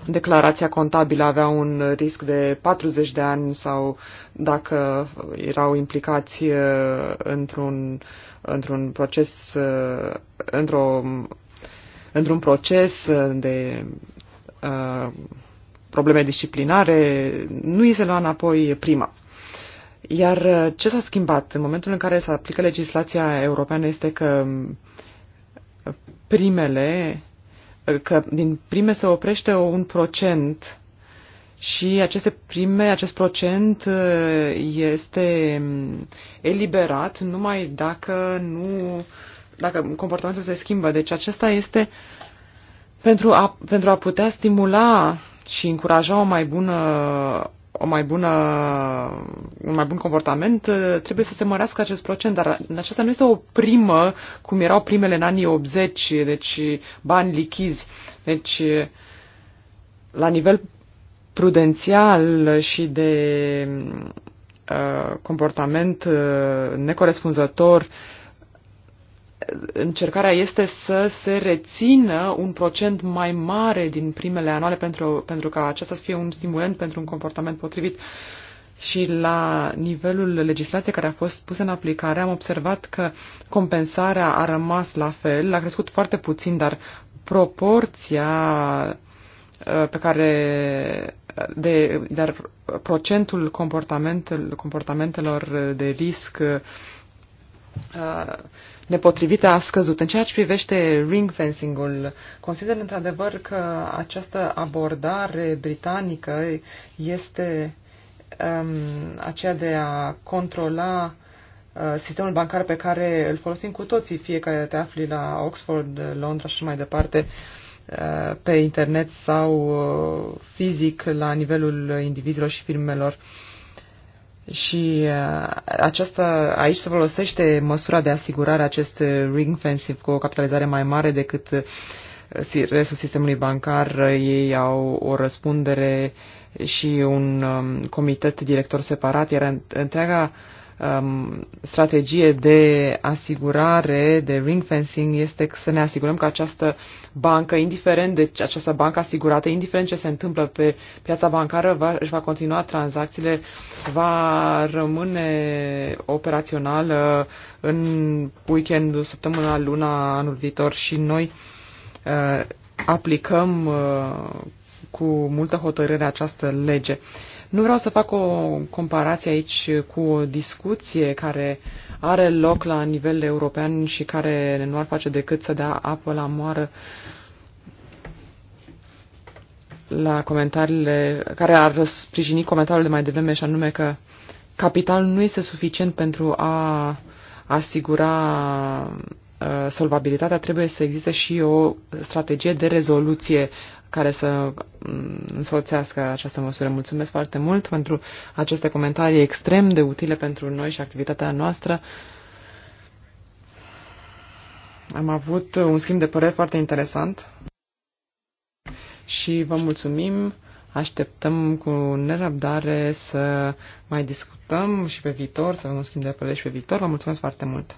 declarația contabilă avea un risc de 40 de ani sau dacă erau implicați uh, într-un, într-un proces, uh, într-o, într-un proces de uh, probleme disciplinare, nu i se lua înapoi prima. Iar uh, ce s-a schimbat în momentul în care se aplică legislația europeană este că primele că din prime se oprește un procent și aceste prime, acest procent uh, este mm, eliberat numai dacă nu dacă comportamentul se schimbă. Deci acesta este pentru a, pentru a putea stimula și încuraja o mai bună o mai bună, un mai bun comportament, uh, trebuie să se mărească acest procent, dar aceasta nu este o primă cum erau primele în anii 80, deci bani lichizi. Deci, la nivel prudențial și de uh, comportament uh, necorespunzător încercarea este să se rețină un procent mai mare din primele anuale pentru, pentru ca acesta să fie un stimulant pentru un comportament potrivit. Și la nivelul legislației care a fost pusă în aplicare am observat că compensarea a rămas la fel, a crescut foarte puțin, dar proporția uh, pe care de, dar procentul comportamentelor, comportamentelor de risc uh, nepotrivită a scăzut. În ceea ce privește ring fencing-ul, consider într-adevăr că această abordare britanică este um, aceea de a controla uh, sistemul bancar pe care îl folosim cu toții, fie că te afli la Oxford, Londra și mai departe, uh, pe internet sau uh, fizic la nivelul indivizilor și firmelor. Și uh, aceasta, aici se folosește măsura de asigurare acest ring fencing cu o capitalizare mai mare decât uh, restul sistemului bancar. Ei au o răspundere și un um, comitet director separat, iar întreaga uh, um, strategie de asigurare, de ring fencing, este să ne asigurăm că această bancă, indiferent de această bancă asigurată, indiferent ce se întâmplă pe piața bancară, va, își va continua tranzacțiile, va rămâne operațională în weekendul, săptămâna, luna, anul viitor și noi uh, aplicăm uh, cu multă hotărâre această lege. Uh, nu vreau să fac o comparație aici cu o discuție care are loc la nivel european și care nu ar face decât să dea apă la moară la comentariile care ar sprijini comentariul de mai devreme și anume că capitalul nu este suficient pentru a asigura uh, solvabilitatea, trebuie să existe și o strategie de rezoluție care să mm, însoțească această măsură. Mulțumesc foarte mult pentru aceste comentarii extrem de utile pentru noi și activitatea noastră. Am avut un schimb de păreri foarte interesant și vă mulțumim. Așteptăm cu nerăbdare să mai discutăm și pe viitor, să avem un schimb de păreri și pe viitor. Vă mulțumesc foarte mult!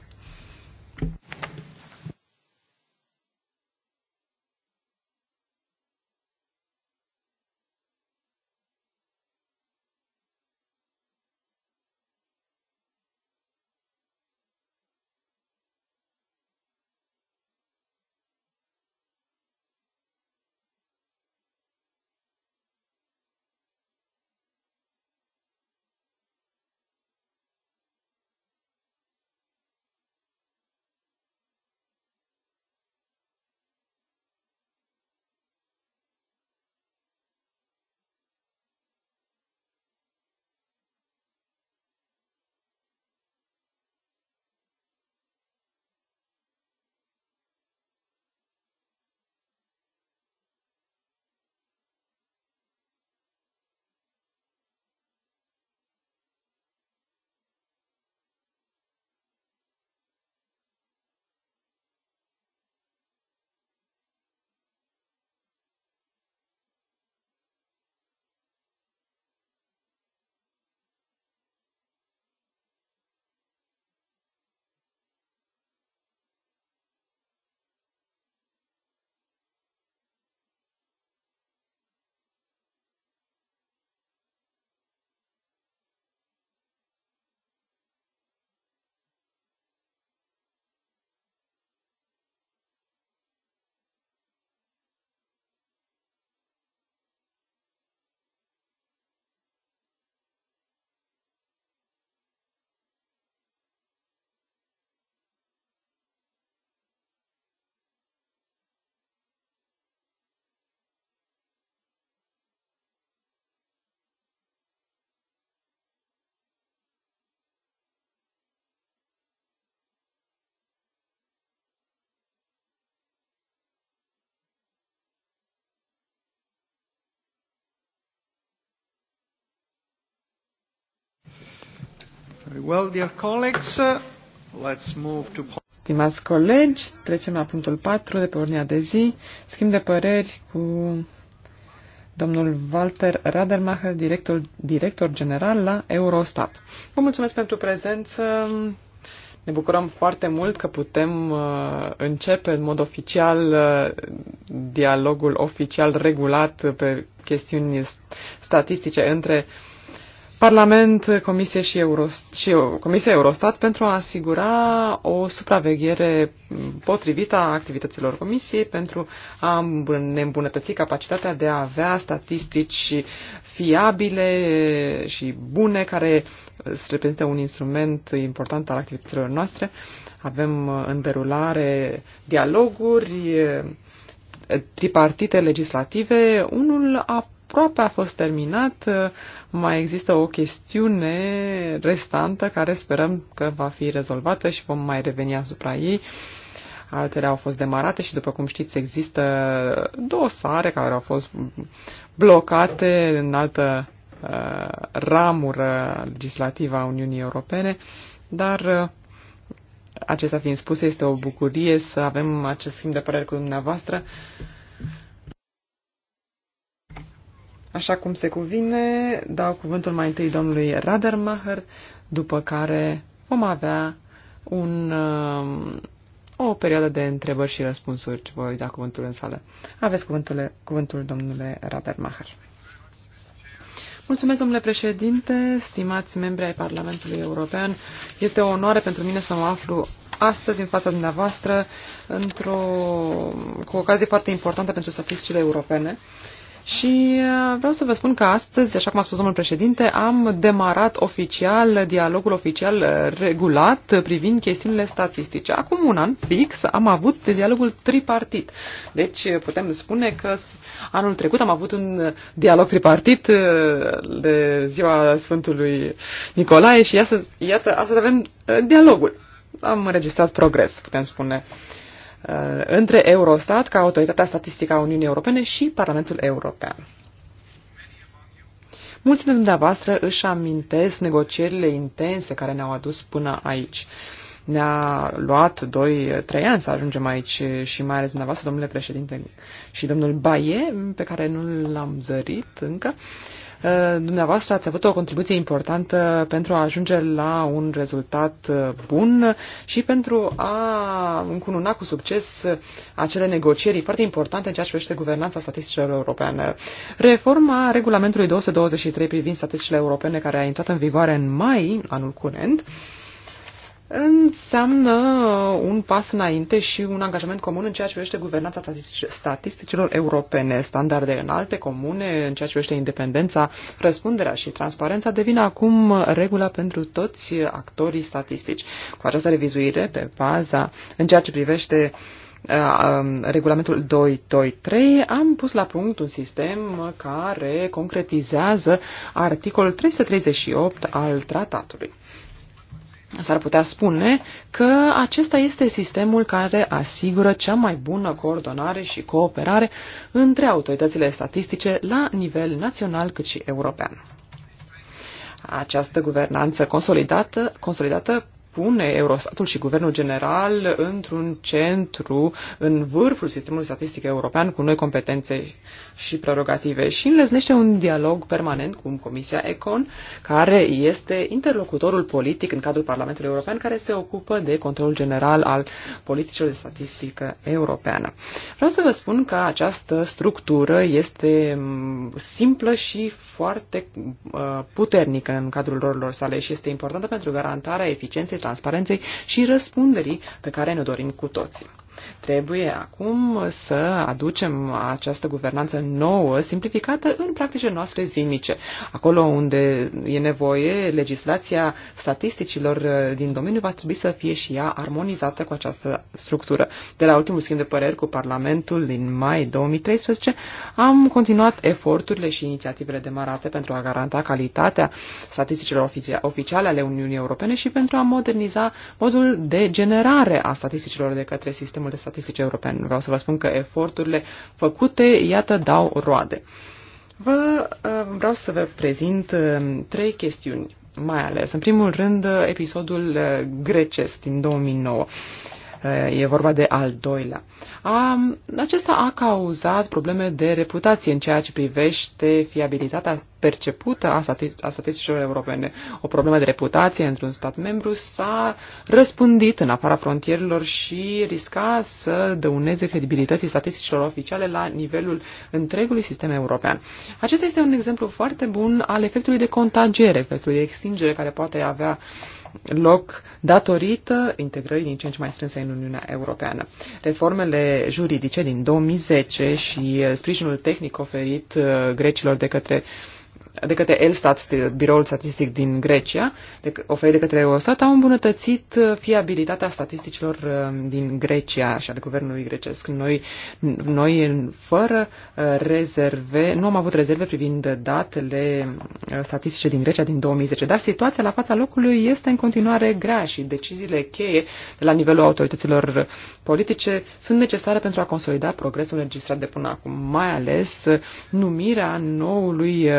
Well, dear colleagues, uh, let's move to... Stimați colegi, trecem la punctul 4 de pe ordinea de zi. Schimb de păreri cu domnul Walter Radermacher, director, director general la Eurostat. Vă mulțumesc pentru prezență. Ne bucurăm foarte mult că putem uh, începe în mod oficial uh, dialogul oficial regulat pe chestiuni statistice între uh, Parlament, Comisie și, Eurost, și Comisia Eurostat pentru a asigura o supraveghere potrivită a activităților Comisiei pentru a ne îmbunătăți capacitatea de a avea statistici fiabile și bune care se reprezintă un instrument important al activităților noastre. Avem în derulare dialoguri tripartite legislative, unul a aproape a fost terminat. Mai există o chestiune restantă care sperăm că va fi rezolvată și vom mai reveni asupra ei. Altele au fost demarate și, după cum știți, există dosare care au fost blocate în altă uh, ramură legislativă a Uniunii Europene, dar uh, acesta fiind spus este o bucurie să avem acest schimb de păreri cu dumneavoastră. Uh, Așa cum se cuvine, dau cuvântul mai întâi domnului Radermacher, după care vom avea un, um, o perioadă de întrebări și răspunsuri ce voi da cuvântul în sală. Aveți cuvântul, cuvântul domnule Radermacher. Mulțumesc, domnule președinte, stimați membri ai Parlamentului European. Este o onoare pentru mine să mă aflu astăzi în fața dumneavoastră într-o, cu o ocazie foarte importantă pentru statisticile europene și uh, vreau să vă spun că astăzi, așa cum a spus domnul președinte, am demarat oficial dialogul oficial uh, regulat privind chestiunile statistice. Acum un an fix am avut dialogul tripartit. Deci uh, putem spune că anul trecut am avut un dialog tripartit de ziua Sfântului Nicolae și iată, iată astăzi avem dialogul. Am înregistrat progres, putem spune. Uh, Uh, între Eurostat, ca autoritatea statistică a Uniunii Europene și Parlamentul European. Mulți dintre dumneavoastră își amintesc negocierile intense care ne-au adus până aici. Ne-a luat 2-3 ani să ajungem aici și mai ales dumneavoastră, domnule președinte, și domnul Baie, pe care nu l-am zărit încă. Uh, Uh, dumneavoastră ați avut o contribuție importantă pentru a ajunge la un rezultat uh, bun și pentru a încununa cu succes acele negocieri foarte importante în ceea ce privește guvernanța statisticilor europene. Reforma regulamentului 223 privind statisticile europene care a intrat în vigoare în mai anul curent înseamnă un pas înainte și un angajament comun în ceea ce privește guvernanța statisticilor europene. Standarde înalte, comune, în ceea ce privește independența, răspunderea și transparența devin acum regula pentru toți actorii statistici. Cu această revizuire, pe baza, în ceea ce privește uh, um, regulamentul 223, am pus la punct un sistem care concretizează articolul 338 al tratatului. S-ar putea spune că acesta este sistemul care asigură cea mai bună coordonare și cooperare între autoritățile statistice la nivel național cât și european. Această guvernanță consolidată, consolidată pune Eurostatul și Guvernul General într-un centru, în vârful sistemului statistic european, cu noi competențe și prerogative și înlăznește un dialog permanent cu Comisia Econ, care este interlocutorul politic în cadrul Parlamentului European, care se ocupă de controlul general al politicilor de statistică europeană. Vreau să vă spun că această structură este mm, simplă și foarte uh, puternică în cadrul rolurilor sale și este importantă pentru garantarea eficienței transparenței și răspunderii pe care ne dorim cu toții. Trebuie acum să aducem această guvernanță nouă, simplificată în practicile noastre zilnice. Acolo unde e nevoie, legislația statisticilor uh, din domeniu va trebui să fie și ea armonizată cu această structură. De la ultimul schimb de păreri cu Parlamentul din mai 2013, am continuat eforturile și inițiativele demarate pentru a garanta calitatea statisticilor oficiale ale Uniunii Europene și pentru a moderniza modul de generare a statisticilor de către sistemul multe de statistici europene. Vreau să vă spun că eforturile făcute, iată, dau roade. Vă, uh, vreau să vă prezint uh, trei chestiuni, mai ales. În primul rând, uh, episodul grecesc din 2009 e vorba de al doilea. A, acesta a cauzat probleme de reputație în ceea ce privește fiabilitatea percepută a, stati- a statisticilor europene. O problemă de reputație într-un stat membru s-a răspândit în afara frontierelor și risca să dăuneze credibilității statisticilor oficiale la nivelul întregului sistem european. Acesta este un exemplu foarte bun al efectului de contagiere, efectului de extingere care poate avea uh, loc datorită integrării din ce în ce mai strânse în Uniunea Europeană. Reformele juridice din 2010 și uh, sprijinul tehnic oferit uh, grecilor de către uh, de către Elstat, biroul statistic din Grecia, de, oferit de către Eurostat, au îmbunătățit uh, fiabilitatea statisticilor uh, din Grecia și ale guvernului grecesc. Noi, noi fără uh, rezerve, nu am avut rezerve privind datele statistice din Grecia din 2010, dar situația la fața locului este în continuare grea și deciziile cheie de la nivelul autorităților politice sunt necesare pentru a consolida progresul înregistrat de până acum, mai ales numirea noului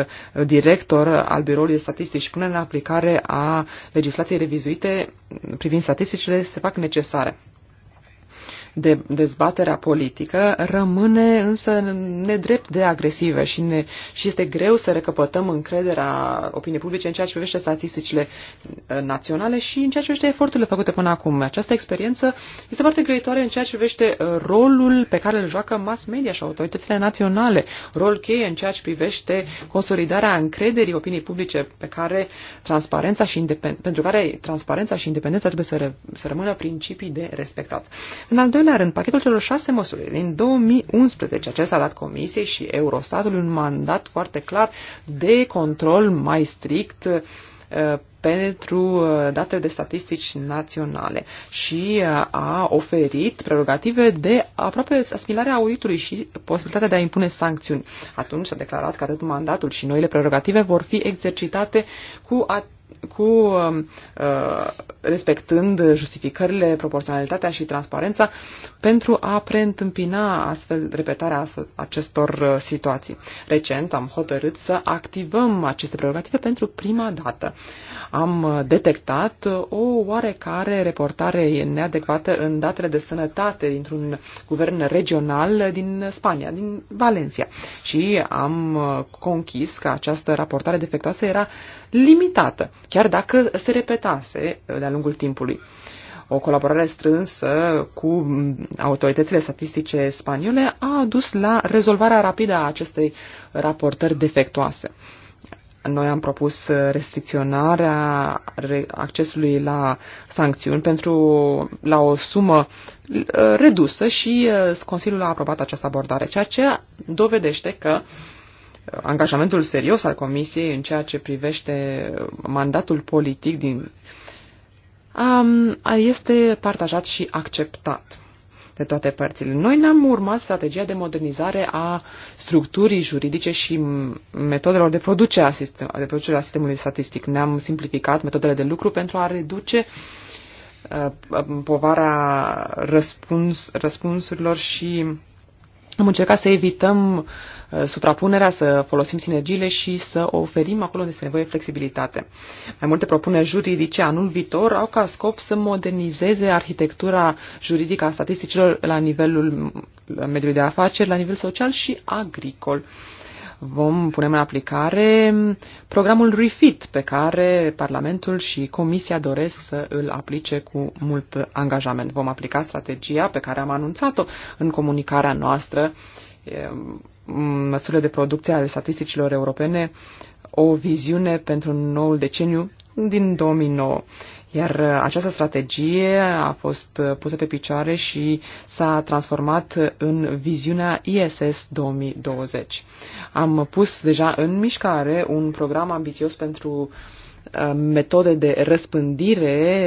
director al Biroului de Statistici și punerea în aplicare a legislației revizuite privind statisticile se fac necesare de dezbaterea politică rămâne însă nedrept de agresivă și, ne, și este greu să recăpătăm încrederea opiniei publice în ceea ce privește statisticile uh, naționale și în ceea ce privește eforturile făcute până acum. Această experiență este foarte greitoare în ceea ce privește uh, rolul pe care îl joacă mass media și autoritățile naționale, rol cheie în ceea ce privește consolidarea încrederii opiniei publice pe care transparența și pentru care transparența și independența trebuie să, re- să rămână principii de respectat. În al doilea doilea rând, pachetul celor șase măsuri din 2011, acesta a dat Comisiei și Eurostatului un mandat foarte clar de control mai strict uh, pentru uh, datele de statistici naționale și uh, a oferit prerogative de aproape asimilarea auditului și posibilitatea de a impune sancțiuni. Atunci s-a declarat că atât mandatul și noile prerogative vor fi exercitate cu, atât cu um, uh, respectând justificările, proporționalitatea și transparența pentru a preîntâmpina astfel repetarea astfel, acestor uh, situații. Recent am hotărât să activăm aceste prerogative pentru prima dată. Am uh, detectat o oarecare reportare neadecvată în datele de sănătate dintr-un guvern regional din Spania, din Valencia. Și am conchis că această raportare defectoasă era limitată, chiar dacă se repetase de-a lungul timpului. O colaborare strânsă cu autoritățile statistice spaniole a dus la rezolvarea rapidă a acestei raportări defectuoase. Noi am propus restricționarea accesului la sancțiuni pentru la o sumă uh, redusă și uh, Consiliul a aprobat această abordare, ceea ce dovedește că uh, angajamentul serios al Comisiei în ceea ce privește mandatul politic din, um, este partajat și acceptat de toate părțile. Noi ne-am urmat strategia de modernizare a structurii juridice și metodelor de producere a, sistem, de producere a sistemului statistic. Ne-am simplificat metodele de lucru pentru a reduce uh, uh povara răspuns, răspunsurilor și am încercat să evităm Uh, suprapunerea, să folosim sinergiile și să oferim acolo unde este nevoie flexibilitate. Mai multe propuneri juridice anul viitor au ca scop să modernizeze arhitectura juridică a statisticilor la nivelul mediului de afaceri, la nivel social și agricol vom pune în aplicare programul REFIT pe care Parlamentul și Comisia doresc să îl aplice cu mult angajament. Vom aplica strategia pe care am anunțat-o în comunicarea noastră Mm, măsurile de producție ale statisticilor europene o viziune pentru noul deceniu din 2009. Iar uh, această strategie a fost uh, pusă pe picioare și s-a transformat în viziunea ISS 2020. Am pus deja în mișcare un program ambițios pentru uh, metode de răspândire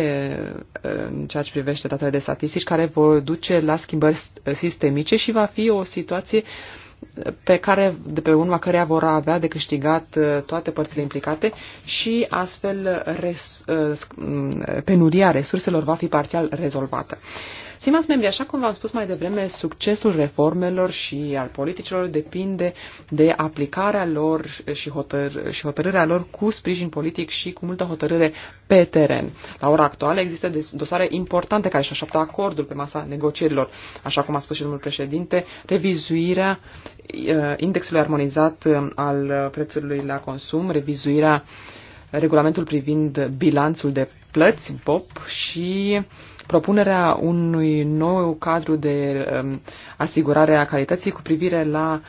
în ceea ce privește datele de statistici care vor duce la schimbări sistemice și va fi o situație uh, pe care, de pe urma căreia vor avea de câștigat uh, toate părțile implicate și astfel res, uh, mm, penuria resurselor va fi parțial rezolvată. Stimați membri, așa cum v-am spus mai devreme, succesul reformelor și al politicilor depinde de aplicarea lor și, hotăr- și hotărârea lor cu sprijin politic și cu multă hotărâre pe teren. La ora actuală există dosare importante care își așteaptă acordul pe masa negocierilor. Așa cum a spus și domnul președinte, revizuirea uh, indexului armonizat uh, al prețurilor la consum, revizuirea uh, regulamentul privind bilanțul de plăți, BOP, și propunerea unui nou cadru de um, asigurare a calității cu privire la,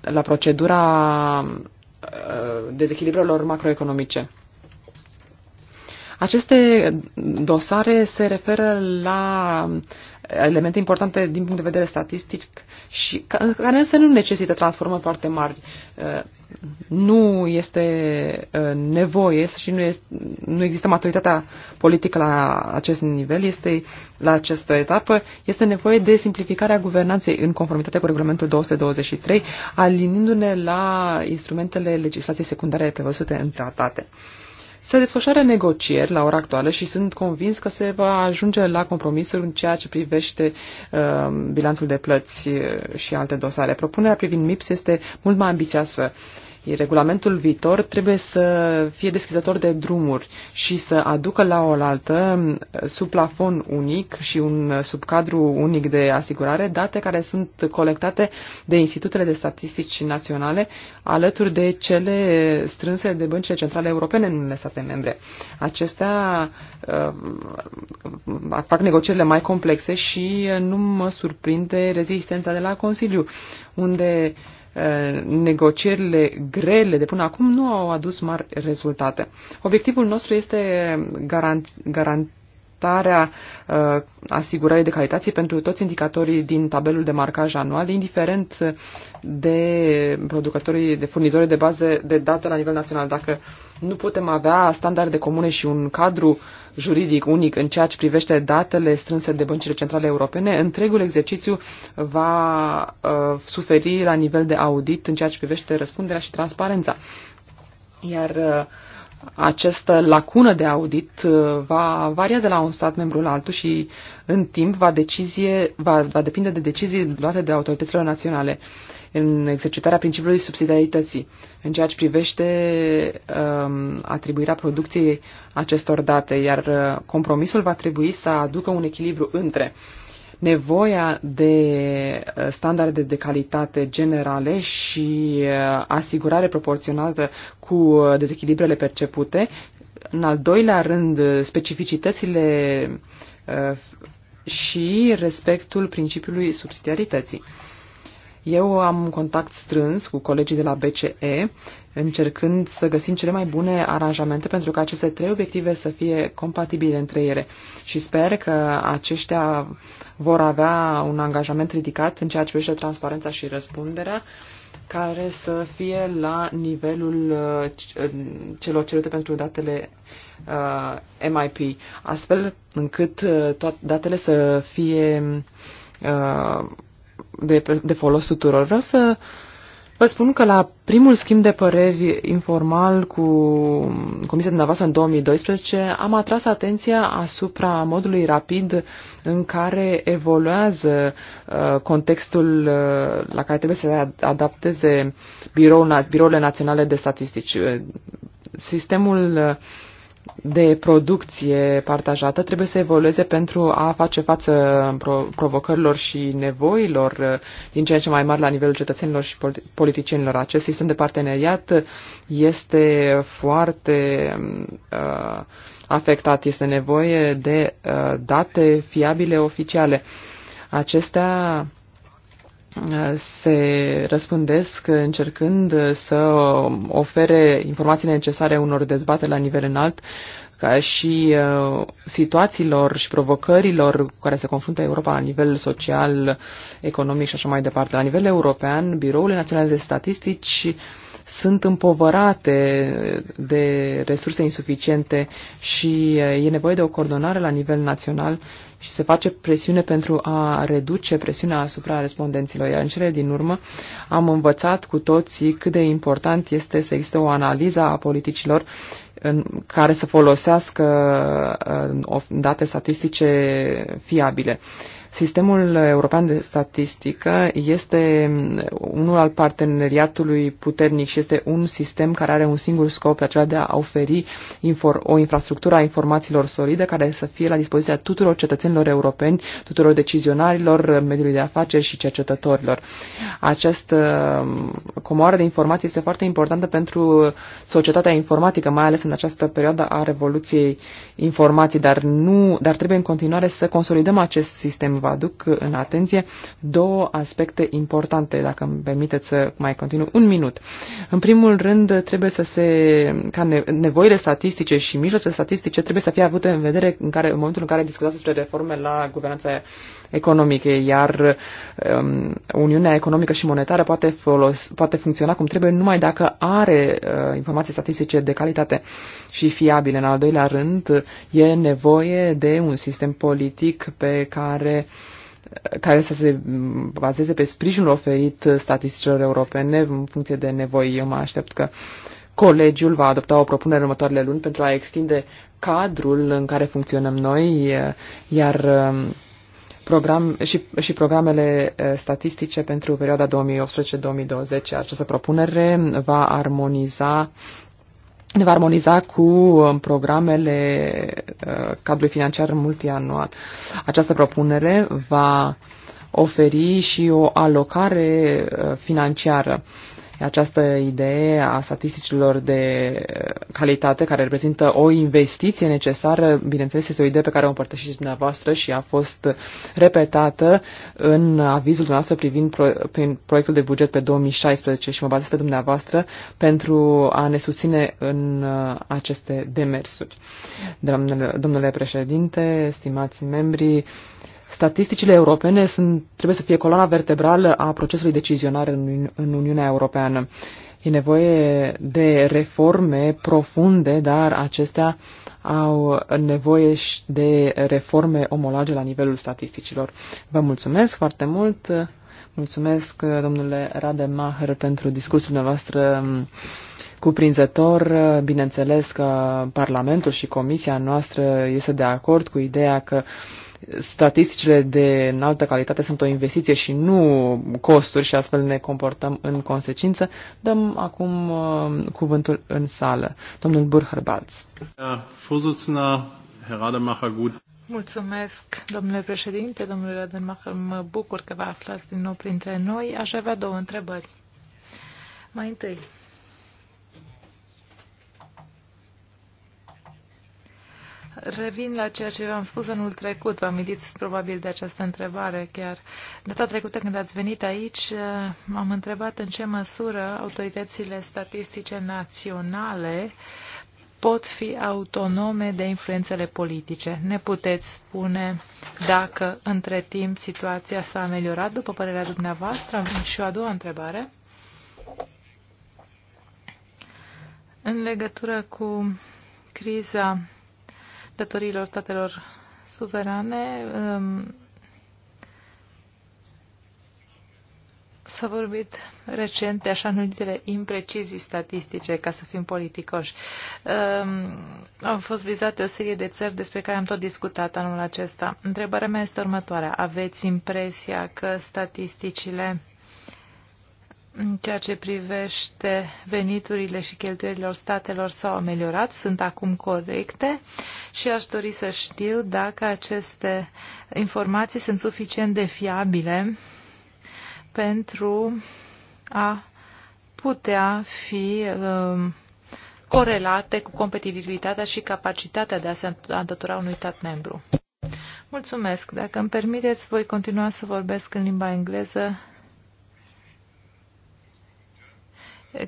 la procedura uh, dezechilibrelor macroeconomice. Aceste dosare se referă la elemente importante din punct de vedere statistic și care însă nu necesită transformări foarte mari. Uh, nu este uh, nevoie și nu, este, nu există maturitatea politică la acest nivel, este la această etapă, este nevoie de simplificarea guvernanței în conformitate cu regulamentul 223, alinindu-ne la instrumentele legislației secundare prevăzute în tratate. Se desfășoară negocieri la ora actuală și sunt convins că se va ajunge la compromisuri în ceea ce privește uh, bilanțul de plăți uh, și alte dosare. Propunerea privind MIPS este mult mai ambițioasă Regulamentul viitor trebuie să fie deschizător de drumuri și să aducă la oaltă eh, sub plafon unic și un eh, subcadru unic de asigurare date care sunt colectate de institutele de statistici naționale alături de cele strânse de băncile centrale europene în unele state membre. Acestea uh, fac negocierile mai complexe și nu mă surprinde rezistența de la Consiliu, unde uh, Eh, negocierile grele de până acum nu au adus mari rezultate. Obiectivul nostru este garant, garantarea uh, asigurării de calitate pentru toți indicatorii din tabelul de marcaj anual, indiferent de producătorii, de furnizori de baze de date la nivel național. Dacă nu putem avea standarde comune și un cadru uh, juridic unic în ceea ce privește datele strânse de băncile centrale europene, întregul exercițiu va uh, suferi la nivel de audit în ceea ce privește răspunderea și transparența. Iar uh, această lacună de audit uh, va varia de la un stat membru la altul și în timp va, decizie, va, va depinde de decizii luate de autoritățile naționale în exercitarea principiului subsidiarității, în ceea ce privește um, atribuirea producției acestor date, iar uh, compromisul va trebui să aducă un echilibru între nevoia de uh, standarde de calitate generale și uh, asigurare proporționată cu uh, dezechilibrele percepute. În al doilea rând, specificitățile și respectul principiului subsidiarității. Eu am un contact strâns cu colegii de la BCE, încercând să găsim cele mai bune aranjamente pentru ca aceste trei obiective să fie compatibile între ele. Și sper că aceștia vor avea un angajament ridicat în ceea ce privește transparența și răspunderea care să fie la nivelul uh, celor cerute pentru datele uh, MIP, astfel încât uh, toate datele să fie de, de folos tuturor. Vreau să vă spun că la primul schimb de păreri informal cu Comisia dumneavoastră în 2012 am atras atenția asupra modului rapid în care evoluează uh, contextul uh, la care trebuie să adapteze biroul, birourile naționale de statistici. Uh, sistemul uh, de producție partajată trebuie să evolueze pentru a face față provocărilor și nevoilor uh, din ce în ce mai mari la nivelul cetățenilor și politicienilor. Acest sistem de parteneriat este foarte uh, afectat, este nevoie de uh, date fiabile oficiale. Acestea se răspândesc încercând să ofere informații necesare unor dezbate la nivel înalt ca și uh, situațiilor și provocărilor cu care se confruntă Europa la nivel social, economic și așa mai departe. La nivel european, Biroul Național de Statistici uh, sunt împovărate de resurse insuficiente și eh, e nevoie de o coordonare la nivel național și se face presiune pentru a reduce presiunea asupra respondenților. Iar în cele din urmă am învățat cu toții cât de important este să existe o analiză a politicilor în care să folosească eh, date statistice fiabile. Sistemul European de Statistică este unul al parteneriatului puternic și este un sistem care are un singur scop, acela de a oferi o infrastructură a informațiilor solide care să fie la dispoziția tuturor cetățenilor europeni, tuturor decizionarilor, mediului de afaceri și cercetătorilor. Această um, comoară de informații este foarte importantă pentru societatea informatică, mai ales în această perioadă a revoluției informații, dar, nu, dar trebuie în continuare să consolidăm acest sistem vă aduc în atenție două aspecte importante, dacă îmi permiteți să mai continu un minut. În primul rând, trebuie să se, ca nevoile statistice și mijloace statistice trebuie să fie avute în vedere în, care, în momentul în care discutați despre reforme la guvernanța economice, iar um, Uniunea Economică și Monetară poate, folos, poate funcționa cum trebuie numai dacă are uh, informații statistice de calitate și fiabile. În al doilea rând, e nevoie de un sistem politic pe care care să se bazeze pe sprijinul oferit statisticilor europene în funcție de nevoi. Eu mă aștept că colegiul va adopta o propunere în următoarele luni pentru a extinde cadrul în care funcționăm noi, iar um, program, și, și programele statistice pentru perioada 2018-2020. Această propunere va armoniza ne va armoniza cu programele cadrului financiar multianual. Această propunere va oferi și o alocare financiară această idee a statisticilor de calitate, care reprezintă o investiție necesară, bineînțeles, este o idee pe care o împărtășiți dumneavoastră și a fost repetată în avizul dumneavoastră privind pro, prin proiectul de buget pe 2016 și mă bazez pe dumneavoastră pentru a ne susține în uh, aceste demersuri. Domnule, domnule președinte, stimați membri, Statisticile europene sunt, trebuie să fie coloana vertebrală a procesului decizionar în, în Uniunea Europeană. E nevoie de reforme profunde, dar acestea au nevoie și de reforme omologe la nivelul statisticilor. Vă mulțumesc foarte mult. Mulțumesc, domnule Rademacher, pentru discursul dumneavoastră um, cuprinzător. Bineînțeles că Parlamentul și Comisia noastră este de acord cu ideea că uh, statisticile de înaltă calitate sunt o investiție și nu costuri și astfel ne comportăm în consecință. Dăm acum uh, cuvântul în sală. Domnul Burherbalz. Mulțumesc, domnule președinte, domnule Rademacher, mă bucur că vă aflați din nou printre noi. Aș avea două întrebări. Mai întâi, Revin la ceea ce v-am spus anul trecut. Vă amintiți probabil de această întrebare chiar. Data trecută când ați venit aici, eh, m-am întrebat în ce măsură autoritățile statistice naționale pot fi autonome de influențele politice. Ne puteți spune dacă între timp situația s-a ameliorat, după părerea dumneavoastră? Și o a doua întrebare. În legătură cu criza datoriilor statelor suverane. Um, s-a vorbit recent de așa numitele imprecizii statistice, ca să fim politicoși. Um, au fost vizate o serie de țări despre care am tot discutat anul acesta. Întrebarea mea este următoarea. Aveți impresia că statisticile în ceea ce privește veniturile și cheltuielilor statelor s-au ameliorat, sunt acum corecte și aș dori să știu dacă aceste informații sunt suficient de fiabile pentru a putea fi um, corelate cu competitivitatea și capacitatea de a se îndătura unui stat membru. Mulțumesc. Dacă îmi permiteți, voi continua să vorbesc în limba engleză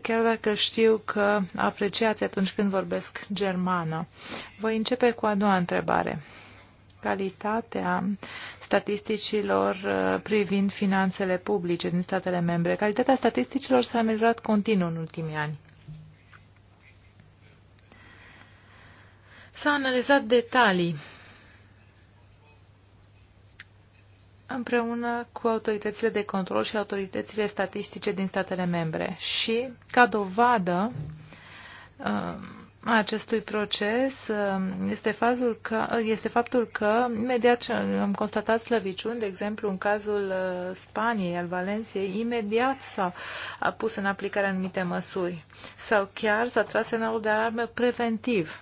chiar dacă știu că apreciați atunci când vorbesc germană. Voi începe cu a doua întrebare. Calitatea statisticilor uh, privind finanțele publice din statele membre. Calitatea statisticilor s-a ameliorat continuu în ultimii ani. S-a analizat detalii împreună cu autoritățile de control și autoritățile statistice din statele membre. Și, ca dovadă a um, acestui proces, um, este, fazul că, este faptul că imediat ce am constatat slăviciuni, de exemplu în cazul uh, Spaniei, al Valenției, imediat s a pus în aplicare anumite măsuri sau chiar s-a tras semnalul de alarmă preventiv.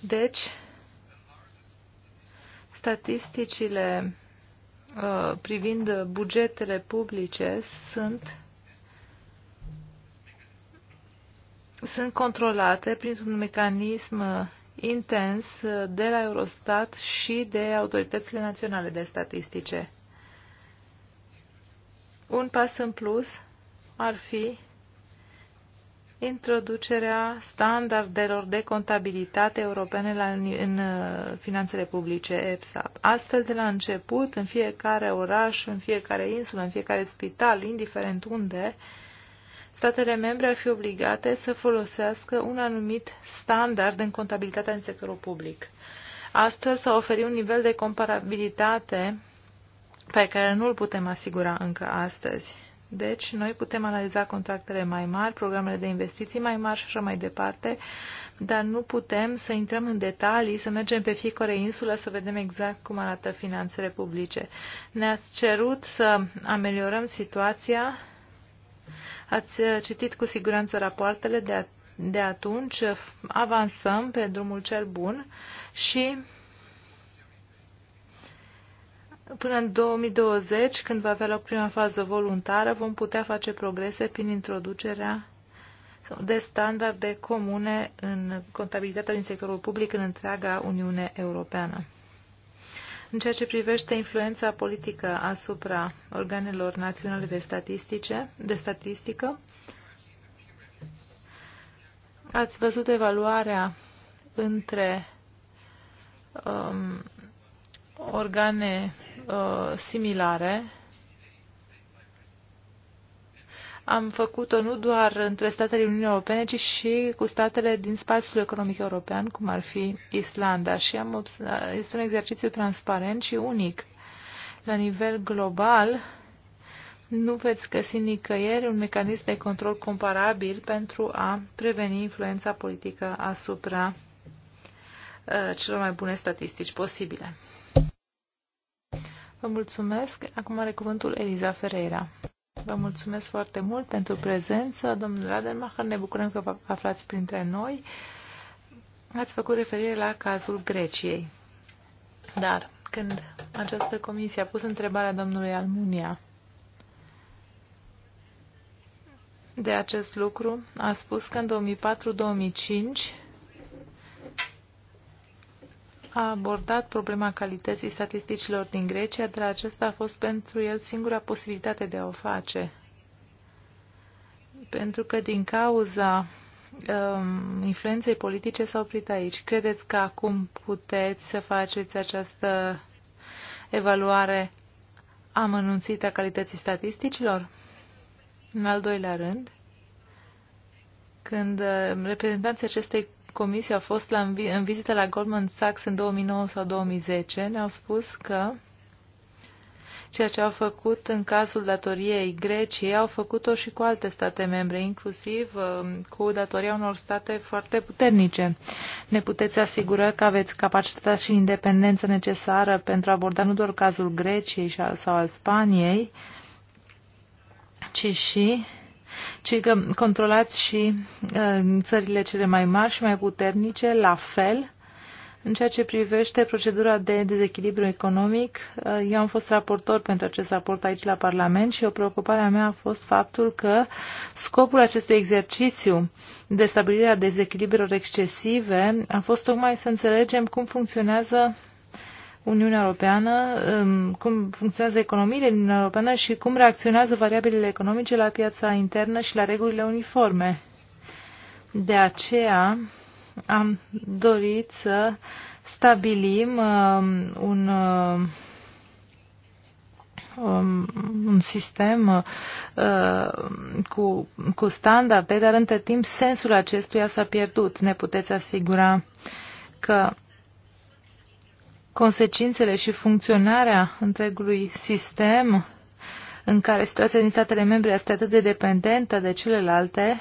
Deci, statisticile uh, privind bugetele publice sunt sunt controlate printr-un mecanism uh, intens uh, de la Eurostat și de autoritățile naționale de statistice. Un pas în plus ar fi introducerea standardelor de contabilitate europene la, în uh, finanțele publice EPSA. Astfel, de la început, în fiecare oraș, în fiecare insulă, în fiecare spital, indiferent unde, statele membre ar fi obligate să folosească un anumit standard în contabilitatea în sectorul public. Astfel, s-a oferit un nivel de comparabilitate pe care nu îl putem asigura încă astăzi. Deci, noi putem analiza contractele mai mari, programele de investiții mai mari și așa mai departe, dar nu putem să intrăm în detalii, să mergem pe fiecare insulă să vedem exact cum arată finanțele publice. Ne-ați cerut să ameliorăm situația. Ați uh, citit cu siguranță rapoartele de, de atunci. Avansăm pe drumul cel bun și până în 2020, când va avea loc prima fază voluntară, vom putea face progrese prin introducerea de standarde comune în contabilitatea din sectorul public în întreaga Uniune Europeană. În ceea ce privește influența politică asupra organelor naționale de, statistice, de statistică, ați văzut evaluarea între um, organe uh, similare. Am făcut-o nu doar între statele Uniunii Europene, ci și cu statele din spațiul economic european, cum ar fi Islanda. Și am este un exercițiu transparent și unic. La nivel global, nu veți găsi nicăieri un mecanism de control comparabil pentru a preveni influența politică asupra uh, celor mai bune statistici posibile. Vă mulțumesc. Acum are cuvântul Eliza Ferreira. Vă mulțumesc foarte mult pentru prezență. Domnule Rademacher. ne bucurăm că vă aflați printre noi. Ați făcut referire la cazul Greciei. Dar când această comisie a pus întrebarea domnului Almunia de acest lucru, a spus că în 2004-2005 a abordat problema calității statisticilor din Grecia, dar acesta a fost pentru el singura posibilitate de a o face. Pentru că din cauza um, influenței politice s-a oprit aici. Credeți că acum puteți să faceți această evaluare amănunțită a calității statisticilor? În al doilea rând, când uh, reprezentanții acestei comisia a fost la, în vizită la Goldman Sachs în 2009 sau 2010, ne-au spus că ceea ce au făcut în cazul datoriei Greciei, au făcut-o și cu alte state membre, inclusiv um, cu datoria unor state foarte puternice. Ne puteți asigura că aveți capacitatea și independență necesară pentru a aborda nu doar cazul Greciei sau al Spaniei, ci și ci că controlați și uh, țările cele mai mari și mai puternice, la fel. În ceea ce privește procedura de dezechilibru economic, uh, eu am fost raportor pentru acest raport aici la Parlament și o preocupare a mea a fost faptul că scopul acestui exercițiu de stabilire a dezechilibrelor excesive a fost tocmai să înțelegem cum funcționează Uniunea Europeană, um, cum funcționează economiile din Uniunea Europeană și cum reacționează variabilele economice la piața internă și la regulile uniforme. De aceea am dorit să stabilim um, un um, un sistem uh, cu, cu standarde, dar între timp sensul acestuia s-a pierdut. Ne puteți asigura că consecințele și funcționarea întregului sistem în care situația din statele membre este atât de dependentă de celelalte,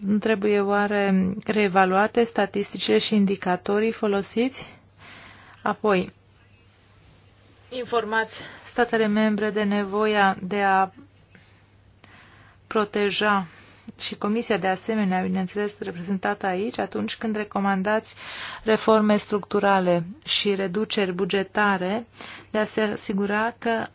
nu trebuie oare reevaluate statisticile și indicatorii folosiți? Apoi, informați statele membre de nevoia de a proteja și Comisia de asemenea, bineînțeles, reprezentată aici, atunci când recomandați reforme structurale și reduceri bugetare, de a se asigura că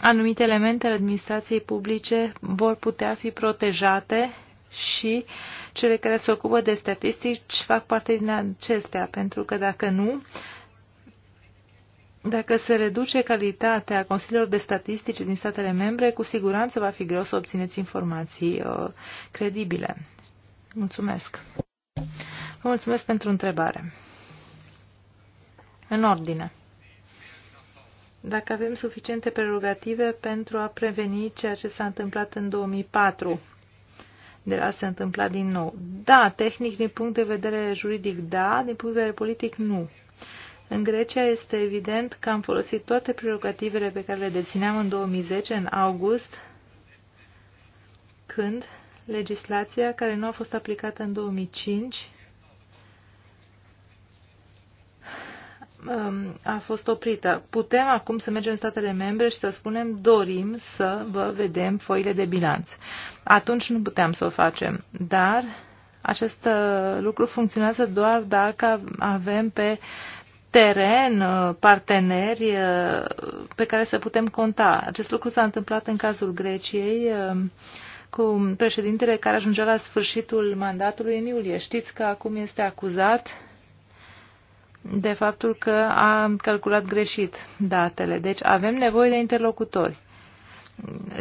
anumite elemente ale administrației publice vor putea fi protejate și cele care se ocupă de statistici fac parte din acestea, pentru că dacă nu, dacă se reduce calitatea consiliilor de statistici din statele membre, cu siguranță va fi greu să obțineți informații uh, credibile. Mulțumesc. Vă mulțumesc pentru întrebare. În ordine. Dacă avem suficiente prerogative pentru a preveni ceea ce s-a întâmplat în 2004, de la se întâmpla din nou. Da, tehnic, din punct de vedere juridic, da, din punct de vedere politic, nu. În Grecia este evident că am folosit toate prerogativele pe care le dețineam în 2010, în august, când legislația care nu a fost aplicată în 2005 um, a fost oprită. Putem acum să mergem în statele membre și să spunem dorim să vă vedem foile de bilanț. Atunci nu puteam să o facem, dar acest lucru funcționează doar dacă avem pe teren, uh, parteneri uh, pe care să putem conta. Acest lucru s-a întâmplat în cazul Greciei um, cu președintele care ajungea la sfârșitul mandatului în iulie. Știți că acum este acuzat de faptul că a calculat greșit datele. Deci avem nevoie de interlocutori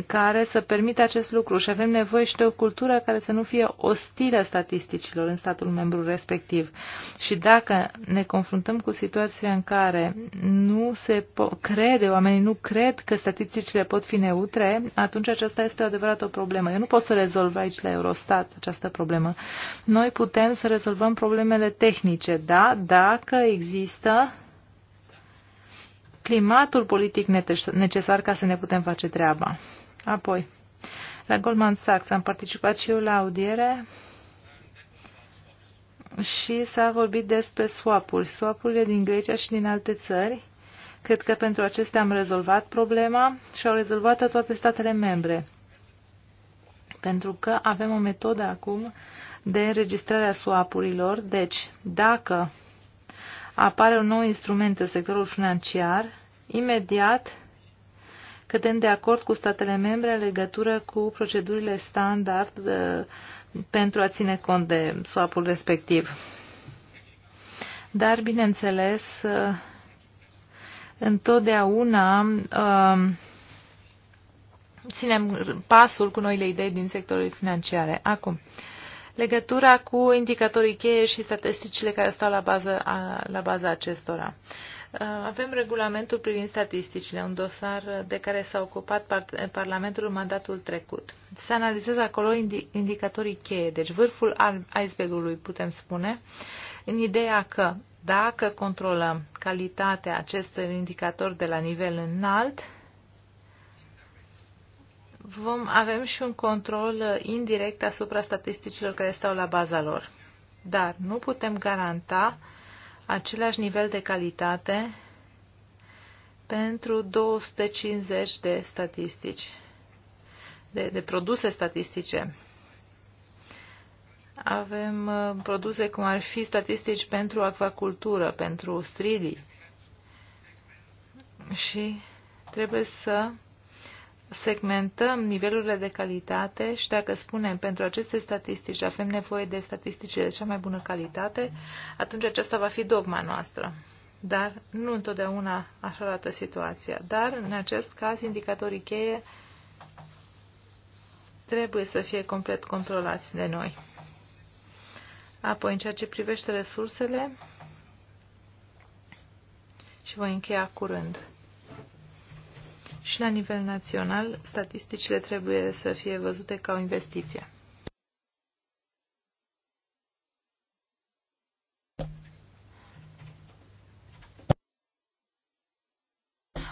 care să permită acest lucru și avem nevoie și de o cultură care să nu fie ostilă statisticilor în statul membru respectiv. Și dacă ne confruntăm cu situația în care nu se crede, oamenii nu cred că statisticile pot fi neutre, atunci aceasta este o adevărată o problemă. Eu nu pot să rezolv aici la Eurostat această problemă. Noi putem să rezolvăm problemele tehnice, da, dacă există climatul politic necesar ca să ne putem face treaba. Apoi, la Goldman Sachs am participat și eu la audiere și s-a vorbit despre swap-uri, swap din Grecia și din alte țări. Cred că pentru acestea am rezolvat problema și au rezolvat toate statele membre. Pentru că avem o metodă acum de înregistrare a swap-urilor. Deci, dacă apare un nou instrument în sectorul financiar, imediat cădem de acord cu statele membre în legătură cu procedurile standard uh, pentru a ține cont de swap-ul respectiv. Dar, bineînțeles, uh, întotdeauna um, ținem pasul cu noile idei din sectorul financiare. Acum, uh, legătura cu indicatorii cheie și statisticile care stau la, bază, a, la baza acestora. Uh, avem regulamentul privind statisticile, un dosar de care s-a ocupat Parlamentul în mandatul trecut. Se analizează acolo indicatorii cheie, deci vârful icebergului, putem spune, în ideea că dacă controlăm calitatea acestor indicatori de la nivel înalt, vom avem și un control uh, indirect asupra statisticilor care stau la baza lor. Dar nu putem garanta același nivel de calitate pentru 250 de statistici, de, de produse statistice. Avem uh, produse cum ar fi statistici pentru acvacultură, pentru stridii și trebuie să segmentăm nivelurile de calitate și dacă spunem pentru aceste statistici avem nevoie de statistici de cea mai bună calitate, atunci aceasta va fi dogma noastră. Dar nu întotdeauna așa arată situația. Dar, în acest caz, indicatorii cheie trebuie să fie complet controlați de noi. Apoi, în ceea ce privește resursele, și voi încheia curând și la nivel național, statisticile trebuie să fie văzute ca o investiție.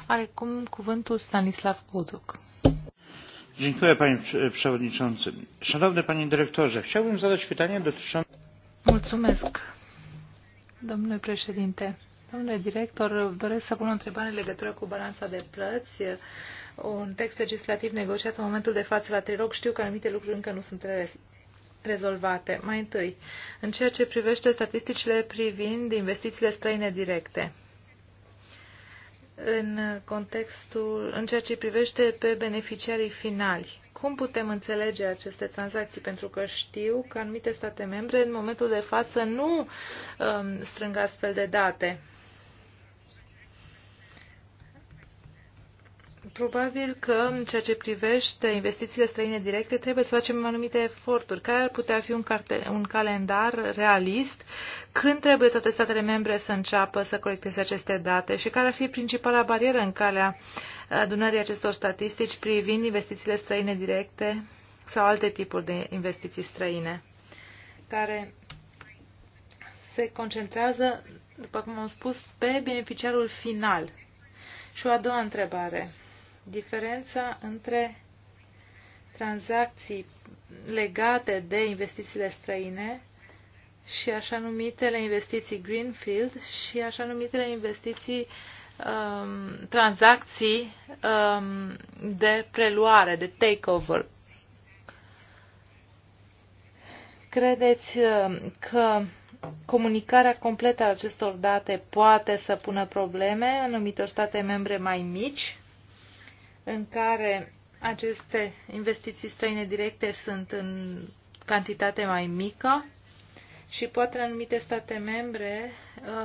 Are cum cuvântul Stanislav Buduc. Dziękuję panie przewodniczący. Szanowny panie dyrektorze, chciałbym zadać pytanie dotyczące Mulțumesc, domnule președinte. Domnule director, doresc să pun o întrebare în legătură cu balanța de plăți. Un text legislativ negociat în momentul de față la trilog. Știu că anumite lucruri încă nu sunt rezolvate. Mai întâi, în ceea ce privește statisticile privind investițiile străine directe în contextul, în ceea ce privește pe beneficiarii finali. Cum putem înțelege aceste tranzacții? Pentru că știu că anumite state membre în momentul de față nu um, strâng astfel de date. Probabil că în ceea ce privește investițiile străine directe trebuie să facem anumite eforturi. Care ar putea fi un, carte, un calendar realist? Când trebuie toate statele membre să înceapă să colecteze aceste date? Și care ar fi principala barieră în calea adunării acestor statistici privind investițiile străine directe sau alte tipuri de investiții străine? Care se concentrează, după cum am spus, pe beneficiarul final. Și o a doua întrebare diferența între tranzacții legate de investițiile străine și așa numitele investiții Greenfield și așa numitele investiții um, tranzacții um, de preluare, de takeover. Credeți um, că comunicarea completă a acestor date poate să pună probleme în anumitor state membre mai mici în care aceste investiții străine directe sunt în cantitate mai mică și poate în anumite state membre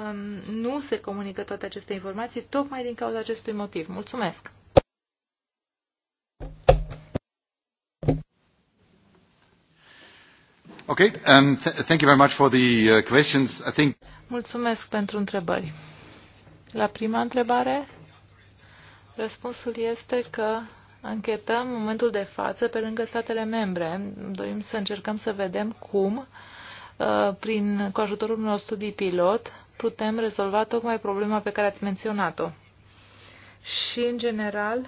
um, nu se comunică toate aceste informații tocmai din cauza acestui motiv. Mulțumesc! Okay, and um, thank you very much for the uh, questions. I think... Mulțumesc pentru întrebări. La prima întrebare, Răspunsul este că anchetăm în momentul de față pe lângă statele membre. Dorim să încercăm să vedem cum, uh, prin, cu ajutorul unor studii pilot, putem rezolva tocmai problema pe care ați menționat-o. Și, în general,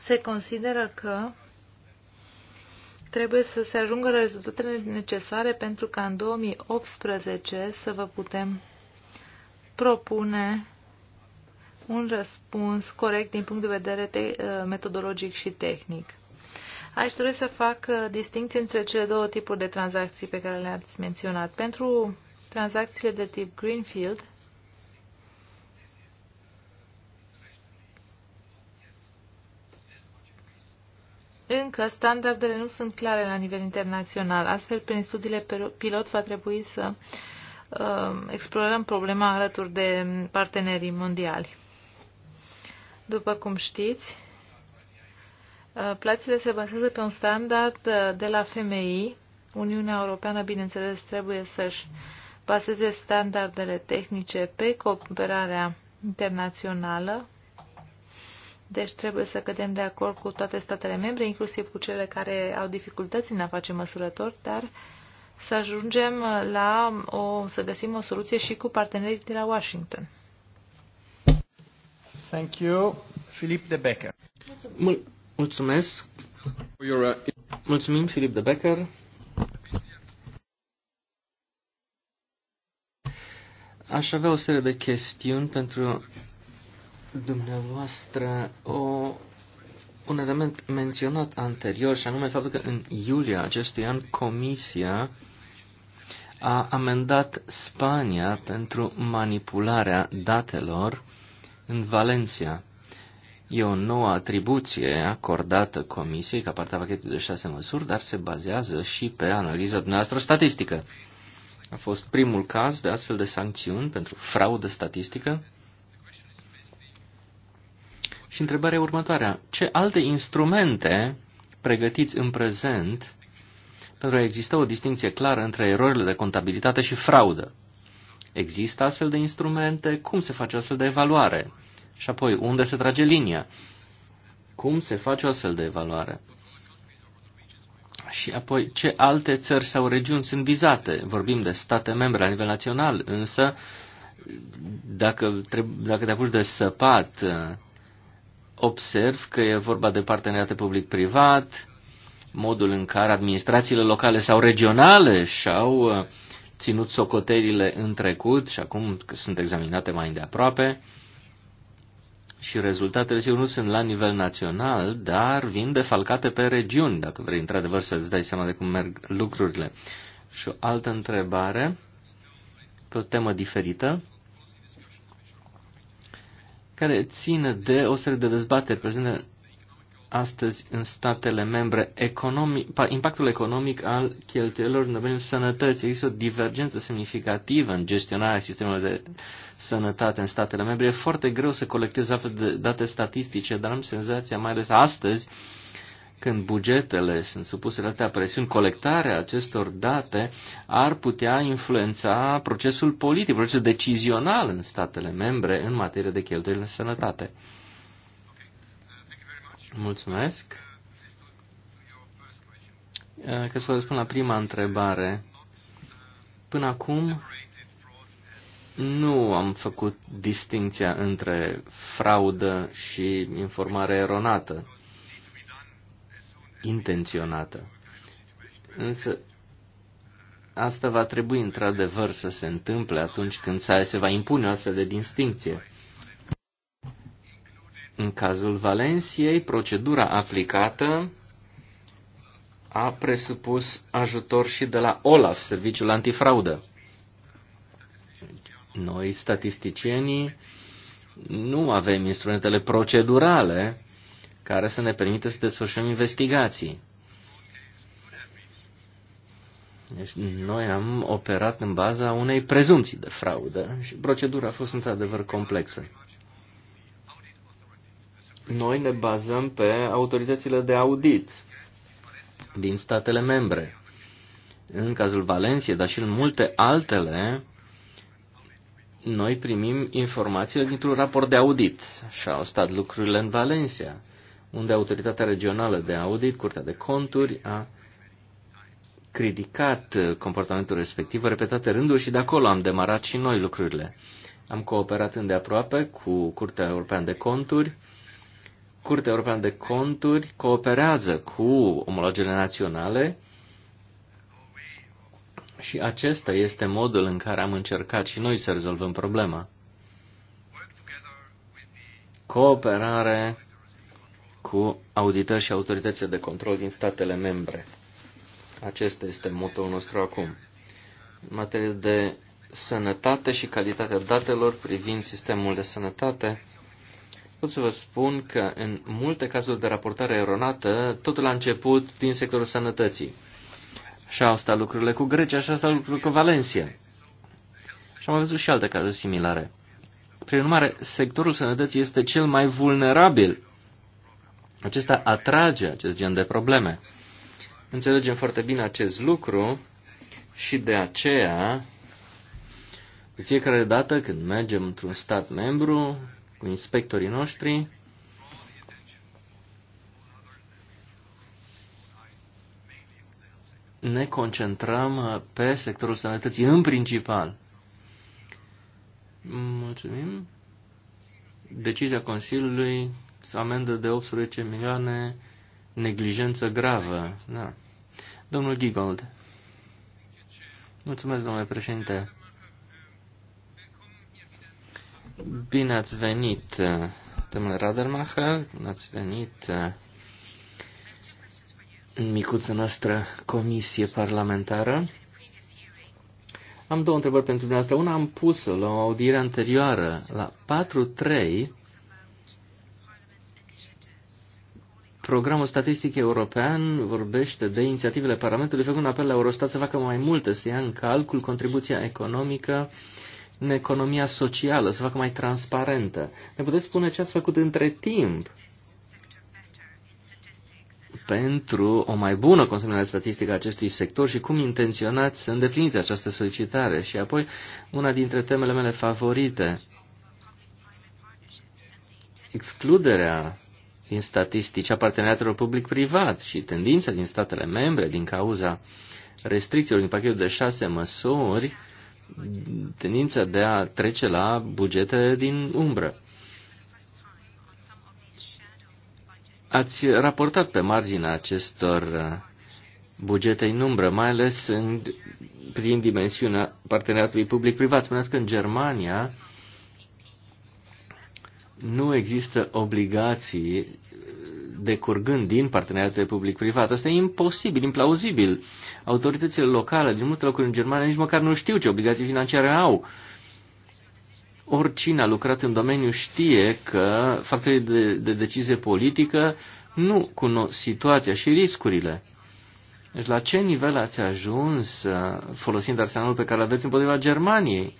se consideră că trebuie să se ajungă la rezultatele necesare pentru ca în 2018 să vă putem propune un răspuns corect din punct de vedere te- uh, metodologic și tehnic. Aș dori să fac uh, distinție între cele două tipuri de tranzacții pe care le-ați menționat. Pentru tranzacțiile de tip Greenfield, Încă standardele nu sunt clare la nivel internațional, astfel prin studiile pilot va trebui să uh, explorăm problema alături de partenerii mondiali. După cum știți, uh, plățile se bazează pe un standard uh, de la FMI. Uniunea Europeană, bineînțeles, trebuie să-și bazeze standardele tehnice pe cooperarea internațională. Deci trebuie să cădem de acord cu toate statele membre, inclusiv cu cele care au dificultăți în a face măsurători, dar să ajungem uh, la o, să găsim o soluție și cu partenerii de la Washington. Thank you. de Becker. mulțumesc. Mulțumim, Filip de Becker. Aș avea o serie de chestiuni pentru dumneavoastră. O un element menționat anterior, și anume faptul că în iulie acestui an Comisia a amendat Spania pentru manipularea datelor în Valencia. E o nouă atribuție acordată Comisiei ca parte a pachetului de șase măsuri, dar se bazează și pe analiza dumneavoastră statistică. A fost primul caz de astfel de sancțiuni pentru fraudă statistică. Și întrebarea următoarea. Ce alte instrumente pregătiți în prezent pentru a exista o distinție clară între erorile de contabilitate și fraudă? Există astfel de instrumente? Cum se face astfel de evaluare? Și apoi, unde se trage linia? Cum se face o astfel de evaluare? Și apoi, ce alte țări sau regiuni sunt vizate? Vorbim de state membre la nivel național, însă dacă, dacă te apuci de săpat, observ că e vorba de parteneriate public-privat, modul în care administrațiile locale sau regionale și-au ținut socoterile în trecut și acum sunt examinate mai îndeaproape și rezultatele sigur nu sunt la nivel național, dar vin defalcate pe regiuni, dacă vrei într-adevăr să-ți dai seama de cum merg lucrurile. Și o altă întrebare, pe o temă diferită, care ține de o serie de dezbateri prezente astăzi în statele membre economic, impactul economic al cheltuielor în domeniul sănătății. Există o divergență semnificativă în gestionarea sistemelor de sănătate în statele membre. E foarte greu să colectezi date statistice, dar am senzația, mai ales astăzi, când bugetele sunt supuse la atâtea presiuni, colectarea acestor date ar putea influența procesul politic, procesul decizional în statele membre în materie de cheltuieli în sănătate. Mulțumesc. Eh, ca să vă răspund la prima întrebare, până acum nu am făcut distinția între fraudă și informare eronată, intenționată. Însă asta va trebui într-adevăr să se întâmple atunci când se va impune o astfel de distinție. În cazul Valenciei, procedura aplicată a presupus ajutor și de la OLAF, Serviciul Antifraudă. Noi, statisticienii, nu avem instrumentele procedurale care să ne permită să desfășurăm investigații. Deci noi am operat în baza unei prezumții de fraudă și procedura a fost într-adevăr complexă. Noi ne bazăm pe autoritățile de audit din statele membre. În cazul Valenției, dar și în multe altele, noi primim informațiile dintr-un raport de audit. Și au stat lucrurile în Valencia, unde autoritatea regională de audit, Curtea de Conturi, a criticat comportamentul respectiv, repetate rânduri și de acolo am demarat și noi lucrurile. Am cooperat îndeaproape cu Curtea Europeană de Conturi Curtea Europeană de Conturi cooperează cu omologele naționale și acesta este modul în care am încercat și noi să rezolvăm problema. Cooperare cu auditori și autoritățile de control din statele membre. Acesta este motoul nostru acum. În materie de sănătate și calitatea datelor privind sistemul de sănătate, pot să vă spun că în multe cazuri de raportare eronată, totul a început din sectorul sănătății. Și au stat lucrurile cu Grecia, și au stat lucrurile cu Valencia. Și am văzut și alte cazuri similare. Prin urmare, sectorul sănătății este cel mai vulnerabil. Acesta atrage acest gen de probleme. Înțelegem foarte bine acest lucru și de aceea, de fiecare dată când mergem într-un stat membru, cu inspectorii noștri. Ne concentrăm uh, pe sectorul sănătății în principal. Mulțumim. Decizia Consiliului, amendă de 18 milioane, neglijență gravă. Da. Domnul Gigold. Mulțumesc, domnule președinte. Bine ați venit, domnule Radermacher, bine ați venit în micuța noastră comisie parlamentară. Am două întrebări pentru dumneavoastră. Una am pus-o la o audiere anterioară, la 4.3, Programul statistic european vorbește de inițiativele Parlamentului, făcând apel la Eurostat să facă mai multe, să ia în calcul contribuția economică uh, în economia socială, să facă mai transparentă. Ne puteți spune ce ați făcut între timp pentru o mai bună consemnare statistică a acestui sector și cum intenționați să îndepliniți această solicitare. Și apoi, una dintre temele mele favorite, excluderea din statistici a parteneriatelor public-privat și tendința din statele membre din cauza restricțiilor din pachetul de șase măsuri tendința de a trece la bugete din umbră. Ați raportat pe marginea acestor uh, bugete în umbră, mai ales în, prin dimensiunea parteneriatului public-privat. Spuneați că în Germania nu există obligații decurgând din parteneriatele public-privat. Asta e imposibil, implauzibil. Autoritățile locale din multe locuri în Germania nici măcar nu știu ce obligații financiare au. Oricine a lucrat în domeniu știe că factorii de, de decizie politică nu cunosc situația și riscurile. Deci la ce nivel ați ajuns uh, folosind arsenalul pe care l aveți împotriva Germaniei?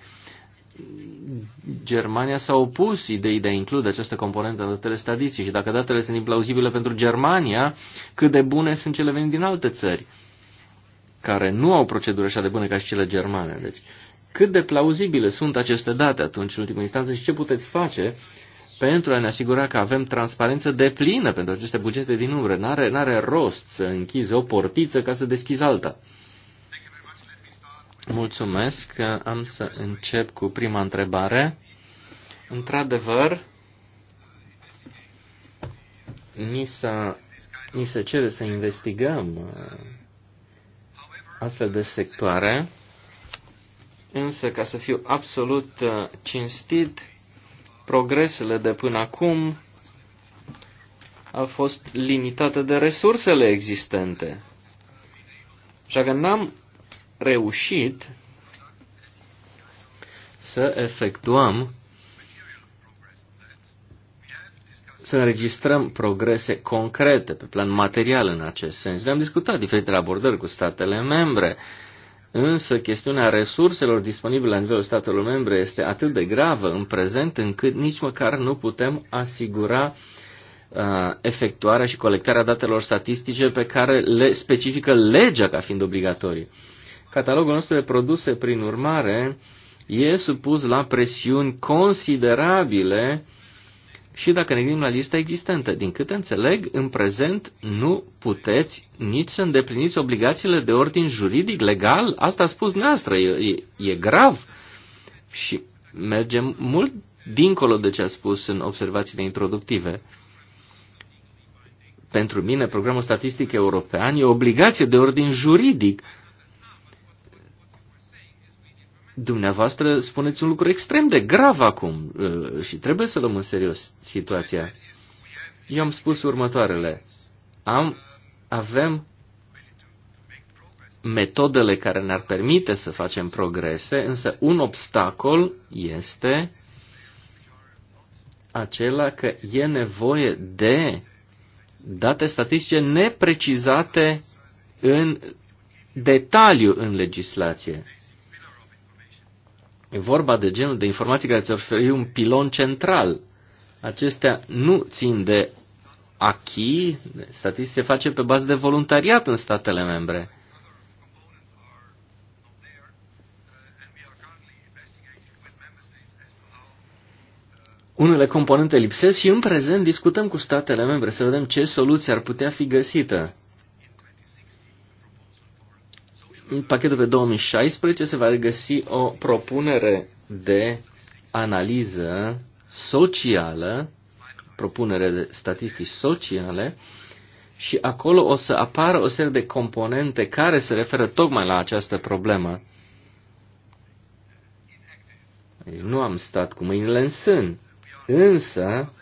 Germania s-a opus ideii de a include această componentă în datele statistice și dacă datele sunt implauzibile pentru Germania, cât de bune sunt cele venite din alte țări care nu au proceduri așa de bune ca și cele germane. Deci, cât de plauzibile sunt aceste date atunci, în ultimă instanță, și ce puteți face pentru a ne asigura că avem transparență deplină pentru aceste bugete din umbră. N-are, n-are rost să închizi o portiță ca să deschizi alta. Mulțumesc. Am să încep cu prima întrebare. Într-adevăr, ni, ni se cere să investigăm uh, astfel de sectoare, însă, ca să fiu absolut uh, cinstit, progresele de până acum au fost limitate de resursele existente. Așa că n-am reușit să efectuăm, să înregistrăm progrese concrete pe plan material în acest sens. Ne-am discutat diferitele abordări cu statele membre, însă chestiunea resurselor disponibile la nivelul statelor membre este atât de gravă în prezent încât nici măcar nu putem asigura uh, efectuarea și colectarea datelor statistice pe care le specifică legea ca fiind obligatorii. Catalogul nostru de produse, prin urmare, e supus la presiuni considerabile și dacă ne gândim la lista existentă. Din câte înțeleg, în prezent nu puteți nici să îndepliniți obligațiile de ordin juridic, legal. Asta a spus noastră, e, e, e grav. Și mergem mult dincolo de ce a spus în observațiile introductive. Pentru mine, programul statistic european e o obligație de ordin juridic Dumneavoastră spuneți un lucru extrem de grav acum uh, și trebuie să luăm în serios situația. Eu am spus următoarele. Am, avem metodele care ne-ar permite să facem progrese, însă un obstacol este acela că e nevoie de date statistice neprecizate în detaliu în legislație. E vorba de genul de informații care îți oferi un pilon central. Acestea nu țin de achi, statistic se face pe bază de voluntariat în statele membre. Unele componente lipsesc și în prezent discutăm cu statele membre să vedem ce soluție ar putea fi găsită. În pachetul pe 2016 se va regăsi o propunere de analiză socială, propunere de statistici sociale, și acolo o să apară o serie de componente care se referă tocmai la această problemă. Deci nu am stat cu mâinile în sân, însă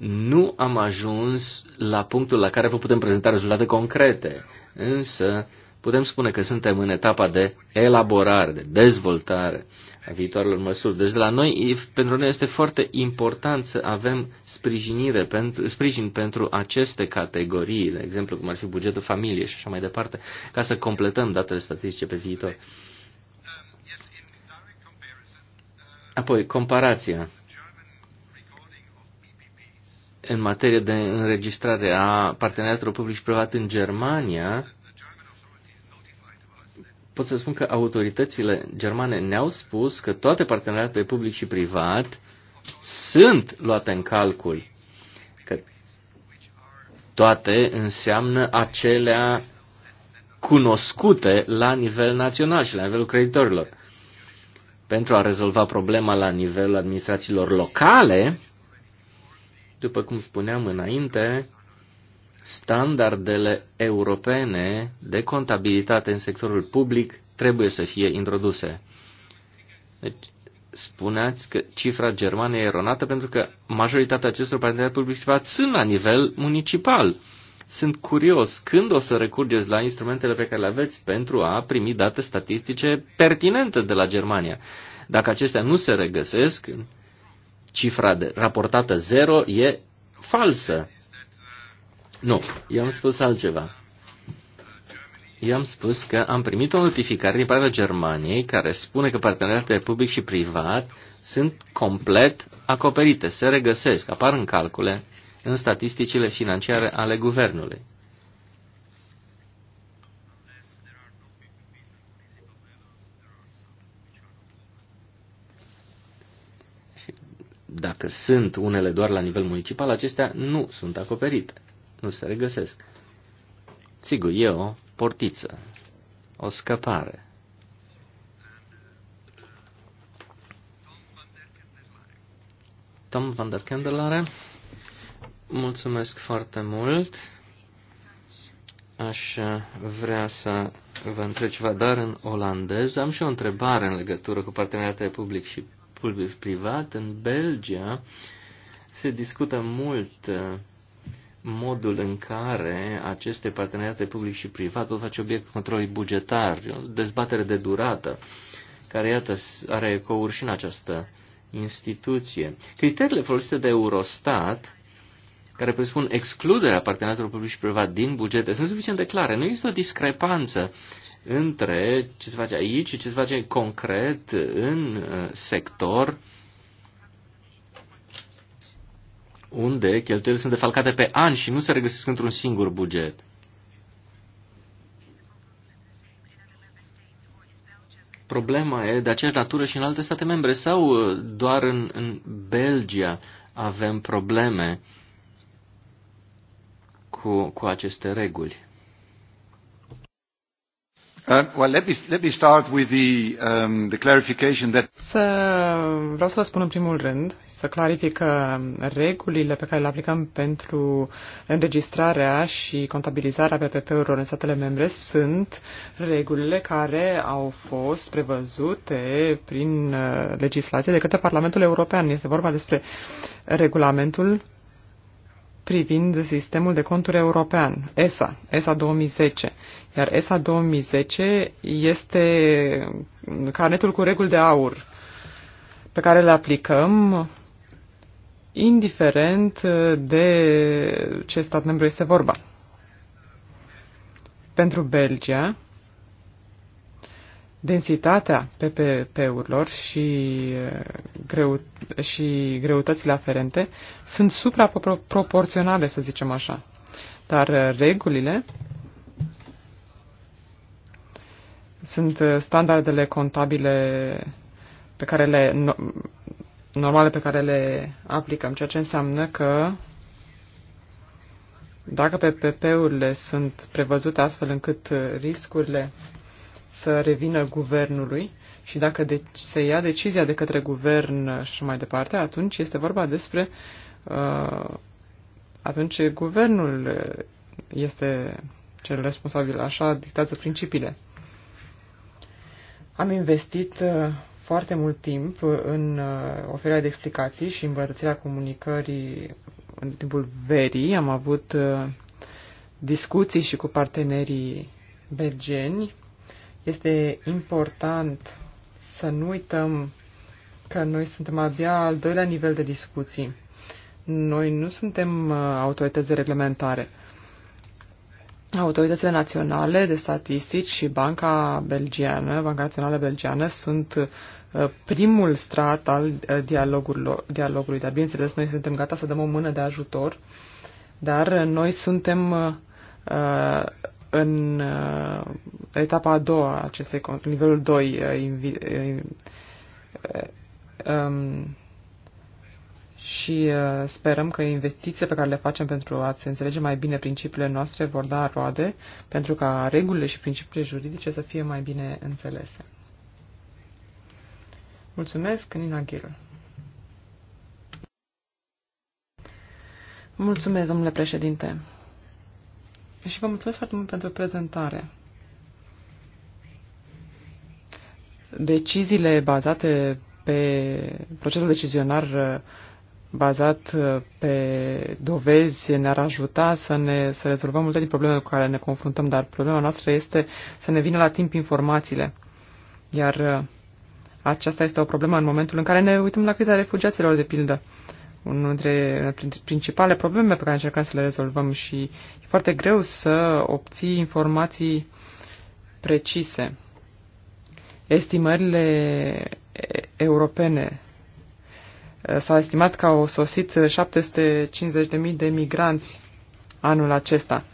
nu am ajuns la punctul la care vă putem prezenta rezultate concrete. Însă putem spune că suntem în etapa de elaborare, de dezvoltare a viitoarelor măsuri. Deci de la noi, pentru noi este foarte important să avem sprijinire pentru, sprijin pentru aceste categorii, de exemplu cum ar fi bugetul familiei și așa mai departe, ca să completăm datele statistice pe viitor. Apoi, comparația în materie de înregistrare a parteneriatelor public și privat în Germania, pot să spun că autoritățile germane ne-au spus că toate parteneriatele public și privat sunt luate în calcul. Că toate înseamnă acelea cunoscute la nivel național și la nivelul creditorilor. Pentru a rezolva problema la nivelul administrațiilor locale, după cum spuneam înainte, standardele europene de contabilitate în sectorul public trebuie să fie introduse. Deci, spuneați că cifra germană e eronată pentru că majoritatea acestor parteneri publici privat sunt la nivel municipal. Sunt curios când o să recurgeți la instrumentele pe care le aveți pentru a primi date statistice pertinente de la Germania. Dacă acestea nu se regăsesc, cifra de, raportată zero e falsă. Nu, eu am spus altceva. Eu am spus că am primit o notificare din partea Germaniei care spune că parteneriatele public și privat sunt complet acoperite, se regăsesc, apar în calcule, în statisticile financiare ale guvernului. dacă sunt unele doar la nivel municipal, acestea nu sunt acoperite nu se regăsesc. Sigur, e o portiță, o scăpare. Tom van der Kendelare, mulțumesc foarte mult. Aș vrea să vă întreb ceva, dar în olandez am și o întrebare în legătură cu parteneriatele public și public-privat. În Belgia se discută mult modul în care aceste parteneriate public și privat pot face obiect controlului bugetar, o dezbatere de durată, care, iată, are ecouri și în această instituție. Criteriile folosite de Eurostat, care presupun excluderea parteneriatelor public și privat din bugete, sunt suficient de clare. Nu există o discrepanță între ce se face aici și ce se face concret în uh, sector unde cheltuielile sunt defalcate pe ani și nu se regăsesc într-un singur buget. Problema e de aceeași natură și în alte state membre sau doar în, în Belgia avem probleme cu, cu aceste reguli. Să vreau să vă spun în primul rând, să clarific că uh, regulile pe care le aplicăm pentru înregistrarea și contabilizarea PPP-urilor în statele membre sunt regulile care au fost prevăzute prin uh, legislație de către Parlamentul European. Este vorba despre regulamentul privind sistemul de conturi european, ESA, ESA 2010. Iar ESA 2010 este carnetul cu reguli de aur pe care le aplicăm indiferent de ce stat membru este vorba. Pentru Belgia, densitatea PPP-urilor și, eh, greu, și greutățile aferente sunt supraproporționale, să zicem așa. Dar eh, regulile sunt eh, standardele contabile pe care le, normale pe care le aplicăm, ceea ce înseamnă că dacă PPP-urile sunt prevăzute astfel încât riscurile să revină guvernului și dacă de- se ia decizia de către guvern și mai departe, atunci este vorba despre. Uh, atunci guvernul este cel responsabil, așa dictează principiile. Am investit uh, foarte mult timp în uh, oferirea de explicații și îmbunătățirea comunicării în timpul verii. Am avut uh, discuții și cu partenerii belgeni este important să nu uităm că noi suntem abia al doilea nivel de discuții. Noi nu suntem uh, autorități de reglementare. Autoritățile naționale de statistici și Banca Belgiană, Banca Națională Belgiană, sunt uh, primul strat al uh, dialogului, dar bineînțeles noi suntem gata să dăm o mână de ajutor, dar noi suntem în uh, etapa a doua acestei nivelul 2, uh, invi, uh, uh, um, și uh, sperăm că investițiile pe care le facem pentru a se înțelege mai bine principiile noastre vor da roade pentru ca regulile și principiile juridice să fie mai bine înțelese. Mulțumesc, Nina Ghil. Mulțumesc, domnule președinte și vă mulțumesc foarte mult pentru prezentare. Deciziile bazate pe procesul decizionar bazat pe dovezi ne-ar ajuta să, ne, să rezolvăm multe din problemele cu care ne confruntăm, dar problema noastră este să ne vină la timp informațiile. Iar uh, aceasta este o problemă în momentul în care ne uităm la criza refugiaților, de pildă unul dintre principale probleme pe care încercăm să le rezolvăm și e foarte greu să obții informații precise. Estimările europene eh, s-a estimat că au sosit 750.000 de migranți anul acesta.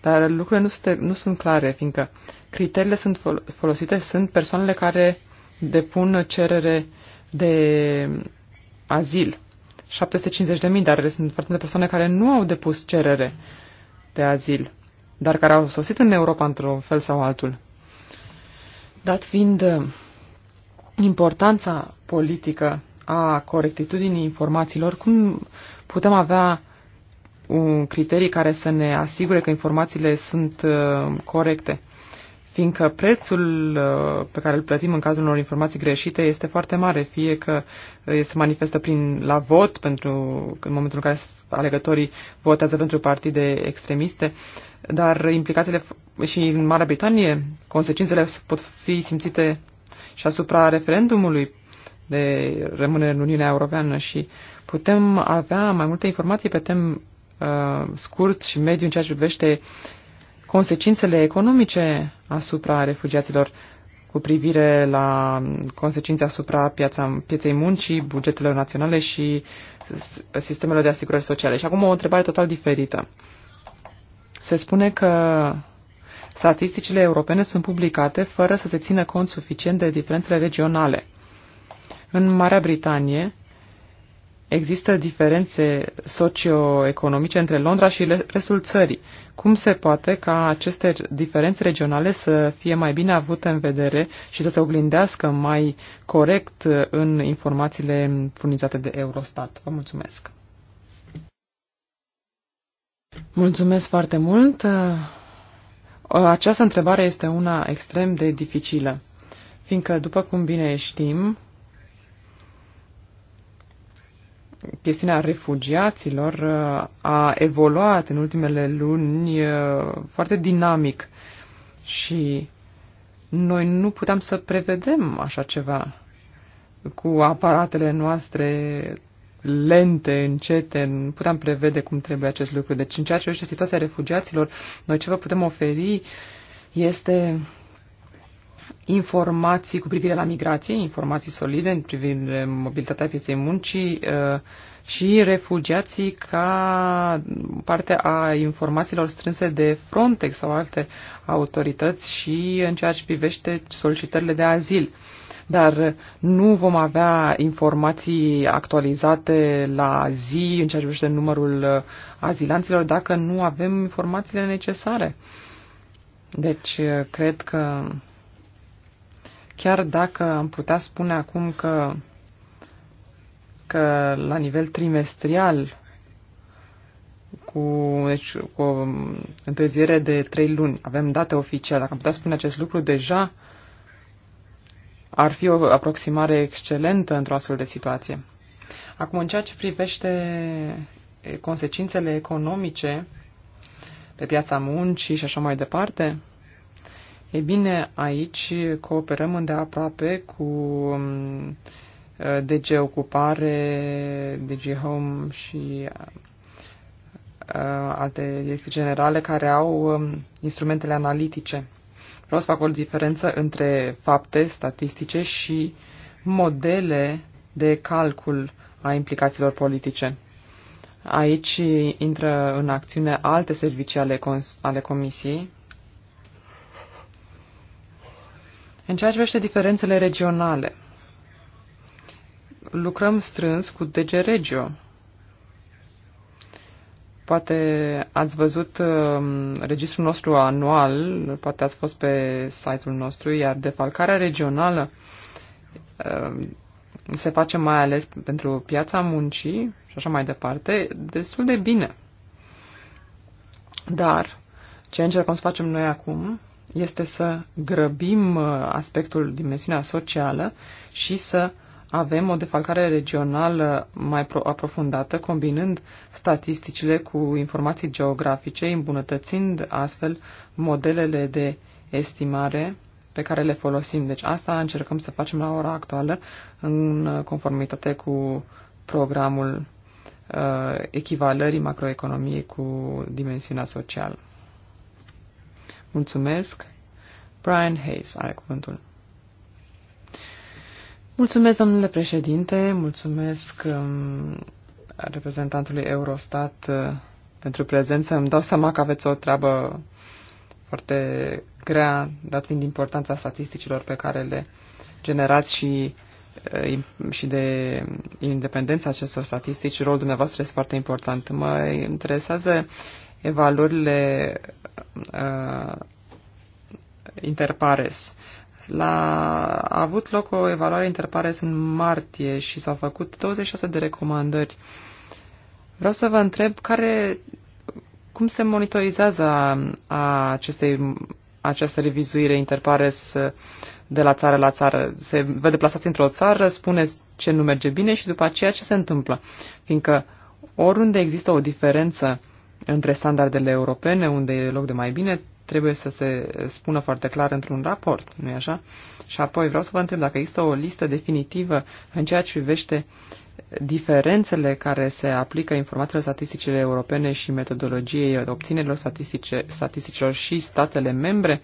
Dar lucrurile nu, sunt, nu sunt clare, fiindcă criteriile sunt folosite sunt persoanele care depun cerere de azil. 750.000, dar sunt foarte multe persoane care nu au depus cerere de azil, dar care au sosit în Europa într-un fel sau altul. Dat fiind uh, importanța politică a corectitudinii informațiilor, cum putem avea un criterii care să ne asigure că informațiile sunt uh, corecte? fiindcă prețul uh, pe care îl plătim în cazul unor informații greșite este foarte mare, fie că uh, se manifestă prin la vot, pentru, în momentul în care alegătorii votează pentru partide extremiste, dar implicațiile și în Marea Britanie, consecințele pot fi simțite și asupra referendumului de rămânere în Uniunea Europeană și putem avea mai multe informații pe tem, uh, scurt și mediu în ceea ce privește consecințele economice asupra refugiaților cu privire la consecințe asupra piața, pieței muncii, bugetelor naționale și sistemelor de asigurări sociale. Și acum o întrebare total diferită. Se spune că statisticile europene sunt publicate fără să se țină cont suficient de diferențele regionale. În Marea Britanie, Există diferențe socioeconomice între Londra și restul țării. Cum se poate ca aceste diferențe regionale să fie mai bine avute în vedere și să se oglindească mai corect în informațiile furnizate de Eurostat? Vă mulțumesc! Mulțumesc foarte mult! Uh, această întrebare este una extrem de dificilă, fiindcă, după cum bine știm, chestiunea refugiaților uh, a evoluat în ultimele luni uh, foarte dinamic și noi nu puteam să prevedem așa ceva cu aparatele noastre lente, încete, nu puteam prevede cum trebuie acest lucru. Deci în ceea ce privește situația refugiaților, noi ce vă putem oferi este informații cu privire la migrație, informații solide în privire mobilitatea pieței muncii uh, și refugiații ca parte a informațiilor strânse de Frontex sau alte autorități și în ceea ce privește solicitările de azil. Dar nu vom avea informații actualizate la zi în ceea ce privește numărul uh, azilanților dacă nu avem informațiile necesare. Deci, uh, cred că Chiar dacă am putea spune acum că, că la nivel trimestrial, cu, deci, cu o întârziere de trei luni, avem date oficiale, dacă am putea spune acest lucru deja, ar fi o aproximare excelentă într-o astfel de situație. Acum, în ceea ce privește consecințele economice pe piața muncii și așa mai departe, ei bine, aici cooperăm îndeaproape cu eh, DG Ocupare, DG Home și eh, alte direcții generale care au eh, instrumentele analitice. Vreau să fac o diferență între fapte statistice și modele de calcul a implicațiilor politice. Aici intră în acțiune alte servicii ale, ale Comisiei, În ceea ce vește diferențele regionale, lucrăm strâns cu DG Regio. Poate ați văzut uh, registrul nostru anual, poate ați fost pe site-ul nostru, iar defalcarea regională uh, se face mai ales pentru piața muncii și așa mai departe, destul de bine. Dar ce încercăm să facem noi acum este să grăbim uh, aspectul, dimensiunea socială și să avem o defalcare regională mai aprofundată, combinând statisticile cu informații geografice, îmbunătățind astfel modelele de estimare pe care le folosim. Deci asta încercăm să facem la ora actuală în conformitate cu programul uh, echivalării macroeconomiei cu dimensiunea socială. Mulțumesc. Brian Hayes are cuvântul. Mulțumesc, domnule președinte, mulțumesc um, reprezentantului Eurostat uh, pentru prezență. Îmi dau seama că aveți o treabă foarte grea, dat fiind importanța statisticilor pe care le generați și, uh, și de independența acestor statistici. Rolul dumneavoastră este foarte important. Mă interesează uh, evaluările uh, interpares. La, a avut loc o evaluare interpares în martie și s-au făcut 26 de recomandări. Vreau să vă întreb care, cum se monitorizează a, a acestei, această revizuire interpares uh, de la țară la țară. Se, vă deplasați într-o țară, spuneți ce nu merge bine și după aceea ce se întâmplă. Fiindcă oriunde există o diferență uh, între standardele europene, unde e loc de mai bine, trebuie să se spună foarte clar într-un raport, nu-i așa? Și apoi vreau să vă întreb dacă există o listă definitivă în ceea ce privește diferențele care se aplică informațiilor statisticile europene și metodologiei obținerilor statistice, statisticilor și statele membre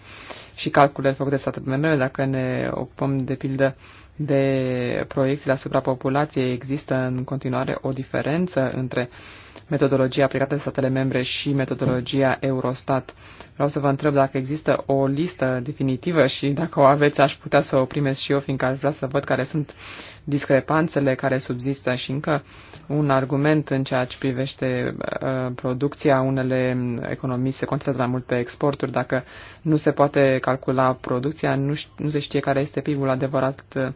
și calculele făcute de statele membre, dacă ne ocupăm de pildă de proiecțiile asupra populației, există în continuare o diferență între uh, metodologia aplicată de statele membre și metodologia Eurostat. Vreau să vă întreb dacă există o listă definitivă și dacă o aveți, aș putea să o primesc și eu, fiindcă aș vrea să văd care sunt discrepanțele care subzistă și încă un argument în ceea ce privește uh, producția. Unele economii se concentrează mai mult pe exporturi. Dacă nu se poate calcula producția, nu, nu se știe care este PIB-ul adevărat uh,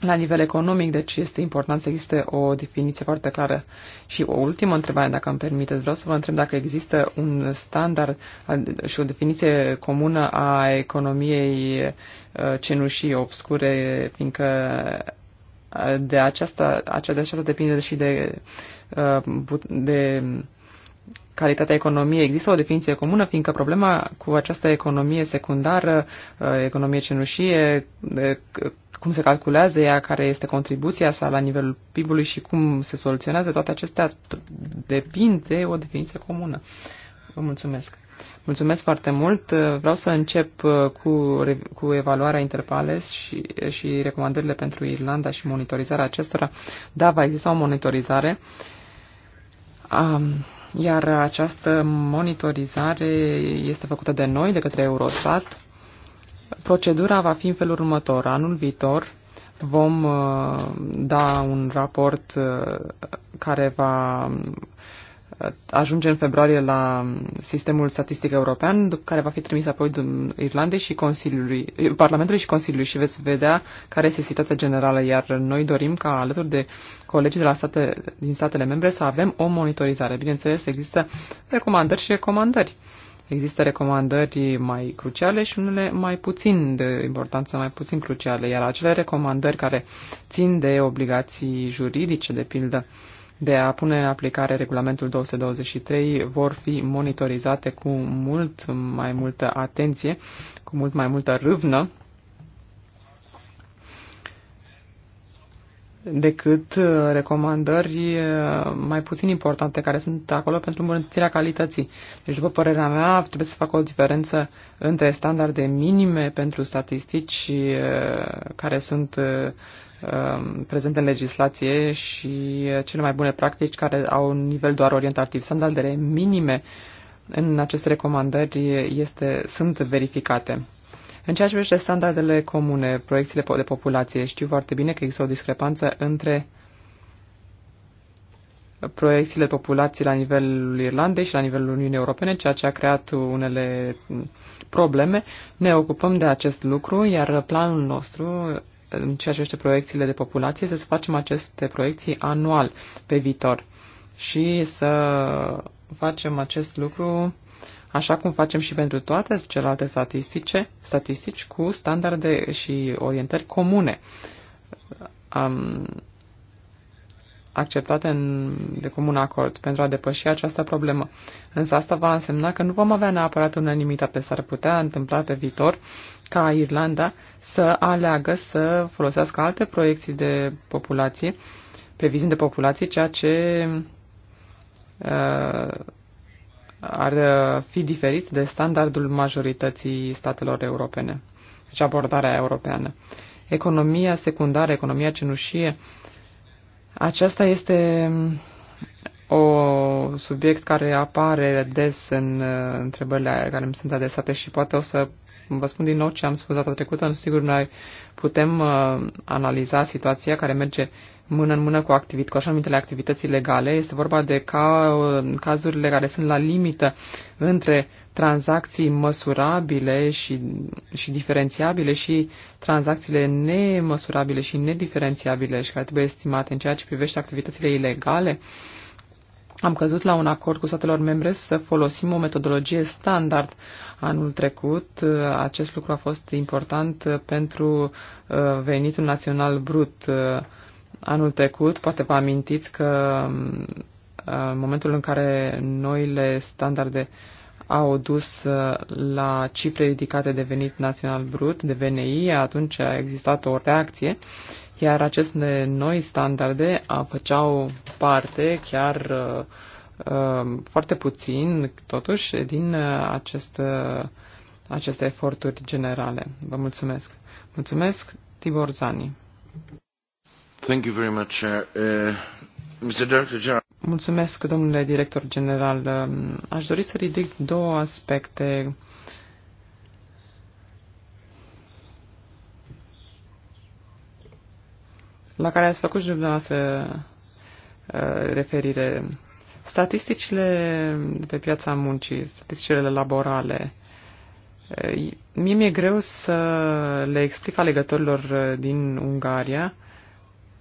la nivel economic, deci este important să existe o definiție foarte clară. Și o ultimă întrebare, dacă îmi permiteți, vreau să vă întreb dacă există un standard și o definiție comună a economiei uh, cenușii obscure, fiindcă uh, de aceasta, de aceasta depinde și de, uh, de calitatea economiei. Există o definiție comună, fiindcă problema cu această economie secundară, economie cenușie, cum se calculează ea, care este contribuția sa la nivelul PIB-ului și cum se soluționează, toate acestea depinde de o definiție comună. Vă mulțumesc. Mulțumesc foarte mult. Vreau să încep uh, cu, cu evaluarea Interpales și, și recomandările pentru Irlanda și monitorizarea acestora. Da, va exista o monitorizare. Um, iar această monitorizare este făcută de noi, de către Eurostat Procedura va fi în felul următor. Anul viitor vom uh, da un raport uh, care va uh, ajunge în februarie la sistemul statistic european, după care va fi trimis apoi Irlandei și Consiliului, Parlamentului și Consiliului și veți vedea care este situația generală, iar noi dorim ca alături de colegii de la state, din statele membre să avem o monitorizare. Bineînțeles, există recomandări și recomandări. Există recomandări mai cruciale și unele mai puțin de importanță, mai puțin cruciale, iar acele recomandări care țin de obligații juridice, de pildă, de a pune în aplicare regulamentul 223 vor fi monitorizate cu mult mai multă atenție, cu mult mai multă râvnă decât uh, recomandări uh, mai puțin importante care sunt acolo pentru îmbunătățirea calității. Deci, după părerea mea, trebuie să fac o diferență între standarde minime pentru statistici uh, care sunt um, prezente în legislație și cele mai bune practici care au un nivel doar orientativ. Standardele minime în aceste recomandări este, sunt verificate. În ceea ce privește standardele comune, proiecțiile de populație, știu foarte bine că există o discrepanță între proiecțiile de populație la nivelul Irlandei și la nivelul Uniunii Europene, ceea ce a creat unele probleme. Ne ocupăm de acest lucru, iar planul nostru în ceea ce privește proiecțiile de populație, este să facem aceste proiecții anual pe viitor și să facem acest lucru așa cum facem și pentru toate celelalte statistice, statistici cu standarde și orientări comune um, acceptate în, de comun acord pentru a depăși această problemă. Însă asta va însemna că nu vom avea neapărat unanimitate. S-ar putea întâmpla pe viitor ca Irlanda să aleagă să folosească alte proiecții de populație, previziuni de populație, ceea ce uh, ar uh, fi diferit de standardul majorității statelor europene, deci abordarea europeană. Economia secundară, economia cenușie, aceasta este mm, o subiect care apare des în uh, întrebările care îmi sunt adresate și poate o să vă spun din nou ce am spus data trecută, în sigur noi putem uh, analiza situația care merge mână în mână cu, activit, cu așa numitele activități legale. Este vorba de ca, uh, cazurile care sunt la limită între tranzacții măsurabile și, și diferențiabile și tranzacțiile nemăsurabile și nediferențiabile și care trebuie estimate în ceea ce privește activitățile ilegale. Am căzut la un acord cu statelor membre să folosim o metodologie standard. Anul trecut uh, acest lucru a fost important pentru uh, venitul național brut Anul trecut, poate vă amintiți că în uh, momentul în care noile standarde au dus uh, la cifre ridicate de venit național brut, de VNI, atunci a existat o reacție, iar aceste noi standarde a făceau parte chiar uh, foarte puțin, totuși, din acest, aceste eforturi generale. Vă mulțumesc. Mulțumesc, Tibor Zani. Uh, uh, Mulțumesc, domnule director general. Um, aș dori să ridic două aspecte. la care ați făcut și dumneavoastră uh, referire. Statisticile de pe piața muncii, statisticile laborale, mie mi-e greu să le explic alegătorilor din Ungaria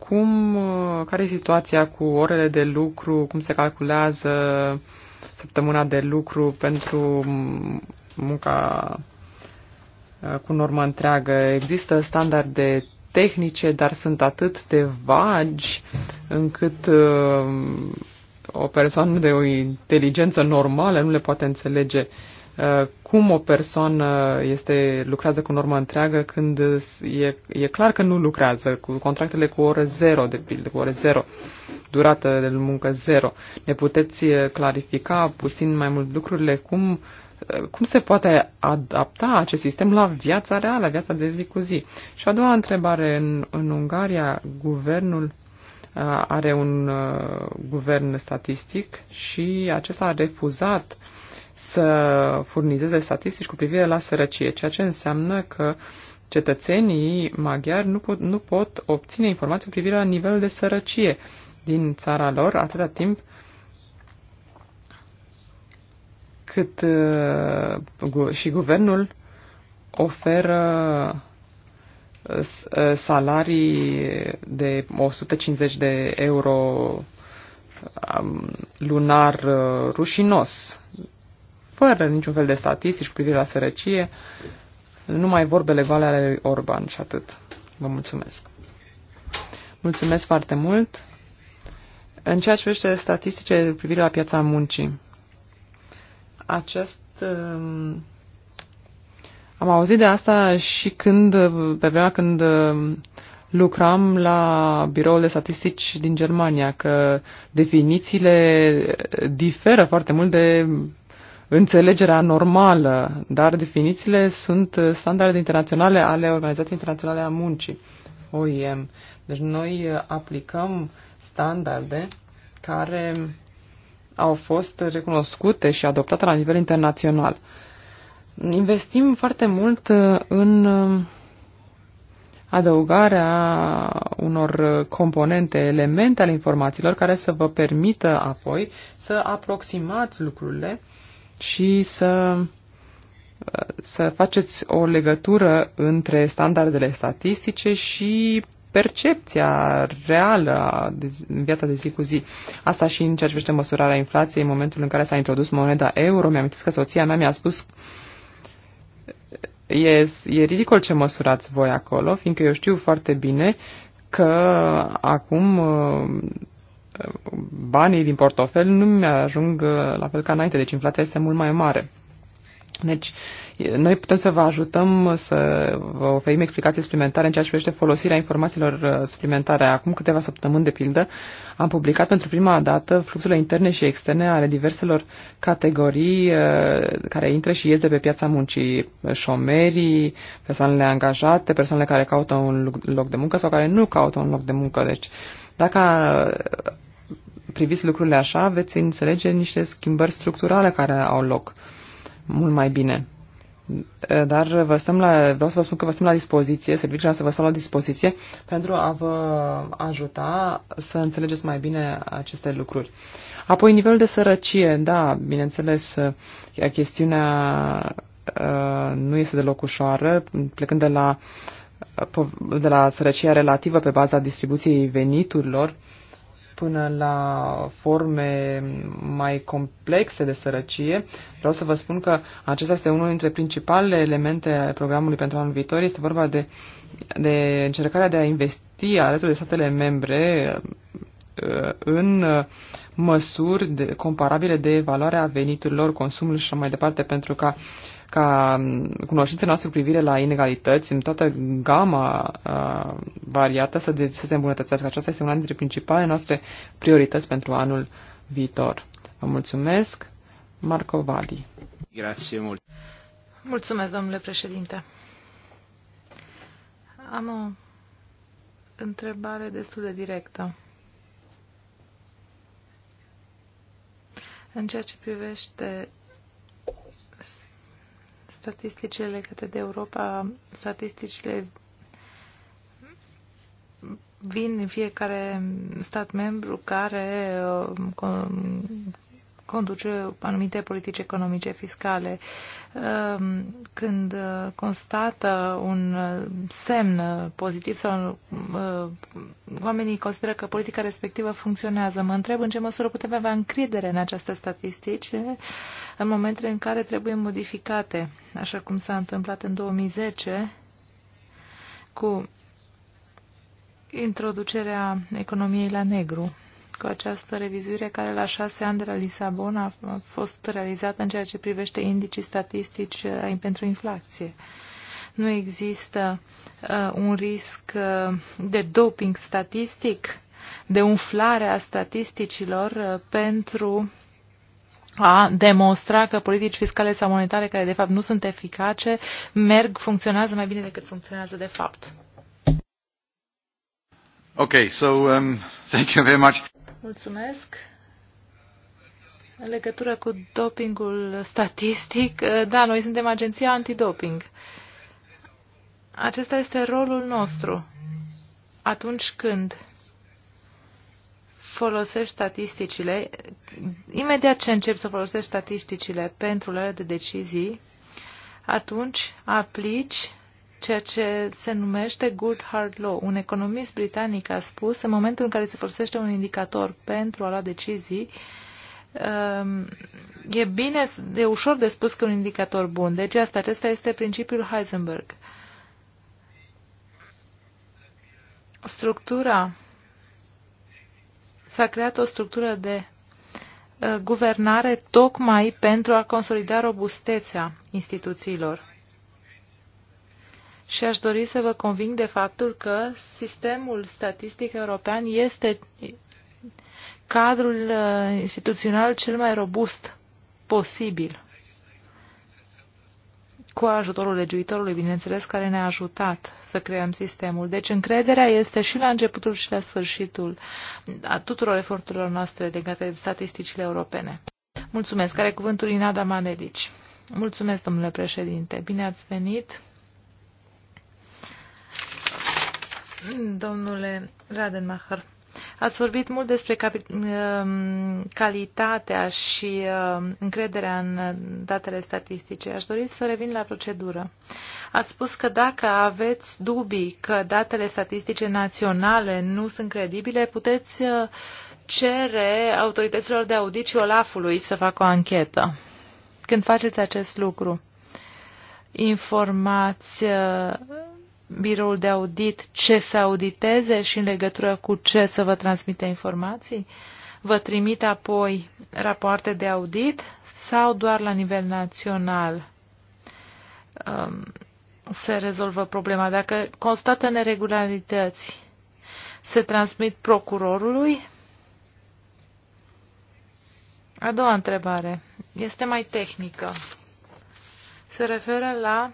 cum, care e situația cu orele de lucru, cum se calculează săptămâna de lucru pentru munca uh, cu normă întreagă? Există standarde tehnice, dar sunt atât de vagi încât uh, o persoană de o inteligență normală nu le poate înțelege. Uh, cum o persoană este, lucrează cu normă întreagă când e, e clar că nu lucrează, cu contractele cu oră zero, de pildă, cu oră zero, durată de muncă zero. Ne puteți eh, clarifica puțin mai mult lucrurile, cum, eh, cum se poate adapta acest sistem la viața reală, la viața de zi cu zi. Și a doua întrebare, în, în Ungaria, guvernul eh, are un uh, guvern statistic și acesta a refuzat uh, să furnizeze statistici cu privire la sărăcie, ceea ce înseamnă că cetățenii maghiari nu pot, nu pot obține informații cu privire la nivelul de sărăcie din țara lor atâta timp cât uh, și guvernul oferă uh, salarii de 150 de euro um, lunar uh, rușinos fără niciun fel de statistici cu privire la sărăcie, numai vorbele goale ale lui Orban și atât. Vă mulțumesc. Mulțumesc foarte mult. În ceea ce privește statisticile cu privire la piața muncii, acest um, am auzit de asta și când, pe vremea când um, lucram la biroul de statistici din Germania, că definițiile uh, diferă foarte mult de înțelegerea normală, dar definițiile sunt standarde internaționale ale Organizației Internaționale a Muncii, OIM. Deci noi aplicăm standarde care au fost recunoscute și adoptate la nivel internațional. Investim foarte mult în adăugarea unor componente, elemente ale informațiilor care să vă permită apoi să aproximați lucrurile și să, să faceți o legătură între standardele statistice și percepția reală în viața de zi cu zi. Asta și în ceea ce privește măsurarea inflației în momentul în care s-a introdus moneda euro. Mi-am că soția mea mi-a spus e, e ridicol ce măsurați voi acolo, fiindcă eu știu foarte bine că acum banii din portofel nu mi-ajung uh, la fel ca înainte, deci inflația este mult mai mare. Deci, noi putem să vă ajutăm să vă oferim explicații suplimentare în ceea ce privește folosirea informațiilor uh, suplimentare. Acum câteva săptămâni, de pildă, am publicat pentru prima dată fluxurile interne și externe ale diverselor categorii uh, care intră și ies de pe piața muncii. Șomerii, persoanele angajate, persoanele care caută un loc de muncă sau care nu caută un loc de muncă. Deci, dacă priviți lucrurile așa, veți înțelege niște schimbări structurale care au loc mult mai bine. Dar vă stăm la, vreau să vă spun că vă stăm la dispoziție, serviciile să vă stau la dispoziție pentru a vă ajuta să înțelegeți mai bine aceste lucruri. Apoi, nivelul de sărăcie, da, bineînțeles, chestiunea uh, nu este deloc ușoară, plecând de la, uh, de la sărăcia relativă pe baza distribuției veniturilor, până la forme mai complexe de sărăcie. Vreau să vă spun că acesta este unul dintre principalele elemente ale programului pentru anul viitor. Este vorba de, de încercarea de a investi alături de statele membre uh, în uh, măsuri de, comparabile de valoarea veniturilor, consumului și așa mai departe, pentru ca uh, ca mm, cunoștințe noastre privire la inegalități în toată gama uh, variată să, de, să se îmbunătățească. Aceasta este una dintre principalele noastre priorități pentru anul viitor. Vă mulțumesc, Marco Vali. mult. Mulțumesc, domnule președinte. Am o întrebare destul de directă. În ceea ce privește statisticile legate de Europa, statisticile vin în fiecare stat membru care uh, conduce anumite politici economice fiscale. Ehm, când eh, constată un eh, semn pozitiv sau eh, oamenii consideră că politica respectivă funcționează, mă întreb în ce măsură putem avea încredere în aceste statistici în momentele în care trebuie modificate, așa cum s-a întâmplat în 2010 cu introducerea economiei la negru cu această revizuire care la șase ani de la Lisabona a fost realizată în ceea ce privește indicii statistici eh, pentru inflație. Nu există uh, un risc uh, de doping statistic, de umflare a statisticilor uh, pentru a demonstra că politici fiscale sau monetare care de fapt nu sunt eficace merg, funcționează mai bine decât funcționează de fapt. Okay, so um, thank you very much. Mulțumesc. În legătură cu dopingul statistic, da, noi suntem agenția antidoping. Acesta este rolul nostru. Atunci când folosești statisticile, imediat ce începi să folosești statisticile pentru luarea de decizii, atunci aplici ceea ce se numește Good Hard Law. Un economist britanic a spus, în momentul în care se folosește un indicator pentru a lua decizii, um, e bine, e ușor de spus că un indicator bun. Deci asta, acesta este principiul Heisenberg. Structura s-a creat o structură de uh, guvernare tocmai pentru a consolida robustețea instituțiilor și aș dori să vă conving de faptul că sistemul statistic european este cadrul uh, instituțional cel mai robust posibil. Cu ajutorul legiuitorului, bineînțeles, care ne-a ajutat să creăm sistemul. Deci încrederea este și la începutul și la sfârșitul a tuturor eforturilor noastre legate de statisticile europene. Mulțumesc. Care cuvântul Inada Manelici? Mulțumesc, domnule președinte. Bine ați venit. domnule Radenmacher. Ați vorbit mult despre um, calitatea și um, încrederea în datele statistice. Aș dori să revin la procedură. Ați spus că dacă aveți dubii că datele statistice naționale nu sunt credibile, puteți uh, cere autorităților de audit și Olafului să facă o anchetă. Când faceți acest lucru, informați uh, biroul de audit ce să auditeze și în legătură cu ce să vă transmite informații? Vă trimit apoi rapoarte de audit sau doar la nivel național um, se rezolvă problema? Dacă constată neregularități, se transmit procurorului? A doua întrebare este mai tehnică. Se referă la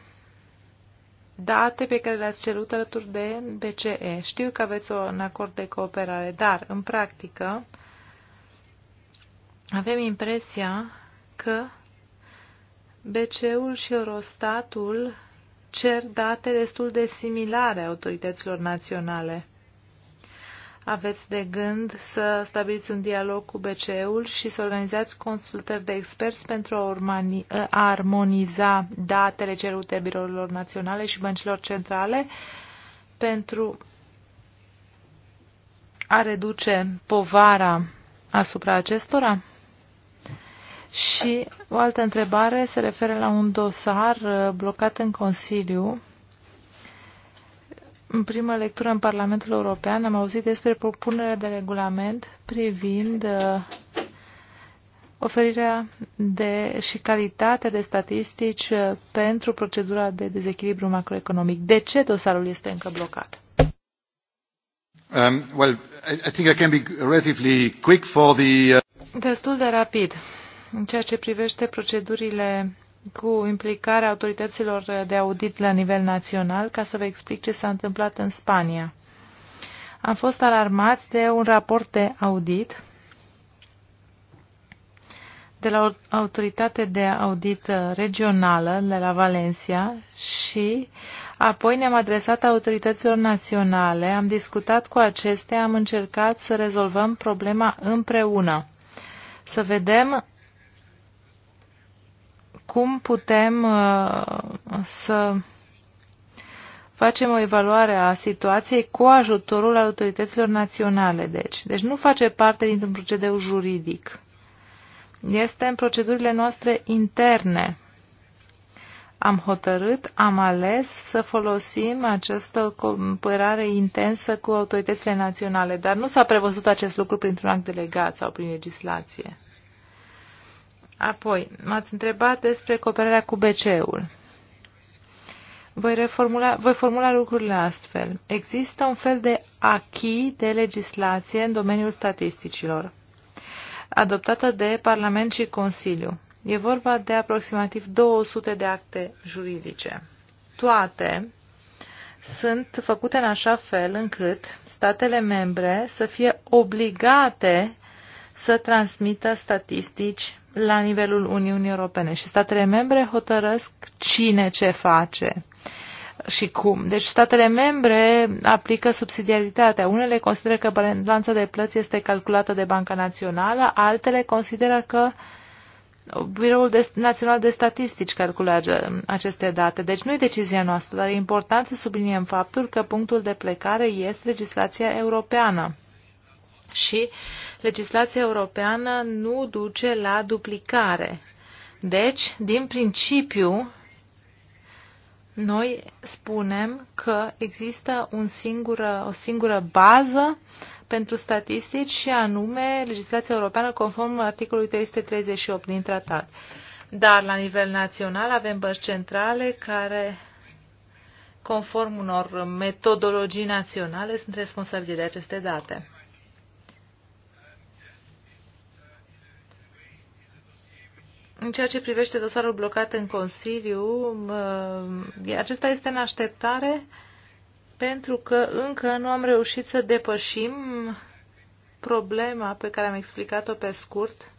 date pe care le-ați cerut alături de BCE. Știu că aveți un acord de cooperare, dar, în practică, avem impresia că BCE-ul și Eurostatul cer date destul de similare autorităților naționale aveți de gând să stabiliți un dialog cu BCE-ul și să organizați consultări de experți pentru a, armoniza datele cerute birourilor naționale și băncilor centrale pentru a reduce povara asupra acestora? Și o altă întrebare se referă la un dosar uh, blocat în Consiliu în prima lectură în Parlamentul European am auzit despre propunerea de regulament privind uh, oferirea de și calitatea de statistici uh, pentru procedura de dezechilibru macroeconomic. De ce dosarul este încă blocat? Um, well, I think I can be relatively quick for the, uh... Destul de rapid. În ceea ce privește procedurile cu implicarea autorităților de audit la nivel național ca să vă explic ce s-a întâmplat în Spania. Am fost alarmați de un raport de audit de la o autoritate de audit regională de la Valencia și apoi ne-am adresat autorităților naționale, am discutat cu acestea, am încercat să rezolvăm problema împreună. Să vedem cum putem uh, să facem o evaluare a situației cu ajutorul autorităților naționale, deci. Deci nu face parte dintr-un procedeu juridic. Este în procedurile noastre interne. Am hotărât, am ales să folosim această cooperare intensă cu autoritățile naționale, dar nu s-a prevăzut acest lucru printr-un act delegat sau prin legislație. Apoi, m-ați întrebat despre cooperarea cu BCE-ul. Voi, reformula, voi formula lucrurile astfel. Există un fel de achi de legislație în domeniul statisticilor, adoptată de Parlament și Consiliu. E vorba de aproximativ 200 de acte juridice. Toate sunt făcute în așa fel încât statele membre să fie obligate să transmită statistici la nivelul Uniunii Europene și statele membre hotărăsc cine ce face și cum. Deci statele membre aplică subsidiaritatea. Unele consideră că balanța de plăți este calculată de Banca Națională, altele consideră că Biroul de, Național de Statistici calculează aceste date. Deci nu e decizia noastră, dar e important să subliniem faptul că punctul de plecare este legislația europeană. Și legislația europeană nu duce la duplicare. Deci, din principiu, noi spunem că există un singură, o singură bază pentru statistici și anume legislația europeană conform articolului 338 din tratat. Dar la nivel național avem bănci centrale care, conform unor metodologii naționale, sunt responsabile de aceste date. În ceea ce privește dosarul blocat în Consiliu, acesta este în așteptare pentru că încă nu am reușit să depășim problema pe care am explicat-o pe scurt,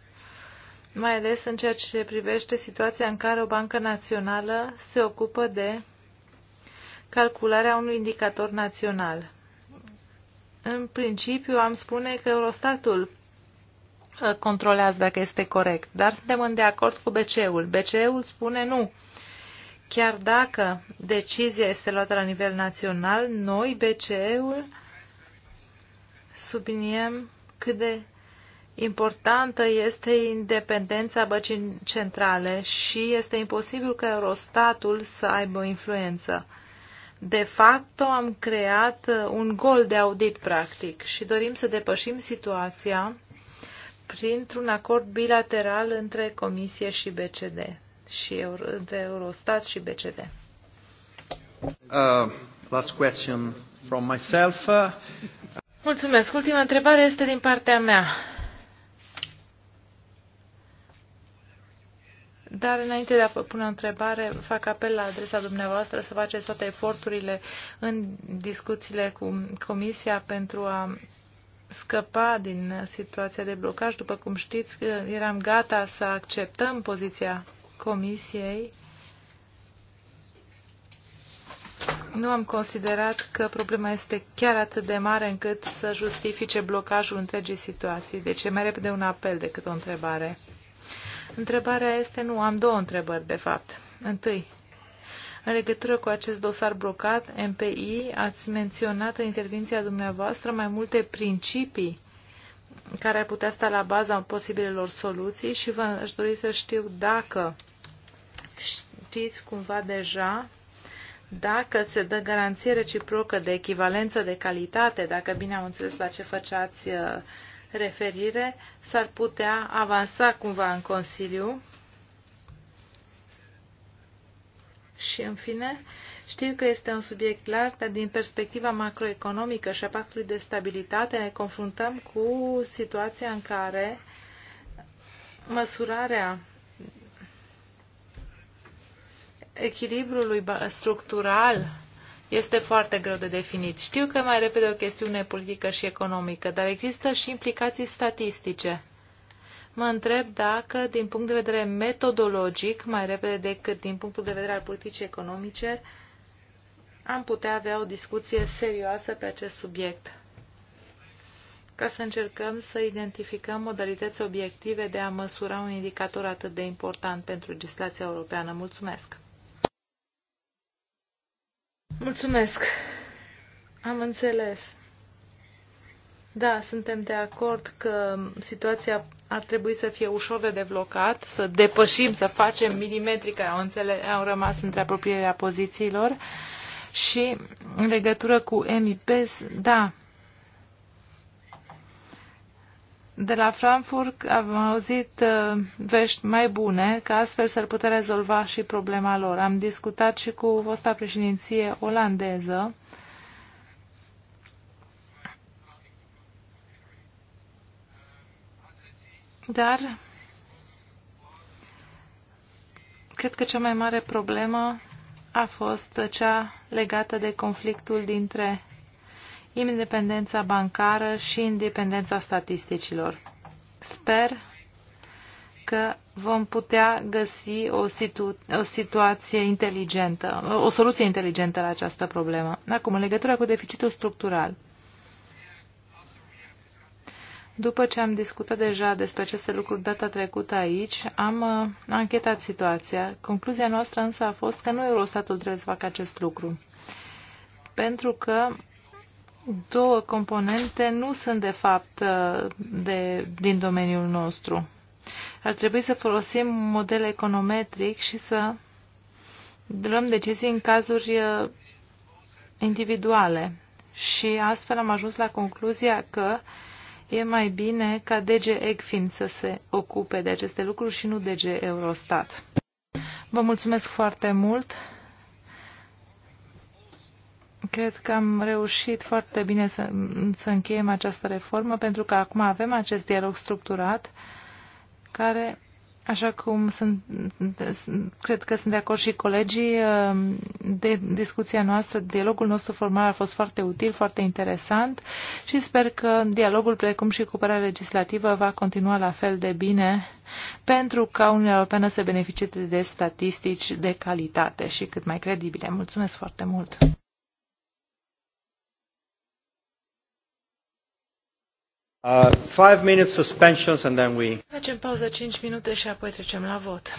mai ales în ceea ce privește situația în care o bancă națională se ocupă de calcularea unui indicator național. În principiu, am spune că Eurostatul Uh, controlează dacă este corect. Dar suntem în de acord cu BCE-ul. BCE-ul spune nu. Chiar dacă decizia este luată la nivel național, noi, BCE-ul, subliniem cât de importantă este independența băcii centrale și este imposibil ca Eurostatul să aibă o influență. De fapt, am creat uh, un gol de audit practic și dorim să depășim situația printr-un acord bilateral între Comisie și BCD și Euro, între Eurostat și BCD. Uh, last question from myself. Mulțumesc. Ultima întrebare este din partea mea. Dar înainte de a pune o întrebare, fac apel la adresa dumneavoastră să faceți toate eforturile în discuțiile cu Comisia pentru a scăpa din situația de blocaj. După cum știți, eram gata să acceptăm poziția Comisiei. Nu am considerat că problema este chiar atât de mare încât să justifice blocajul întregii situații. Deci e mai repede un apel decât o întrebare. Întrebarea este, nu, am două întrebări, de fapt. Întâi, în legătură cu acest dosar blocat, MPI, ați menționat în intervenția dumneavoastră mai multe principii care ar putea sta la baza posibilelor soluții și vă aș dori să știu dacă știți cumva deja dacă se dă garanție reciprocă de echivalență de calitate, dacă bine am înțeles la ce făceați uh, referire, s-ar putea avansa cumva în Consiliu Și, în fine, știu că este un subiect clar, dar din perspectiva macroeconomică și a pactului de stabilitate ne confruntăm cu situația în care măsurarea echilibrului structural este foarte greu de definit. Știu că mai repede o chestiune politică și economică, dar există și implicații statistice mă întreb dacă, din punct de vedere metodologic, mai repede decât din punctul de vedere al politicii economice, am putea avea o discuție serioasă pe acest subiect, ca să încercăm să identificăm modalități obiective de a măsura un indicator atât de important pentru legislația europeană. Mulțumesc! Mulțumesc! Am înțeles. Da, suntem de acord că situația ar trebui să fie ușor de deblocat, să depășim, să facem milimetrii care au, înțele- au rămas între apropierea pozițiilor. Și în legătură cu MIP, da, de la Frankfurt am auzit uh, vești mai bune, că astfel s-ar putea rezolva și problema lor. Am discutat și cu fosta președinție olandeză Dar cred că cea mai mare problemă a fost cea legată de conflictul dintre independența bancară și independența statisticilor. Sper că vom putea găsi o, situ- o situație inteligentă, o soluție inteligentă la această problemă. Acum, în legătură cu deficitul structural. După ce am discutat deja despre aceste lucruri data trecută aici, am uh, anchetat situația. Concluzia noastră însă a fost că nu Eurostatul trebuie să facă acest lucru. Pentru că două componente nu sunt de fapt uh, de, din domeniul nostru. Ar trebui să folosim model econometric și să luăm decizii în cazuri uh, individuale. Și astfel am ajuns la concluzia că uh, e mai bine ca DG ECFIN să se ocupe de aceste lucruri și nu DG Eurostat. Vă mulțumesc foarte mult! Cred că am reușit foarte bine să, să încheiem această reformă pentru că acum avem acest dialog structurat care Așa cum sunt, cred că sunt de acord și colegii, um, de discuția noastră, dialogul nostru formal a fost foarte util, foarte interesant și sper că dialogul precum și cooperarea legislativă va continua la fel de bine pentru ca Uniunea Europeană să beneficieze de statistici de calitate și cât mai credibile. Mulțumesc foarte mult! Uh, Facem pauză 5 minute și apoi trecem la vot.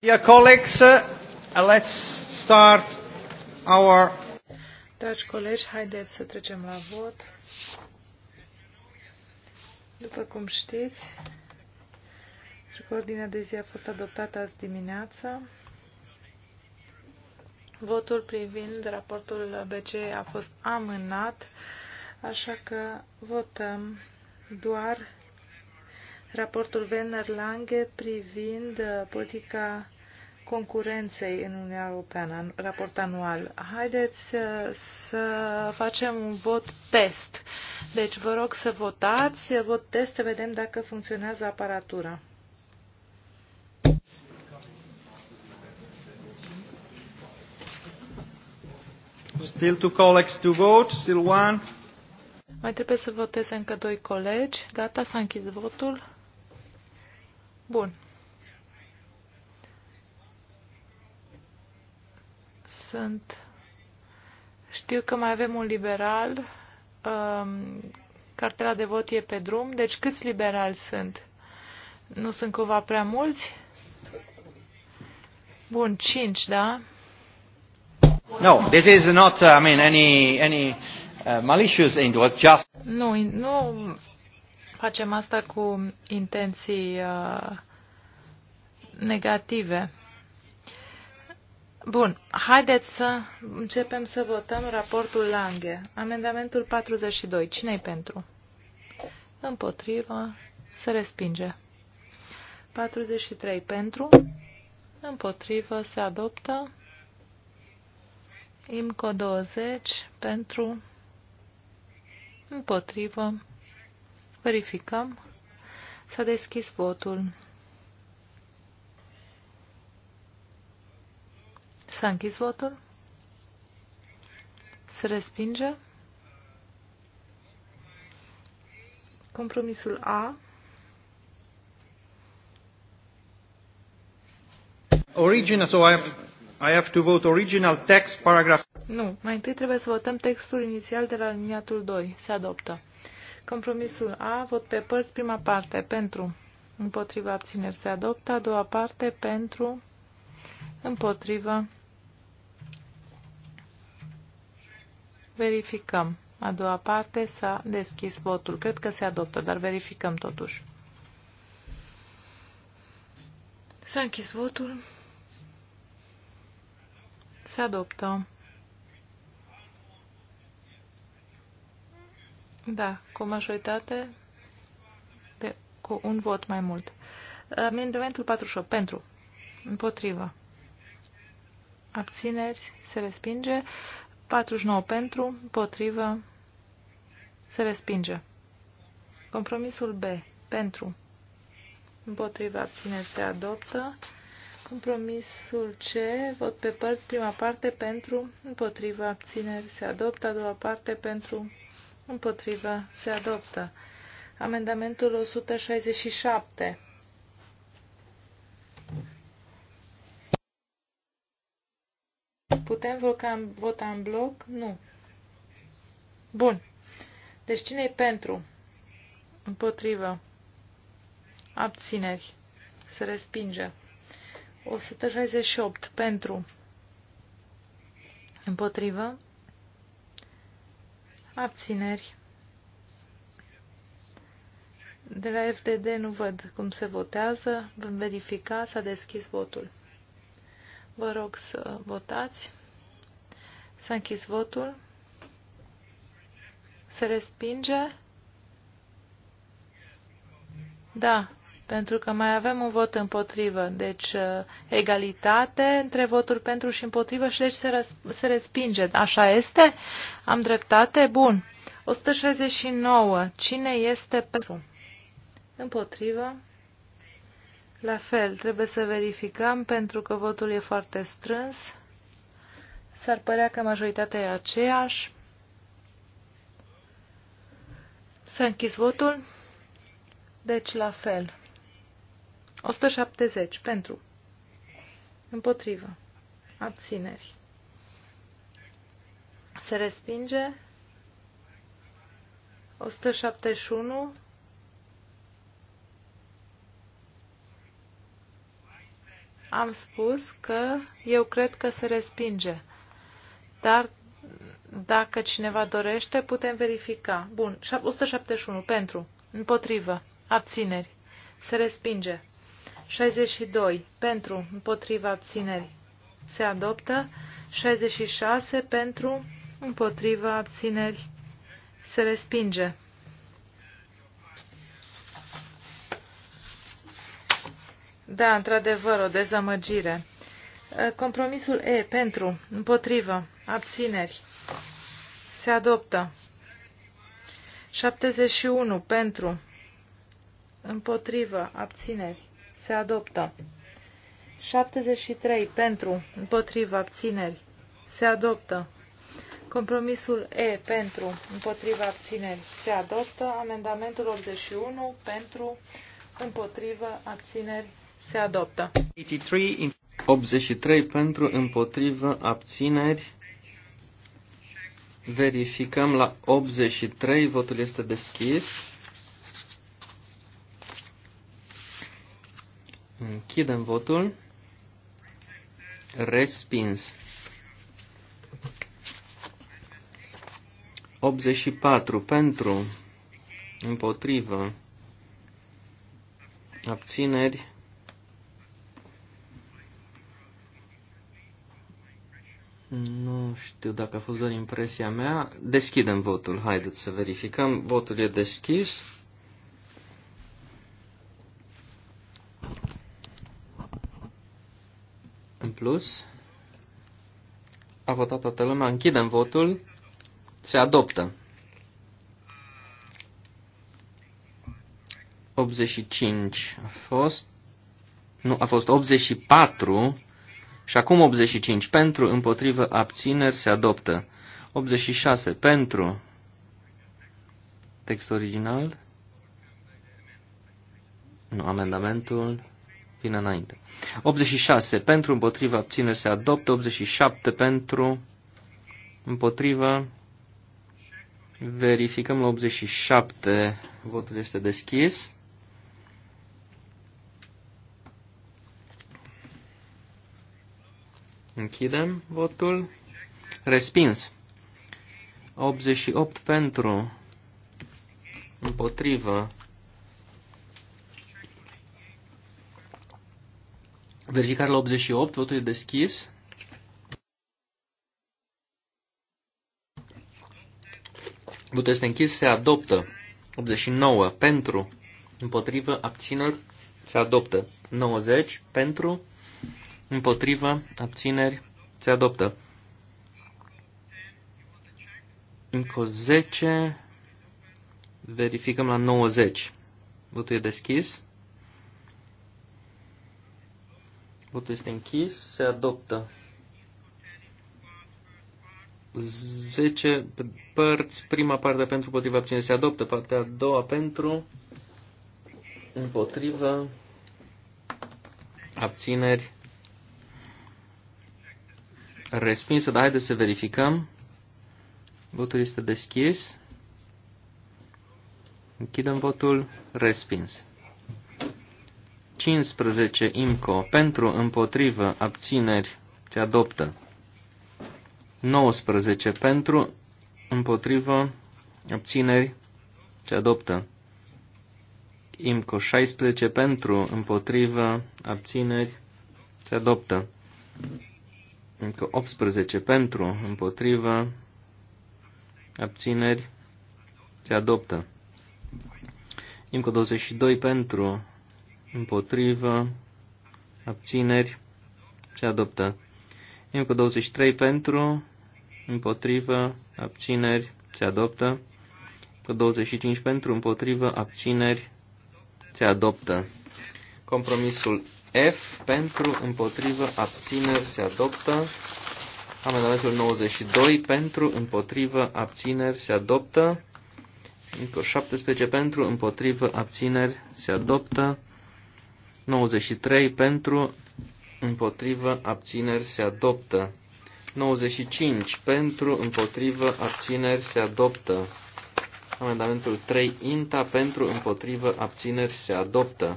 Dear colleagues, uh, let's start our... Dragi colegi, haideți să trecem la vot. După cum știți, ordinea de zi a fost adoptată azi dimineața. Votul privind raportul BC a fost amânat, așa că votăm doar raportul Werner Lange privind uh, politica concurenței în Uniunea Europeană, raport anual. Haideți să, uh, să facem un vot test. Deci vă rog să votați, uh, vot test, să vedem dacă funcționează aparatura. Still two colleagues to vote, still one. Mai trebuie să voteze încă doi colegi. Gata, s-a închis votul. Bun. Sunt... Știu că mai avem un liberal. Um, cartela de vot e pe drum. Deci câți liberali sunt? Nu sunt cumva prea mulți? Bun, cinci, da? No, this is not, uh, I mean, any, any uh, malicious into just... Nu, nu Facem asta cu intenții uh, negative. Bun, haideți să începem să votăm raportul Lange. Amendamentul 42. cine pentru? Împotrivă. Se respinge. 43 pentru. Împotrivă. Se adoptă. IMCO 20 pentru. Împotrivă. Verificăm. S-a deschis votul. S-a închis votul. Se respinge. Compromisul A. Original, so I have, I have to vote original text, paragraph. Nu, mai întâi trebuie să votăm textul inițial de la liniatul 2. Se adoptă. Compromisul A, vot pe părți, prima parte, pentru, împotriva, abțineri se adoptă, a doua parte, pentru, împotriva, verificăm. A doua parte s-a deschis votul. Cred că se adoptă, dar verificăm totuși. S-a închis votul. Se adoptă. Da, cu majoritate, de, cu un vot mai mult. Amendamentul 48, pentru, împotrivă. Abțineri, se respinge. 49 pentru, împotrivă, se respinge. Compromisul B, pentru, împotrivă, abțineri, se adoptă. Compromisul C, vot pe părți, prima parte pentru, împotrivă, abțineri, se adoptă, a doua parte pentru, Împotrivă. Se adoptă. Amendamentul 167. Putem vota, vota în bloc? Nu. Bun. Deci cine e pentru? Împotrivă. Abțineri. Se respinge. 168. Pentru. Împotrivă. Abțineri. De la FDD nu văd cum se votează. Vom verifica. S-a deschis votul. Vă rog să votați. S-a închis votul. Se respinge. Da, pentru că mai avem un vot împotrivă. Deci, uh, egalitate între voturi pentru și împotrivă și deci se, răs, se respinge. Așa este? Am dreptate? Bun. 169. Cine este pentru? Împotrivă. La fel, trebuie să verificăm pentru că votul e foarte strâns. S-ar părea că majoritatea e aceeași. S-a închis votul. Deci la fel. 170 pentru. Împotrivă. Abțineri. Se respinge. 171. Am spus că eu cred că se respinge. Dar dacă cineva dorește, putem verifica. Bun, 171 pentru, împotrivă, abțineri, se respinge. 62 pentru, împotriva abținerii se adoptă. 66 pentru, împotriva abținerii se respinge. Da, într-adevăr, o dezamăgire. Compromisul E pentru, împotriva abțineri se adoptă. 71 pentru, împotriva abțineri se adoptă. 73 pentru, împotriva, abțineri, se adoptă. Compromisul E pentru, împotriva, abțineri, se adoptă. Amendamentul 81 pentru, împotriva, abțineri, se adoptă. 83, 83 pentru, împotriva, abțineri. Verificăm la 83, votul este deschis. Închidem votul. Respins. 84 pentru, împotrivă, abțineri, nu știu dacă a fost doar impresia mea, deschidem votul, haideți să verificăm, votul e deschis. plus. A votat toată lumea. Închidem votul. Se adoptă. 85 a fost. Nu, a fost 84 și acum 85 pentru, împotrivă, abțineri, se adoptă. 86 pentru, text original, nu, amendamentul, vin înainte. 86 pentru, împotrivă, abține se adoptă. 87 pentru, împotrivă. Verificăm la 87. Votul este deschis. Închidem votul. Respins. 88 pentru. Împotrivă. Verificare la 88, votul e deschis. Votul este închis, se adoptă. 89 pentru, împotrivă, abțineri, se adoptă. 90 pentru, împotrivă, abțineri, se adoptă. Încă 10, verificăm la 90. Votul e deschis. Votul este închis. Se adoptă. 10 părți, prima parte pentru potriva abține se adoptă, partea a doua pentru împotrivă abțineri respinsă, dar haideți să verificăm. Votul este deschis. Închidem votul respins. 15 IMCO pentru împotrivă abțineri se adoptă. 19 pentru împotrivă abțineri se adoptă. IMCO 16 pentru împotrivă abțineri se adoptă. IMCO 18 pentru împotrivă abțineri se adoptă. IMCO 22 pentru împotrivă, abțineri, se adoptă. Încă 23 pentru, împotrivă, abțineri, se adoptă. Cu 25 pentru, împotrivă, abțineri, se adoptă. Compromisul F pentru, împotrivă, abțineri, se adoptă. Amendamentul 92 pentru, împotrivă, abțineri, se adoptă. Încă 17 pentru, împotrivă, abțineri, se adoptă. 93 pentru, împotrivă, abțineri se adoptă. 95 pentru, împotrivă, abțineri se adoptă. Amendamentul 3 INTA pentru, împotrivă, abțineri se adoptă.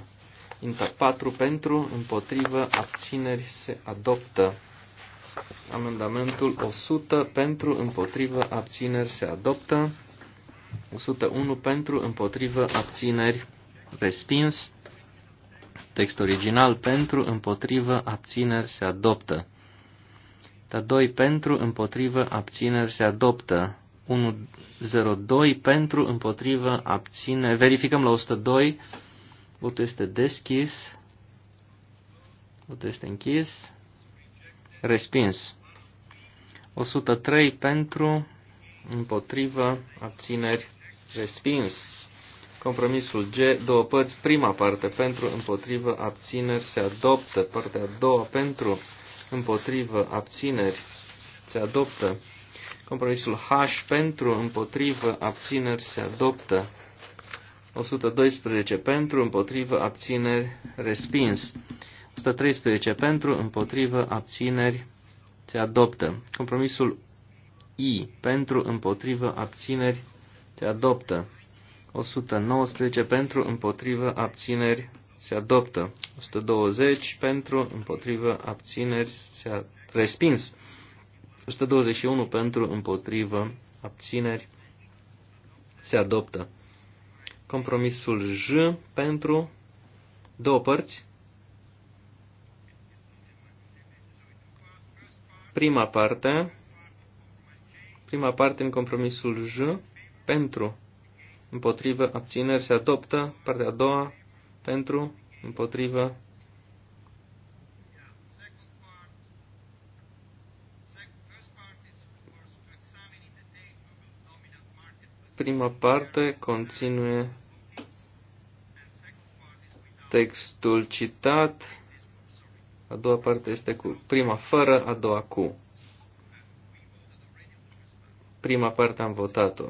INTA 4 pentru, împotrivă, abțineri se adoptă. Amendamentul 100 pentru, împotrivă, abțineri se adoptă. 101 pentru, împotrivă, abțineri respins. Text original pentru, împotrivă, abțineri se adoptă. Da, 2 pentru, împotrivă, abțineri se adoptă. 102 pentru, împotrivă, abțineri. Verificăm la 102. Votul este deschis. Votul este închis. Respins. 103 pentru, împotrivă, abțineri, respins. Compromisul G, două părți, prima parte pentru, împotrivă, abțineri, se adoptă. Partea a doua pentru, împotrivă, abțineri, se adoptă. Compromisul H pentru, împotrivă, abțineri, se adoptă. 112 pentru, împotrivă, abțineri, respins. 113 pentru, împotrivă, abțineri, se adoptă. Compromisul I pentru, împotrivă, abțineri, se adoptă. 119 pentru, împotrivă, abțineri, se adoptă. 120 pentru, împotrivă, abțineri, se respins. 121 pentru, împotrivă, abțineri, se adoptă. Compromisul J pentru două părți. Prima parte, prima parte în compromisul J pentru împotrivă, abțineri se adoptă. Partea a doua, pentru, împotrivă. Prima parte conține textul citat, a doua parte este cu prima fără, a doua cu. Prima parte am votat-o.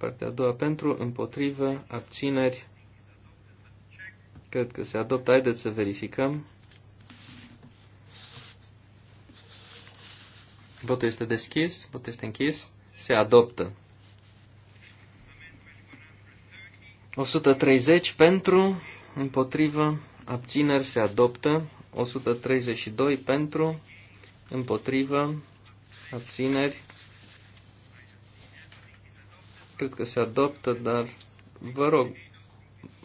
Partea a doua pentru, împotrivă, abțineri. Cred că se adoptă. Haideți să verificăm. Votul este deschis, votul este închis. Se adoptă. 130 pentru, împotrivă, abțineri se adoptă. 132 pentru, împotrivă, abțineri Cred că se adoptă, dar vă rog,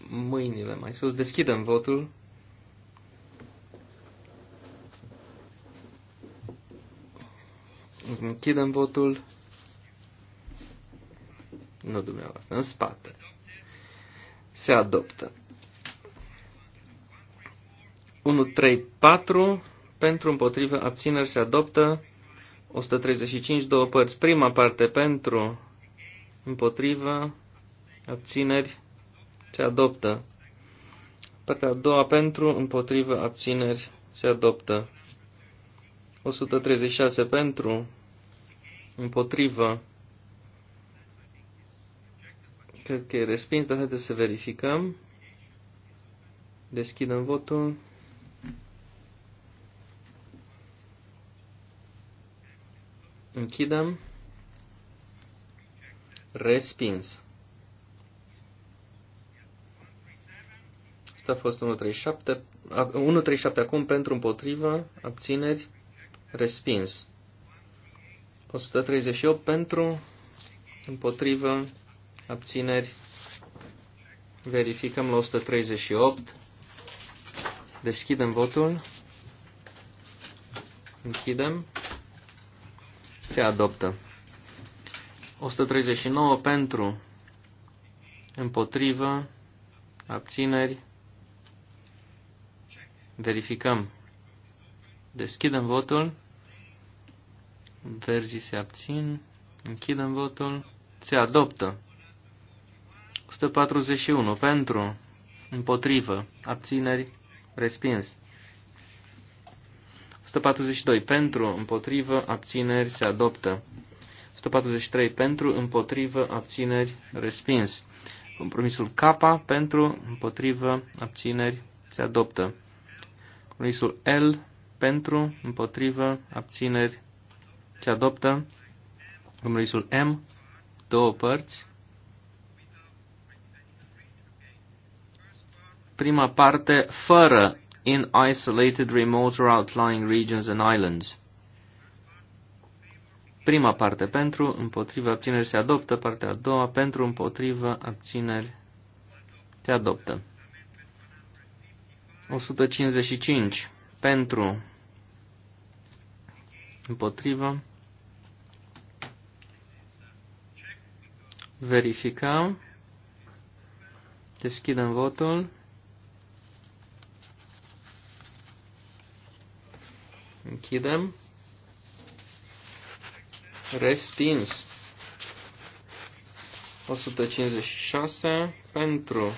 mâinile mai sus. Deschidem votul. Închidem votul. Nu dumneavoastră, în spate. Se adoptă. 1, 3, 4. Pentru, împotrivă, abțineri se adoptă. 135, două părți. Prima parte pentru, împotrivă, abțineri, se adoptă. Partea a doua pentru, împotrivă, abțineri, se adoptă. 136 pentru, împotrivă, cred că e respins, dar haideți să verificăm. Deschidem votul. Închidem. Respins. Asta a fost 137. 137 acum pentru împotrivă, abțineri, respins. 138 pentru, împotrivă, abțineri, verificăm la 138, deschidem votul, închidem, se adoptă. 139 pentru, împotrivă, abțineri. Verificăm. Deschidem votul. Verzii se abțin. Închidem votul. Se adoptă. 141 pentru, împotrivă, abțineri, respins. 142 pentru, împotrivă, abțineri, se adoptă. 143 pentru, împotrivă, abțineri, respins. Compromisul K pentru, împotrivă, abțineri, se adoptă. Compromisul L pentru, împotrivă, abțineri, se adoptă. Compromisul M, două părți. Prima parte, fără in isolated remote or outlying regions and islands. Prima parte pentru, împotriva abțineri se adoptă, partea a doua pentru, împotriva abțineri se adoptă. 155 pentru, împotriva, verificăm, deschidem votul. Închidem. Respins. 156 pentru,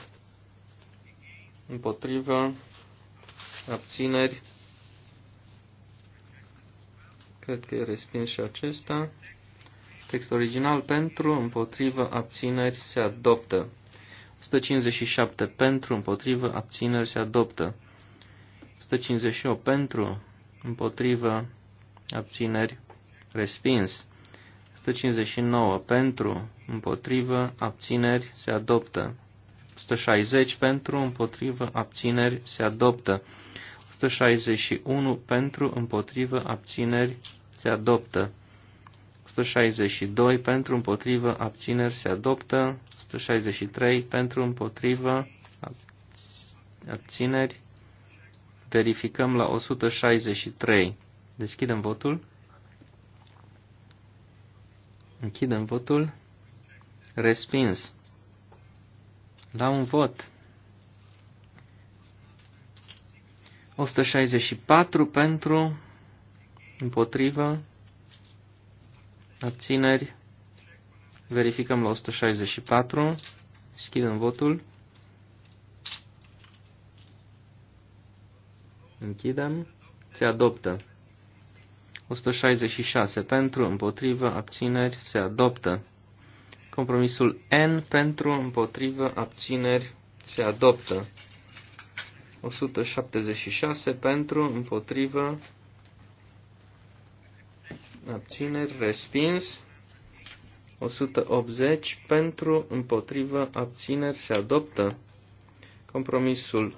împotrivă, abțineri. Cred că e respins și acesta. Text original pentru, împotrivă, abțineri se adoptă. 157 pentru, împotrivă, abțineri se adoptă. 158 pentru, împotrivă, abțineri, respins. 159 pentru, împotrivă, abțineri, se adoptă. 160 pentru, împotrivă, abțineri, se adoptă. 161 pentru, împotrivă, abțineri, se adoptă. 162 pentru, împotrivă, abțineri, se adoptă. 163 pentru, împotrivă, abțineri. Verificăm la 163. Deschidem votul. Închidem votul. Respins. La un vot. 164 pentru, împotrivă, abțineri. Verificăm la 164. Schidem votul. Închidem. Se adoptă. 166 pentru, împotrivă, abțineri, se adoptă. Compromisul N pentru, împotrivă, abțineri, se adoptă. 176 pentru, împotrivă, abțineri, respins. 180 pentru, împotrivă, abțineri, se adoptă. Compromisul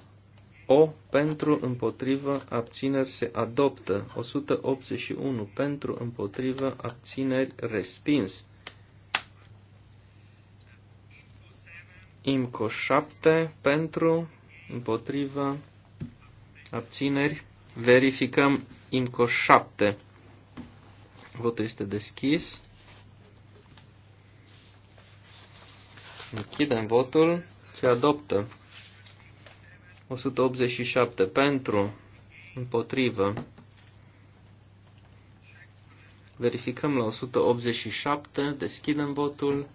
o pentru împotrivă abțineri se adoptă. 181 pentru împotrivă abțineri respins. IMCO 7 pentru împotrivă abțineri. Verificăm IMCO 7. Votul este deschis. Închidem votul. Se adoptă. 187 pentru, împotrivă. Verificăm la 187, deschidem votul.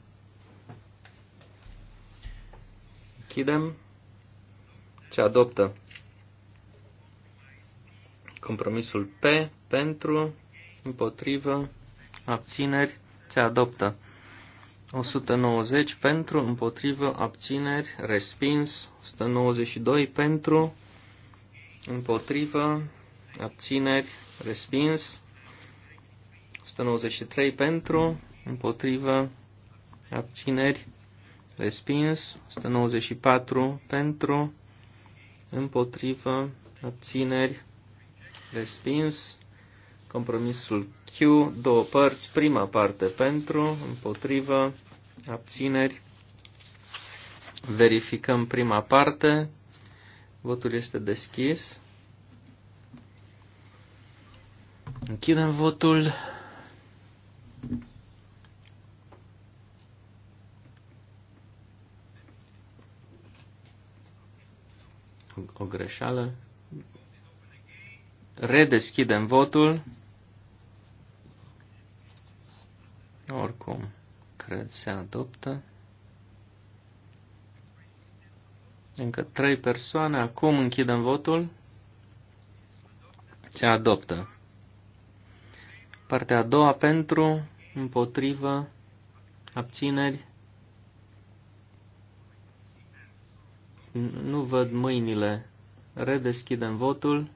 Închidem. Se adoptă compromisul P pentru, împotrivă, abțineri, se adoptă. 190 pentru, împotrivă, abțineri, respins. 192 pentru, împotrivă, abțineri, respins. 193 pentru, împotrivă, abțineri, respins. 194 pentru, împotrivă, abțineri, respins. Compromisul Q, două părți, prima parte pentru, împotrivă, abțineri. Verificăm prima parte. Votul este deschis. Închidem votul. O greșeală. Redeschidem votul. Oricum cred, se adoptă. Încă trei persoane. Acum închidem votul. Se adoptă. Partea a doua pentru, împotrivă, abțineri. Nu văd mâinile. Redeschidem votul.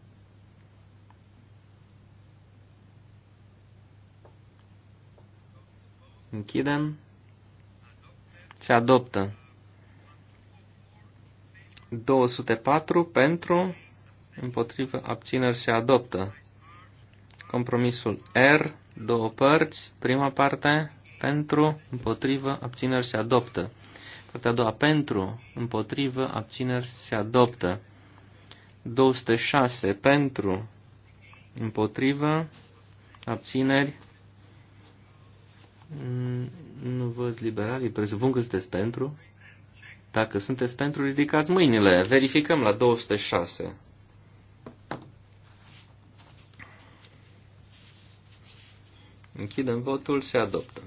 Închidem. Se adoptă. 204 pentru, împotrivă, abțineri se adoptă. Compromisul R, două părți, prima parte, pentru, împotrivă, abțineri se adoptă. Partea a doua, pentru, împotrivă, abțineri se adoptă. 206, pentru, împotrivă, abțineri Mm, nu văd liberalii. Presupun că sunteți pentru. Dacă sunteți pentru, ridicați mâinile. Verificăm la 206. Închidem votul, se adoptă.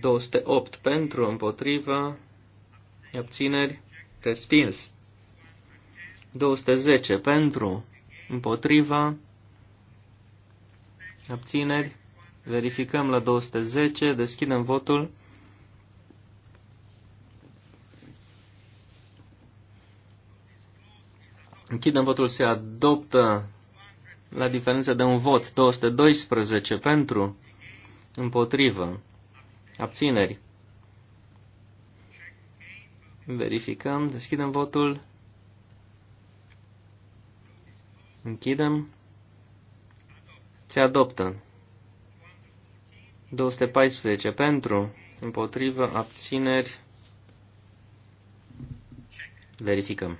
208 pentru, împotriva, abțineri, respins. 210 pentru, împotriva, abțineri, Verificăm la 210, deschidem votul. Închidem votul, se adoptă la diferență de un vot, 212 pentru, împotrivă, abțineri. Verificăm, deschidem votul, închidem, se adoptă. 214 pentru, împotrivă, abțineri, verificăm.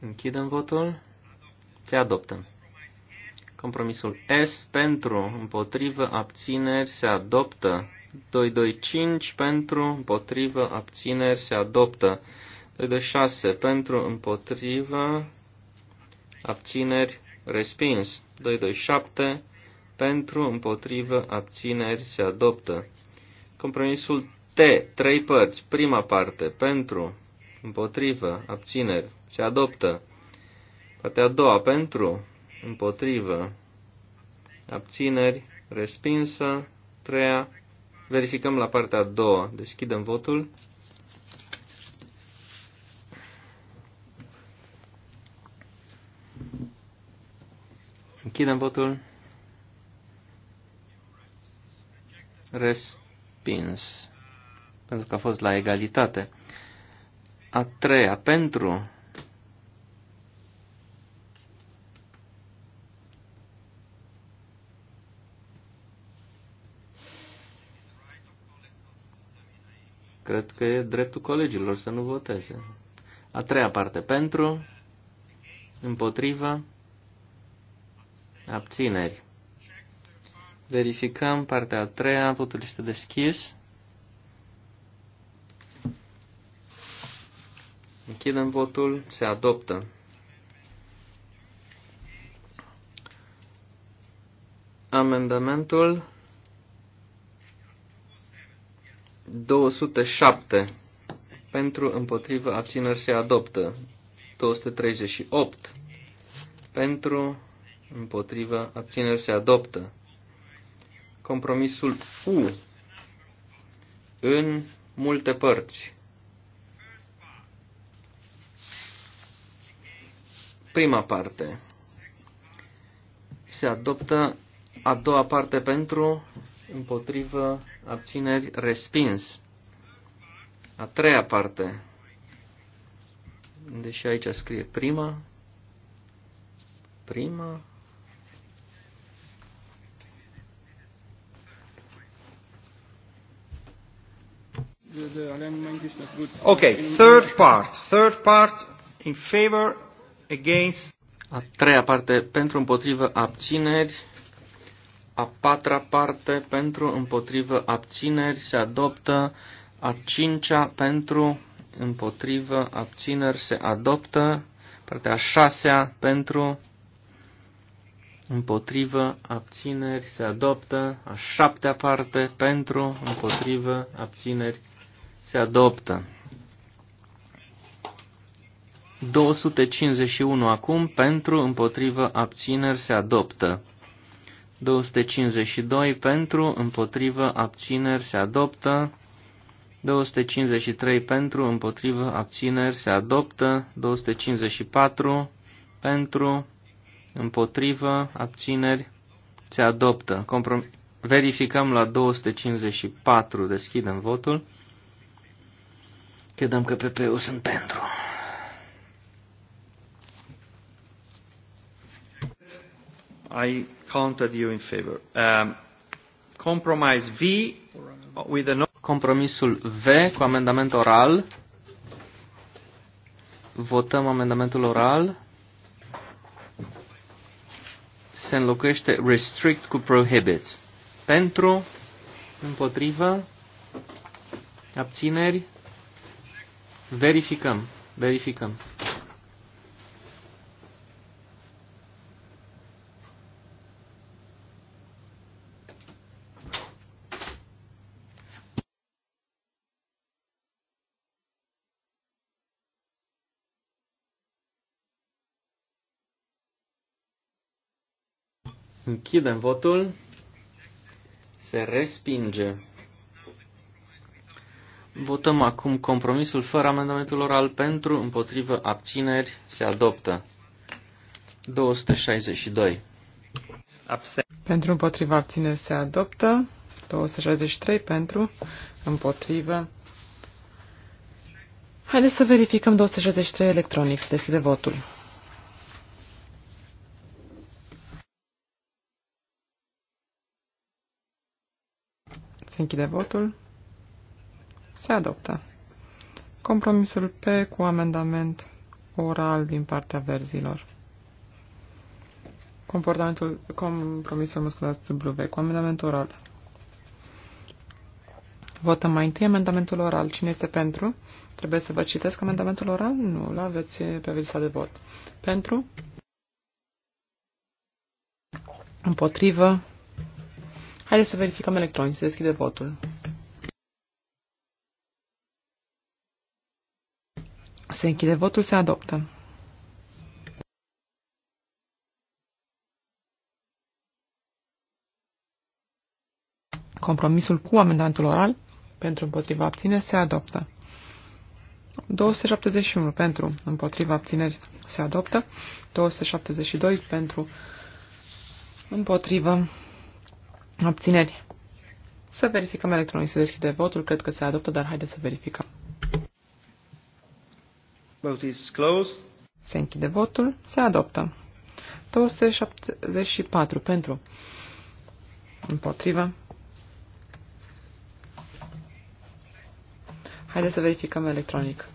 Închidem votul. Se adoptă. Compromisul S pentru, împotrivă, abțineri, se adoptă. 225 pentru, împotrivă, abțineri, se adoptă. 2 de 6 pentru împotrivă, abțineri, respins. 2 de 7 pentru împotrivă, abțineri, se adoptă. Compromisul T, trei părți, prima parte, pentru, împotrivă, abțineri, se adoptă. Partea a doua, pentru, împotrivă, abțineri, respinsă, treia, verificăm la partea a doua, deschidem votul. Închidem votul. Respins. Pentru că a fost la egalitate. A treia, pentru. Cred că e dreptul colegilor să nu voteze. A treia parte, pentru, împotriva, abțineri. Verificăm partea a treia, votul este deschis. Închidem votul, se adoptă. Amendamentul 207 pentru împotrivă abțineri se adoptă. 238 pentru împotriva, abțineri se adoptă. Compromisul U în multe părți. Prima parte. Se adoptă a doua parte pentru, împotrivă, abțineri, respins. A treia parte. Deși aici scrie prima, prima, Ok, Okay, third part. Third part in favor, against. A treia parte pentru împotrivă abțineri. A patra parte pentru împotrivă abțineri se adoptă. A cincea pentru împotrivă abțineri se adoptă. Partea a șasea pentru împotrivă, abțineri, se adoptă a șaptea parte pentru, împotrivă, abțineri, se adoptă. 251 acum, pentru, împotrivă, abțineri, se adoptă. 252 pentru, împotrivă, abțineri, se adoptă. 253 pentru, împotrivă, abțineri, se adoptă. 254 pentru, împotrivă, abțineri, se adoptă. Comprom Verificăm la 254, deschidem votul. Credeam că PP-ul sunt pentru. I counted you in favor. Um, compromise V with a no Compromisul V cu amendament oral. Votăm amendamentul oral. Se înlocuiește restrict cu prohibit. Pentru, împotrivă, abțineri, Verificăm. Verificăm. Închidem votul. Se respinge. Votăm acum compromisul fără amendamentul oral pentru, împotrivă, abțineri, se adoptă. 262. Absen. Pentru, împotrivă, abțineri, se adoptă. 263 pentru, împotrivă. Haideți să verificăm 263 electronic. deschide votul. Se închide votul. Se adoptă. Compromisul P cu amendament oral din partea verzilor. Comportamentul, compromisul, musculat W cu amendament oral. Votăm mai întâi amendamentul oral. Cine este pentru? Trebuie să vă citesc amendamentul oral? Nu, îl aveți pe lista de vot. Pentru? Împotrivă? Haideți să verificăm electronic, se deschide votul. Se închide votul, se adoptă. Compromisul cu amendamentul oral pentru împotriva abțineri se adoptă. 271 pentru împotriva abțineri se adoptă. 272 pentru împotriva abțineri. Să verificăm electronic, se deschide votul, cred că se adoptă, dar haideți să verificăm. Vote is closed. Se închide votul. Se adoptă. 274 pentru. Împotrivă. Haideți să verificăm electronic.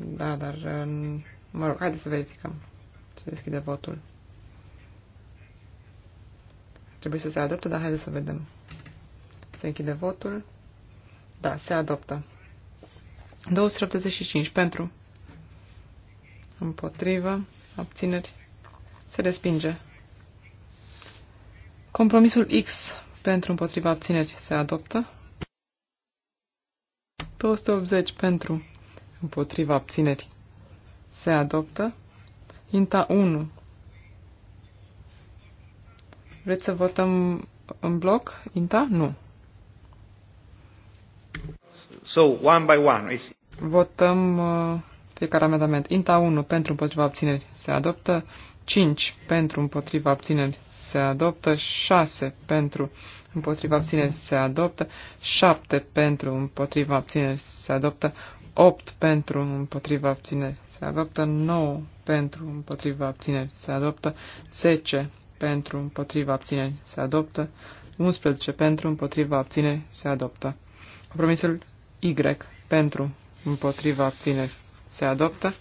Da, dar... Um, mă rog, haideți să verificăm. Se deschide votul. Trebuie să se adopte, dar haideți să vedem. Se închide votul. Da, se adoptă. 275 pentru. Împotrivă. Abțineri. Se respinge. Compromisul X pentru împotriva abțineri se adoptă. 280 pentru împotriva abțineri se adoptă. Inta 1. Vreți să votăm în bloc? Inta? Nu. So, one by one. It's... Votăm uh, fiecare amendament. Inta 1 pentru împotriva abțineri se adoptă, 5 pentru împotriva abțineri se adoptă, 6 pentru împotriva abțineri se adoptă, 7 pentru împotriva abțineri se adoptă, 8 pentru împotriva abțineri se adoptă, 9 pentru împotriva abțineri se adoptă, 10 pentru împotriva abțineri se adoptă, 11 pentru împotriva abțineri se adoptă. Compromisul Y pentru, împotriva abțineri se adoptă.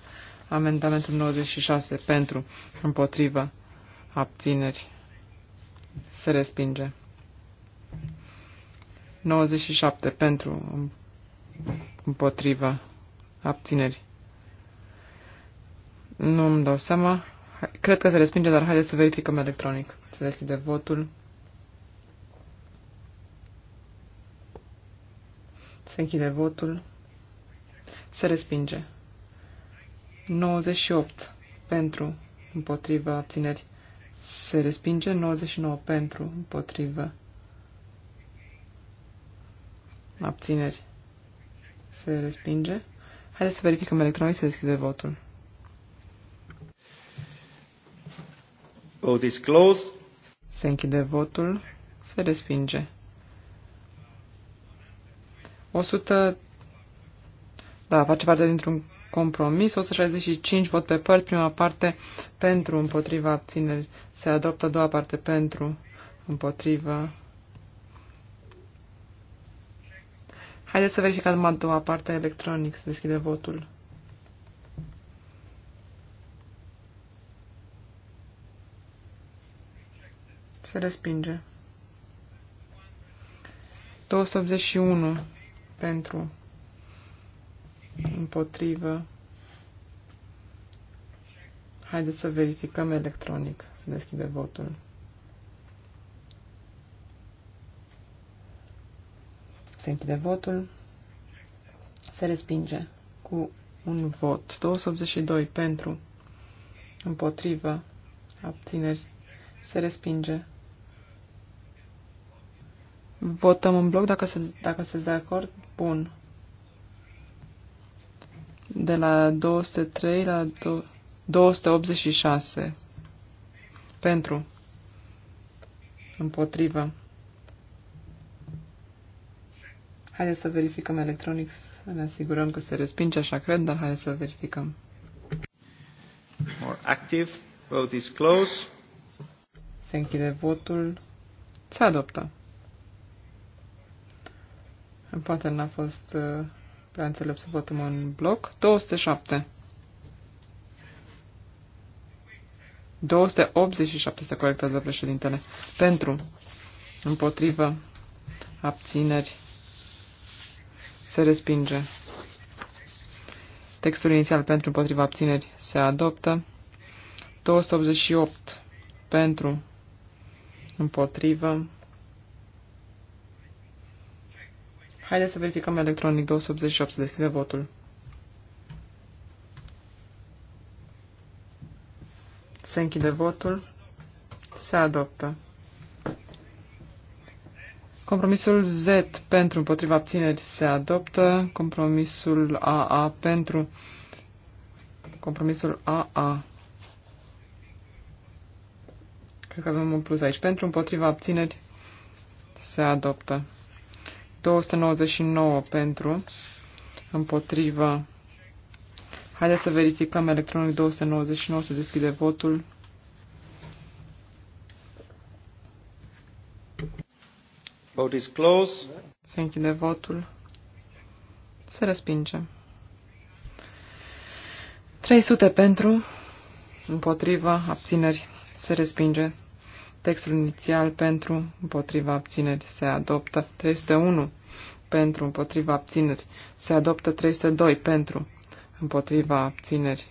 Amendamentul 96 pentru, împotriva abțineri se respinge. 97 pentru, împotriva abțineri. Nu îmi dau seama. Cred că se respinge, dar haideți să verificăm electronic. Se deschide votul. Se închide votul. Se respinge. 98 pentru, împotrivă, abțineri. Se respinge. 99 pentru, împotrivă, abțineri. Se respinge. Haideți să verificăm electronic să deschide votul. Vote is closed. Se închide votul. Se respinge. 100, da, face parte dintr-un compromis, 165 vot pe părți, prima parte pentru, împotriva, abțineri, se adoptă a doua parte pentru, împotriva. Haideți să verificăm a doua parte electronic, să deschide votul. Se respinge. 281 pentru, împotrivă. Haideți să verificăm electronic, să deschide votul. Se închide votul. Se respinge cu un vot. 282 pentru, împotrivă, abțineri. Se respinge Votăm în bloc dacă se, dacă se de acord? Bun. De la 203 la 286. Pentru. Împotrivă. Haideți să verificăm electronic, să ne asigurăm că se respinge, așa cred, dar haideți să verificăm. More active. Vote is close. Se închide votul. Se adoptă. Poate n-a fost uh, prea înțelept să votăm în bloc. 207. 287 se corectează președintele. Pentru, împotrivă, abțineri, se respinge. Textul inițial pentru împotriva abțineri se adoptă. 288 pentru împotrivă Haideți să verificăm electronic 288, să deschide votul. Se închide votul. Se adoptă. Compromisul Z pentru împotriva abțineri se adoptă. Compromisul AA pentru compromisul AA. Cred că avem un plus aici. Pentru împotriva abțineri se adoptă. 299 pentru, împotrivă. Haideți să verificăm electronic 299, să deschide votul. Vote is closed. Se închide votul. Se respinge. 300 pentru, împotriva, abțineri, se respinge. Textul inițial pentru împotriva abțineri se adoptă 301 pentru împotriva abțineri se adoptă 302 pentru împotriva abțineri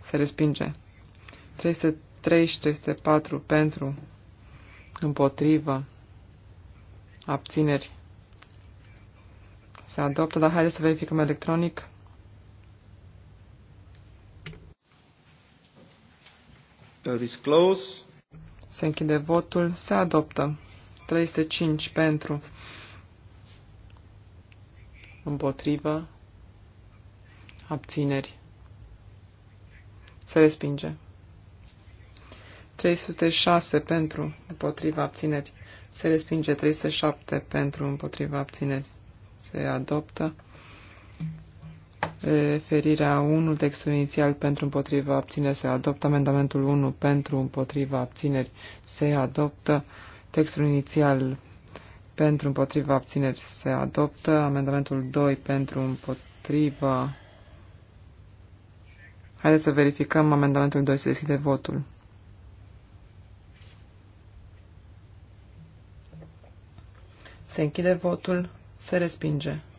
se respinge 303 și 304 pentru împotriva abțineri se adoptă, dar haideți să verificăm electronic. That is close. Se închide votul. Se adoptă. 305 pentru. Împotrivă. Abțineri. Se respinge. 306 pentru. Împotriva abțineri. Se respinge. 307 pentru. Împotriva abțineri. Se adoptă referirea 1, textul inițial pentru împotriva abțineri se adoptă, amendamentul 1 pentru împotriva abțineri se adoptă, textul inițial pentru împotriva abțineri se adoptă, amendamentul 2 pentru împotriva. Haideți să verificăm amendamentul 2 se deschide votul. Se închide votul, se respinge.